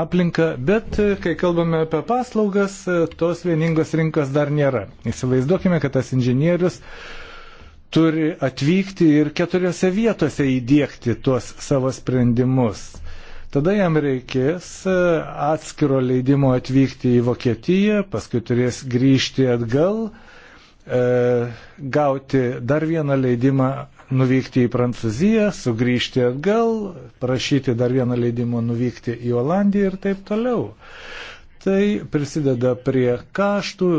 aplinką, bet e, kai kalbame apie paslaugas, e, tos vieningos rinkos dar nėra. Įsivaizduokime, kad tas inžinierius turi atvykti ir keturiose vietose įdėkti tuos savo sprendimus. Tada jam reikės e, atskiro leidimo atvykti į Vokietiją, paskui turės grįžti atgal, e, gauti dar vieną leidimą nuvykti į Prancūziją, sugrįžti atgal, prašyti dar vieną leidimą nuvykti į Olandiją ir taip toliau. Tai prisideda prie kaštų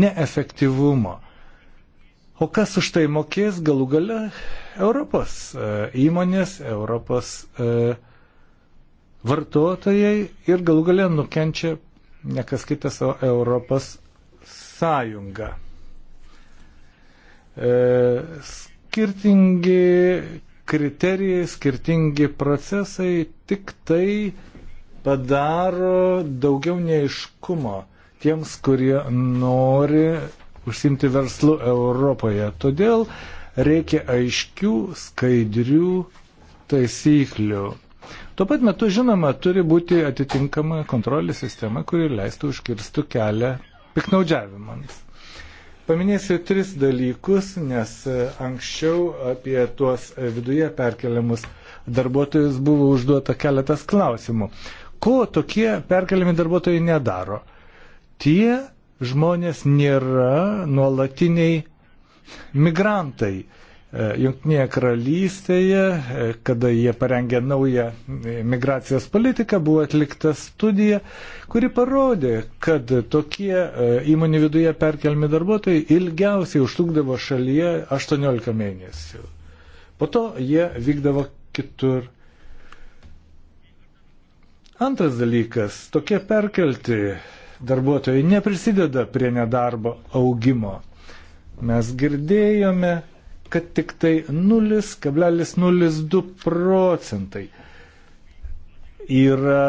neefektyvumo. O kas už tai mokės galų gale Europos e, įmonės, Europos e, vartotojai ir galų gale nukenčia ne kas kitas, o Europos sąjunga. E, skirtingi kriterijai, skirtingi procesai tik tai padaro daugiau neiškumo tiems, kurie nori užsimti verslu Europoje. Todėl reikia aiškių, skaidrių taisyklių. Tuo pat metu, žinoma, turi būti atitinkama kontrolės sistema, kuri leistų užkirstų kelią piknaudžiavimams. Paminėsiu tris dalykus, nes e, anksčiau apie tuos viduje perkeliamus darbuotojus buvo užduota keletas klausimų. Ko tokie perkeliami darbuotojai nedaro? Tie žmonės nėra nuolatiniai migrantai. E, Junktinėje karalystėje, e, kada jie parengė naują migracijos politiką, buvo atlikta studija, kuri parodė, kad tokie e, įmonių viduje perkelmi darbuotojai ilgiausiai užtrukdavo šalyje 18 mėnesių. Po to jie vykdavo kitur. Antras dalykas, tokie perkelti darbuotojai neprisideda prie nedarbo augimo. Mes girdėjome kad tik tai 0,02 procentai yra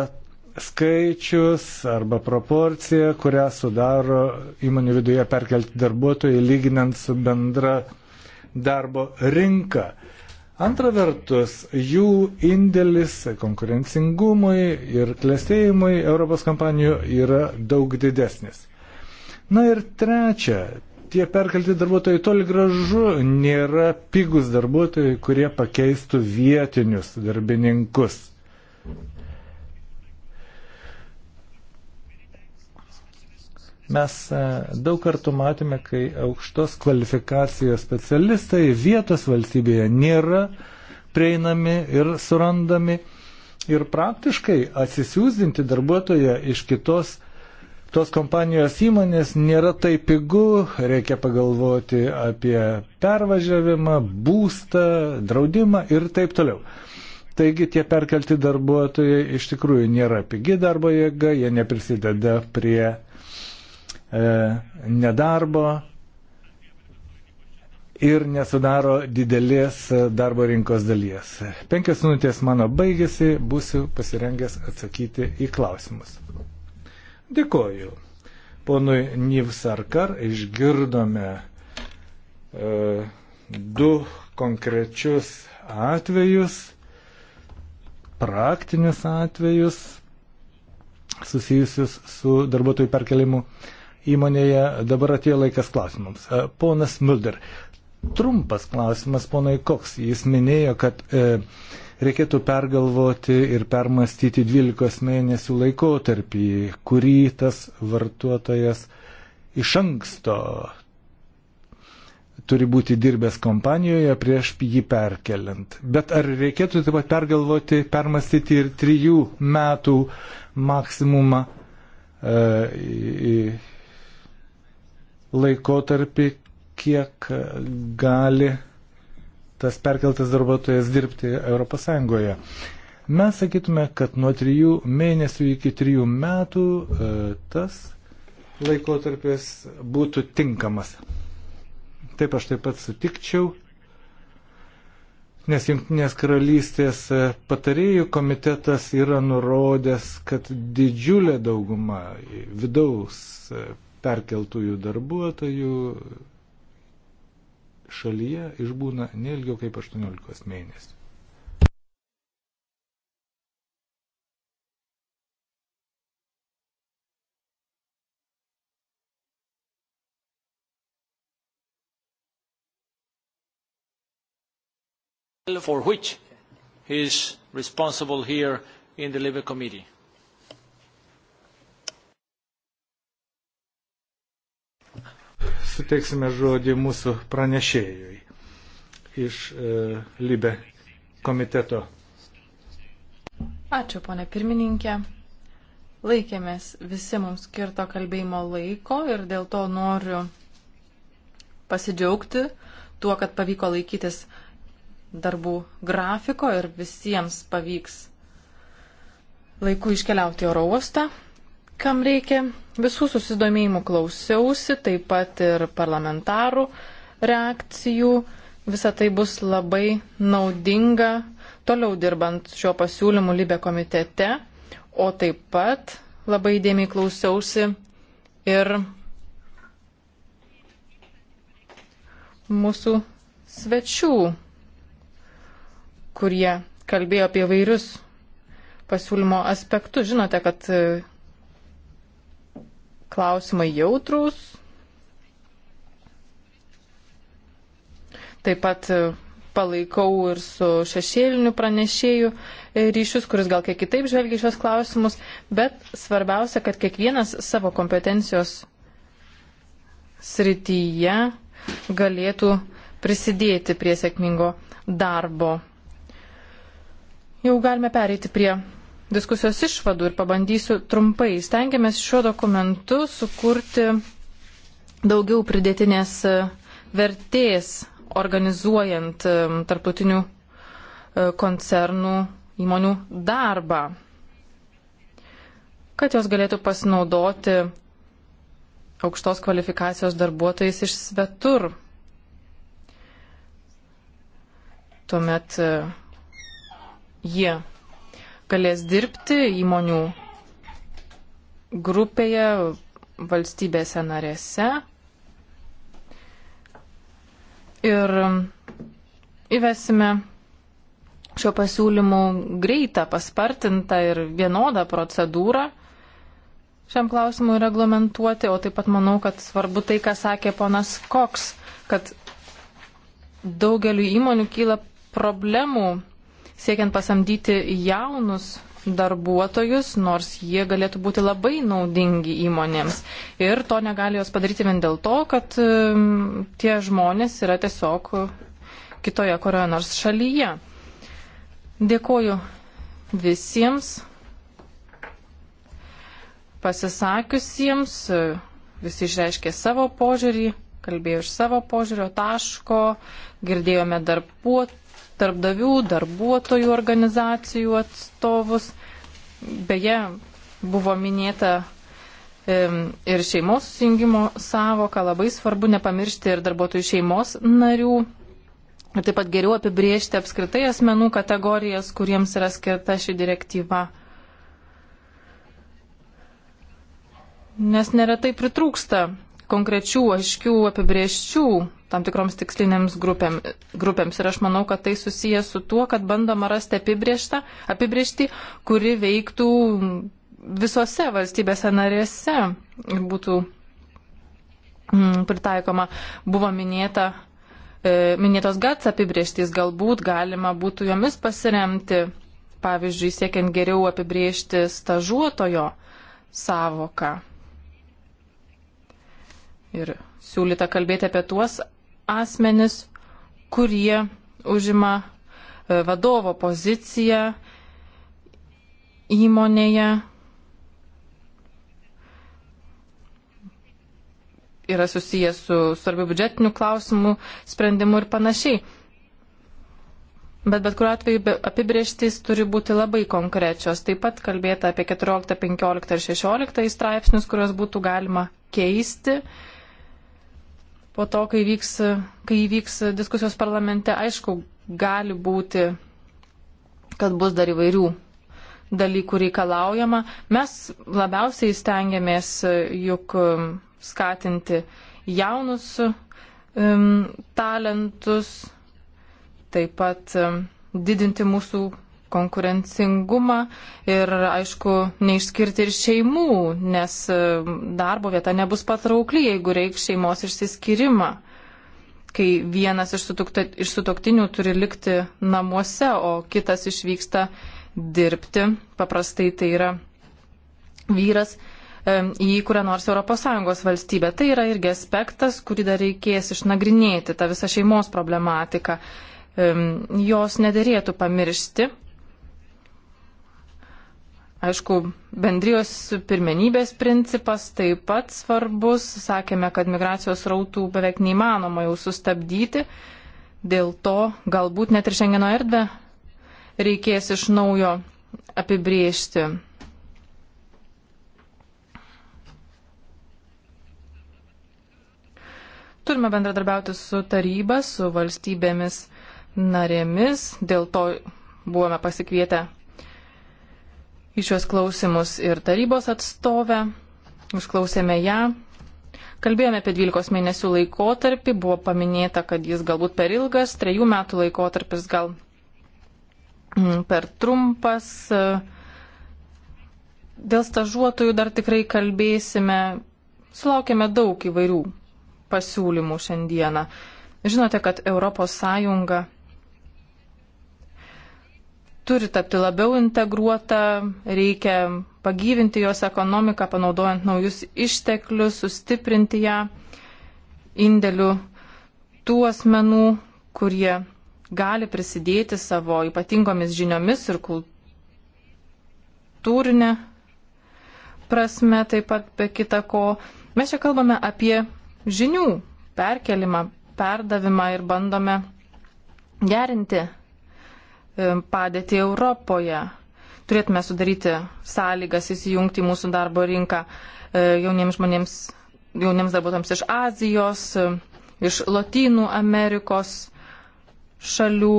skaičius arba proporcija, kurią sudaro įmonių viduje perkelti darbuotojai lyginant su bendra darbo rinka. Antra vertus, jų indėlis konkurencingumui ir klėstėjimui Europos kompanijų yra daug didesnis. Na ir trečia, tie perkelti darbuotojai toli gražu nėra pigus darbuotojai, kurie pakeistų vietinius darbininkus. Mes e, daug kartų matėme, kai aukštos kvalifikacijos specialistai vietos valstybėje nėra prieinami ir surandami. Ir praktiškai atsisiųsdinti darbuotoją iš kitos tos kompanijos įmonės nėra taip pigu, reikia pagalvoti apie pervažiavimą, būstą, draudimą ir taip toliau. Taigi tie perkelti darbuotojai iš tikrųjų nėra pigi darbo jėga, jie neprisideda prie e, nedarbo ir nesudaro didelės darbo rinkos dalies. Penkias minutės mano baigėsi, būsiu pasirengęs atsakyti į klausimus. Dėkoju. Ponui Nivsarkar išgirdome e, du konkrečius atvejus, praktinius atvejus susijusius su darbuotojų perkelimu įmonėje. Dabar atėjo laikas klausimams. E, ponas Mulder, trumpas klausimas ponai Koks. Jis minėjo, kad e, reikėtų pergalvoti ir permastyti 12 mėnesių laikotarpį, kurį tas vartotojas iš anksto turi būti dirbęs kompanijoje prieš jį perkeliant. Bet ar reikėtų taip pat pergalvoti, permastyti ir trijų metų maksimumą e, laikotarpį, kiek gali tas perkeltas darbuotojas dirbti ES. Mes sakytume, kad nuo trijų mėnesių iki trijų metų e, tas laikotarpis būtų tinkamas. Taip aš taip pat sutikčiau, nes Junktinės karalystės e, patarėjų komitetas yra nurodęs, kad didžiulė dauguma vidaus e, perkeltųjų darbuotojų šalyje išbūna neilgiau kaip 18 mėnesių. for which he is responsible here in the Libe Committee. suteiksime žodį mūsų pranešėjui iš e, Libe komiteto. Ačiū, ponė pirmininkė. Laikėmės visi mums skirto kalbėjimo laiko ir dėl to noriu pasidžiaugti tuo, kad pavyko laikytis darbų grafiko ir visiems pavyks laiku iškeliauti oro uostą kam reikia. Visų susidomėjimų klausiausi, taip pat ir parlamentarų reakcijų. Visą tai bus labai naudinga toliau dirbant šiuo pasiūlymu Libė komitete, o taip pat labai įdėmiai klausiausi ir mūsų svečių, kurie kalbėjo apie vairius pasiūlymo aspektus. Žinote, kad klausimai jautrus. Taip pat e, palaikau ir su šešėliniu pranešėju e, ryšius, kuris gal kiek kitaip žvelgia šios klausimus, bet svarbiausia, kad kiekvienas savo kompetencijos srityje galėtų prisidėti prie sėkmingo darbo. Jau galime pereiti prie diskusijos išvadų ir pabandysiu trumpai. Stengiamės šiuo dokumentu sukurti daugiau pridėtinės e, vertės organizuojant e, tarptautinių e, koncernų įmonių darbą, kad jos galėtų pasinaudoti aukštos kvalifikacijos darbuotojais iš svetur. Tuomet jie yeah galės dirbti įmonių grupėje valstybėse narėse ir įvesime šio pasiūlymo greitą, paspartintą ir vienodą procedūrą šiam klausimui reglamentuoti, o taip pat manau, kad svarbu tai, ką sakė ponas Koks, kad daugeliu įmonių kyla problemų siekiant pasamdyti jaunus darbuotojus, nors jie galėtų būti labai naudingi įmonėms. Ir to negali jos padaryti vien dėl to, kad um, tie žmonės yra tiesiog kitoje kurioje nors šalyje. Dėkoju visiems pasisakiusiems, visi išreiškė savo požiūrį, kalbėjo iš savo požiūrio taško, girdėjome darbuotojų darbdavių, darbuotojų organizacijų atstovus. Beje, buvo minėta ir šeimos susijungimo savoka, labai svarbu nepamiršti ir darbuotojų šeimos narių. Ir taip pat geriau apibriežti apskritai asmenų kategorijas, kuriems yra skirta ši direktyva. Nes neretai pritrūksta konkrečių, aiškių apibrieščių tam tikroms tikslinėms grupėm, grupėms. Ir aš manau, kad tai susijęs su tuo, kad bandoma rasti apibriešti, kuri veiktų visose valstybėse narėse ir būtų mm, pritaikoma. Buvo minėta, e, minėtos GATS apibrieštys, galbūt galima būtų jomis pasiremti, pavyzdžiui, siekiant geriau apibriežti stažuotojo savoką ir siūlyta kalbėti apie tuos asmenis, kurie užima e, vadovo poziciją įmonėje. Yra susijęs su svarbiu biudžetiniu klausimu, sprendimu ir panašiai. Bet bet kuriuo atveju apibrieštys turi būti labai konkrečios. Taip pat kalbėta apie 14, 15 ir 16 straipsnius, kuriuos būtų galima keisti. Uh, po to, kai vyks, kai vyks diskusijos parlamente, aišku, gali būti, kad bus dar įvairių dalykų reikalaujama. Mes labiausiai stengiamės juk skatinti jaunus um, talentus, taip pat um, didinti mūsų konkurencingumą ir, aišku, neišskirti ir šeimų, nes e, darbo vieta nebus patraukli, jeigu reiks šeimos išsiskyrimą, kai vienas iš sutoktinių turi likti namuose, o kitas išvyksta dirbti, paprastai tai yra vyras e, į kurią nors ES valstybę. Tai yra irgi aspektas, kurį dar reikės išnagrinėti, tą visą šeimos problematiką. Jos nederėtų pamiršti Aišku, bendrijos pirmenybės principas taip pat svarbus. Sakėme, kad migracijos rautų beveik neįmanoma jau sustabdyti. Dėl to galbūt net ir šiandieno erdvę reikės iš naujo apibriežti. Turime bendradarbiauti su taryba, su valstybėmis narėmis. Dėl to buvome pasikvietę į šios klausimus ir tarybos atstovę. Išklausėme ją. Kalbėjome apie 12 mėnesių laikotarpį, buvo paminėta, kad jis galbūt per ilgas, 3 metų laikotarpis gal mm, per trumpas. Dėl stažuotojų dar tikrai kalbėsime. Sulaukėme daug įvairių pasiūlymų šiandieną. Žinote, kad ES turi tapti labiau integruota, reikia pagyvinti jos ekonomiką, panaudojant naujus išteklius, sustiprinti ją indėlių tų asmenų, kurie gali prisidėti savo ypatingomis žiniomis ir kultūrinė prasme taip pat be kita ko. Mes čia kalbame apie žinių perkelimą, perdavimą ir bandome gerinti padėtį Europoje. Turėtume sudaryti sąlygas įsijungti į mūsų darbo rinką e, jauniems žmonėms, jauniems darbuotojams iš Azijos, e, iš Lotynų Amerikos šalių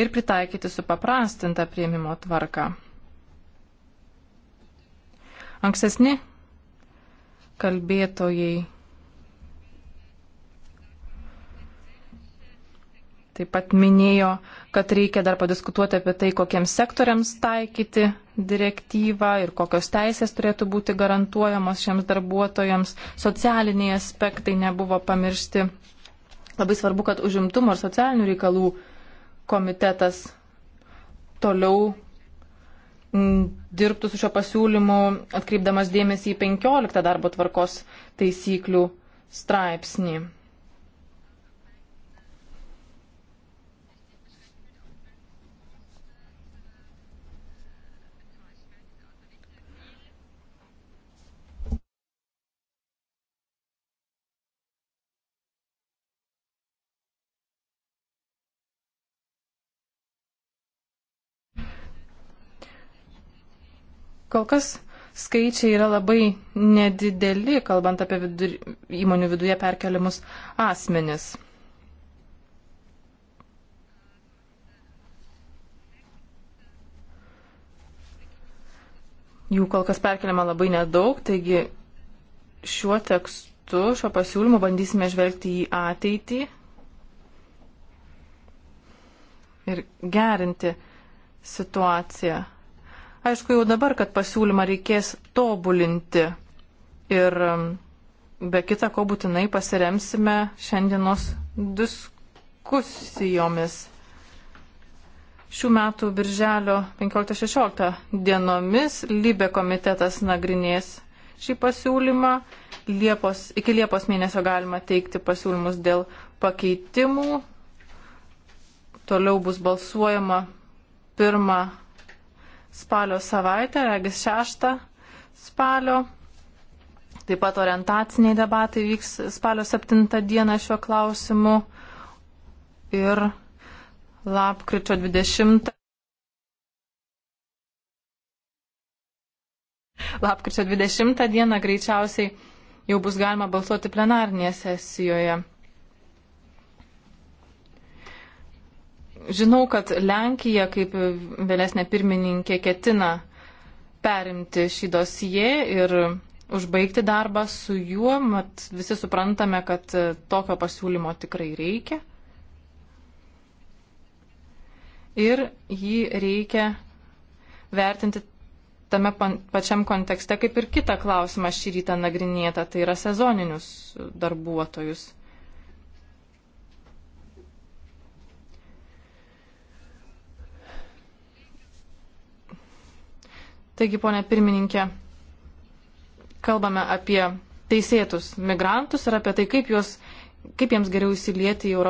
ir pritaikyti supaprastintą prieimimo tvarką. Anksesni kalbėtojai taip pat minėjo, kad reikia dar padiskutuoti apie tai, kokiems sektoriams taikyti direktyvą ir kokios teisės turėtų būti garantuojamos šiems darbuotojams. Socialiniai aspektai nebuvo pamiršti. Labai svarbu, kad užimtumo ir socialinių reikalų komitetas toliau dirbtų su šio pasiūlymu, atkreipdamas dėmesį į 15 darbo tvarkos taisyklių straipsnį. Kol kas skaičiai yra labai nedideli, kalbant apie vidur, įmonių viduje perkeliamus asmenis. Jų kol kas perkeliama labai nedaug, taigi šiuo tekstu, šio pasiūlymu bandysime žvelgti į ateitį ir gerinti situaciją. Aišku, jau dabar, kad pasiūlymą reikės tobulinti ir um, be kita ko būtinai pasiremsime šiandienos diskusijomis. Šių metų birželio 15-16 dienomis Lybė komitetas nagrinės šį pasiūlymą. Liepos, iki Liepos mėnesio galima teikti pasiūlymus dėl pakeitimų. Toliau bus balsuojama pirmą spalio savaitę, regis 6 spalio. Taip pat orientaciniai debatai vyks spalio 7 dieną šiuo klausimu ir lapkričio 20. Lapkričio 20 dieną greičiausiai jau bus galima balsuoti plenarnėje sesijoje. Žinau, kad Lenkija, kaip vėlesnė pirmininkė, ketina perimti šį dosiją ir užbaigti darbą su juo, mat visi suprantame, kad tokio pasiūlymo tikrai reikia. Ir jį reikia vertinti tame pačiam kontekste, kaip ir kitą klausimą šį rytą nagrinėta, tai yra sezoninius darbuotojus. Taigi, ponė pirmininkė, kalbame apie teisėtus migrantus ir apie tai, kaip, juos, kaip jiems geriau įsilieti į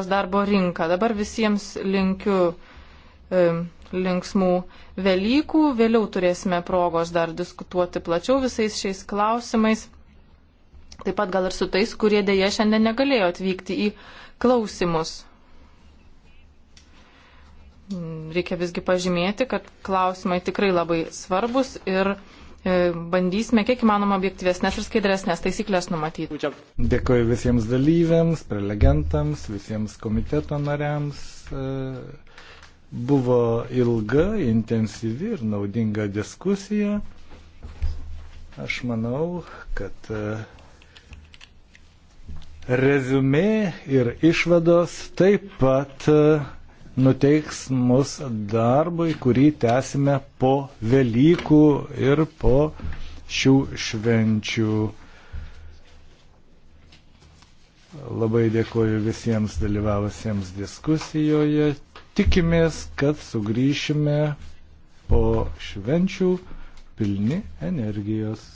ES darbo rinką. Dabar visiems linkiu e, linksmų Velykų, vėliau turėsime progos dar diskutuoti plačiau visais šiais klausimais. Taip pat gal ir su tais, kurie dėja šiandien negalėjo atvykti į klausimus. Mm, reikia visgi pažymėti, kad klausimai tikrai labai svarbus ir e, bandysime kiek įmanoma objektyvesnės ir skaidresnės taisyklės numatyti. Dėkuoju visiems dalyviams, prelegentams, visiems komiteto nariams. E, buvo ilga, intensyvi ir naudinga diskusija. Aš manau, kad e, rezumė ir išvados taip pat nuteiks mus darbui, kurį tęsime po Velykų ir po šių švenčių. Labai dėkoju visiems dalyvavusiems diskusijoje. Tikimės, kad sugrįšime po švenčių pilni energijos.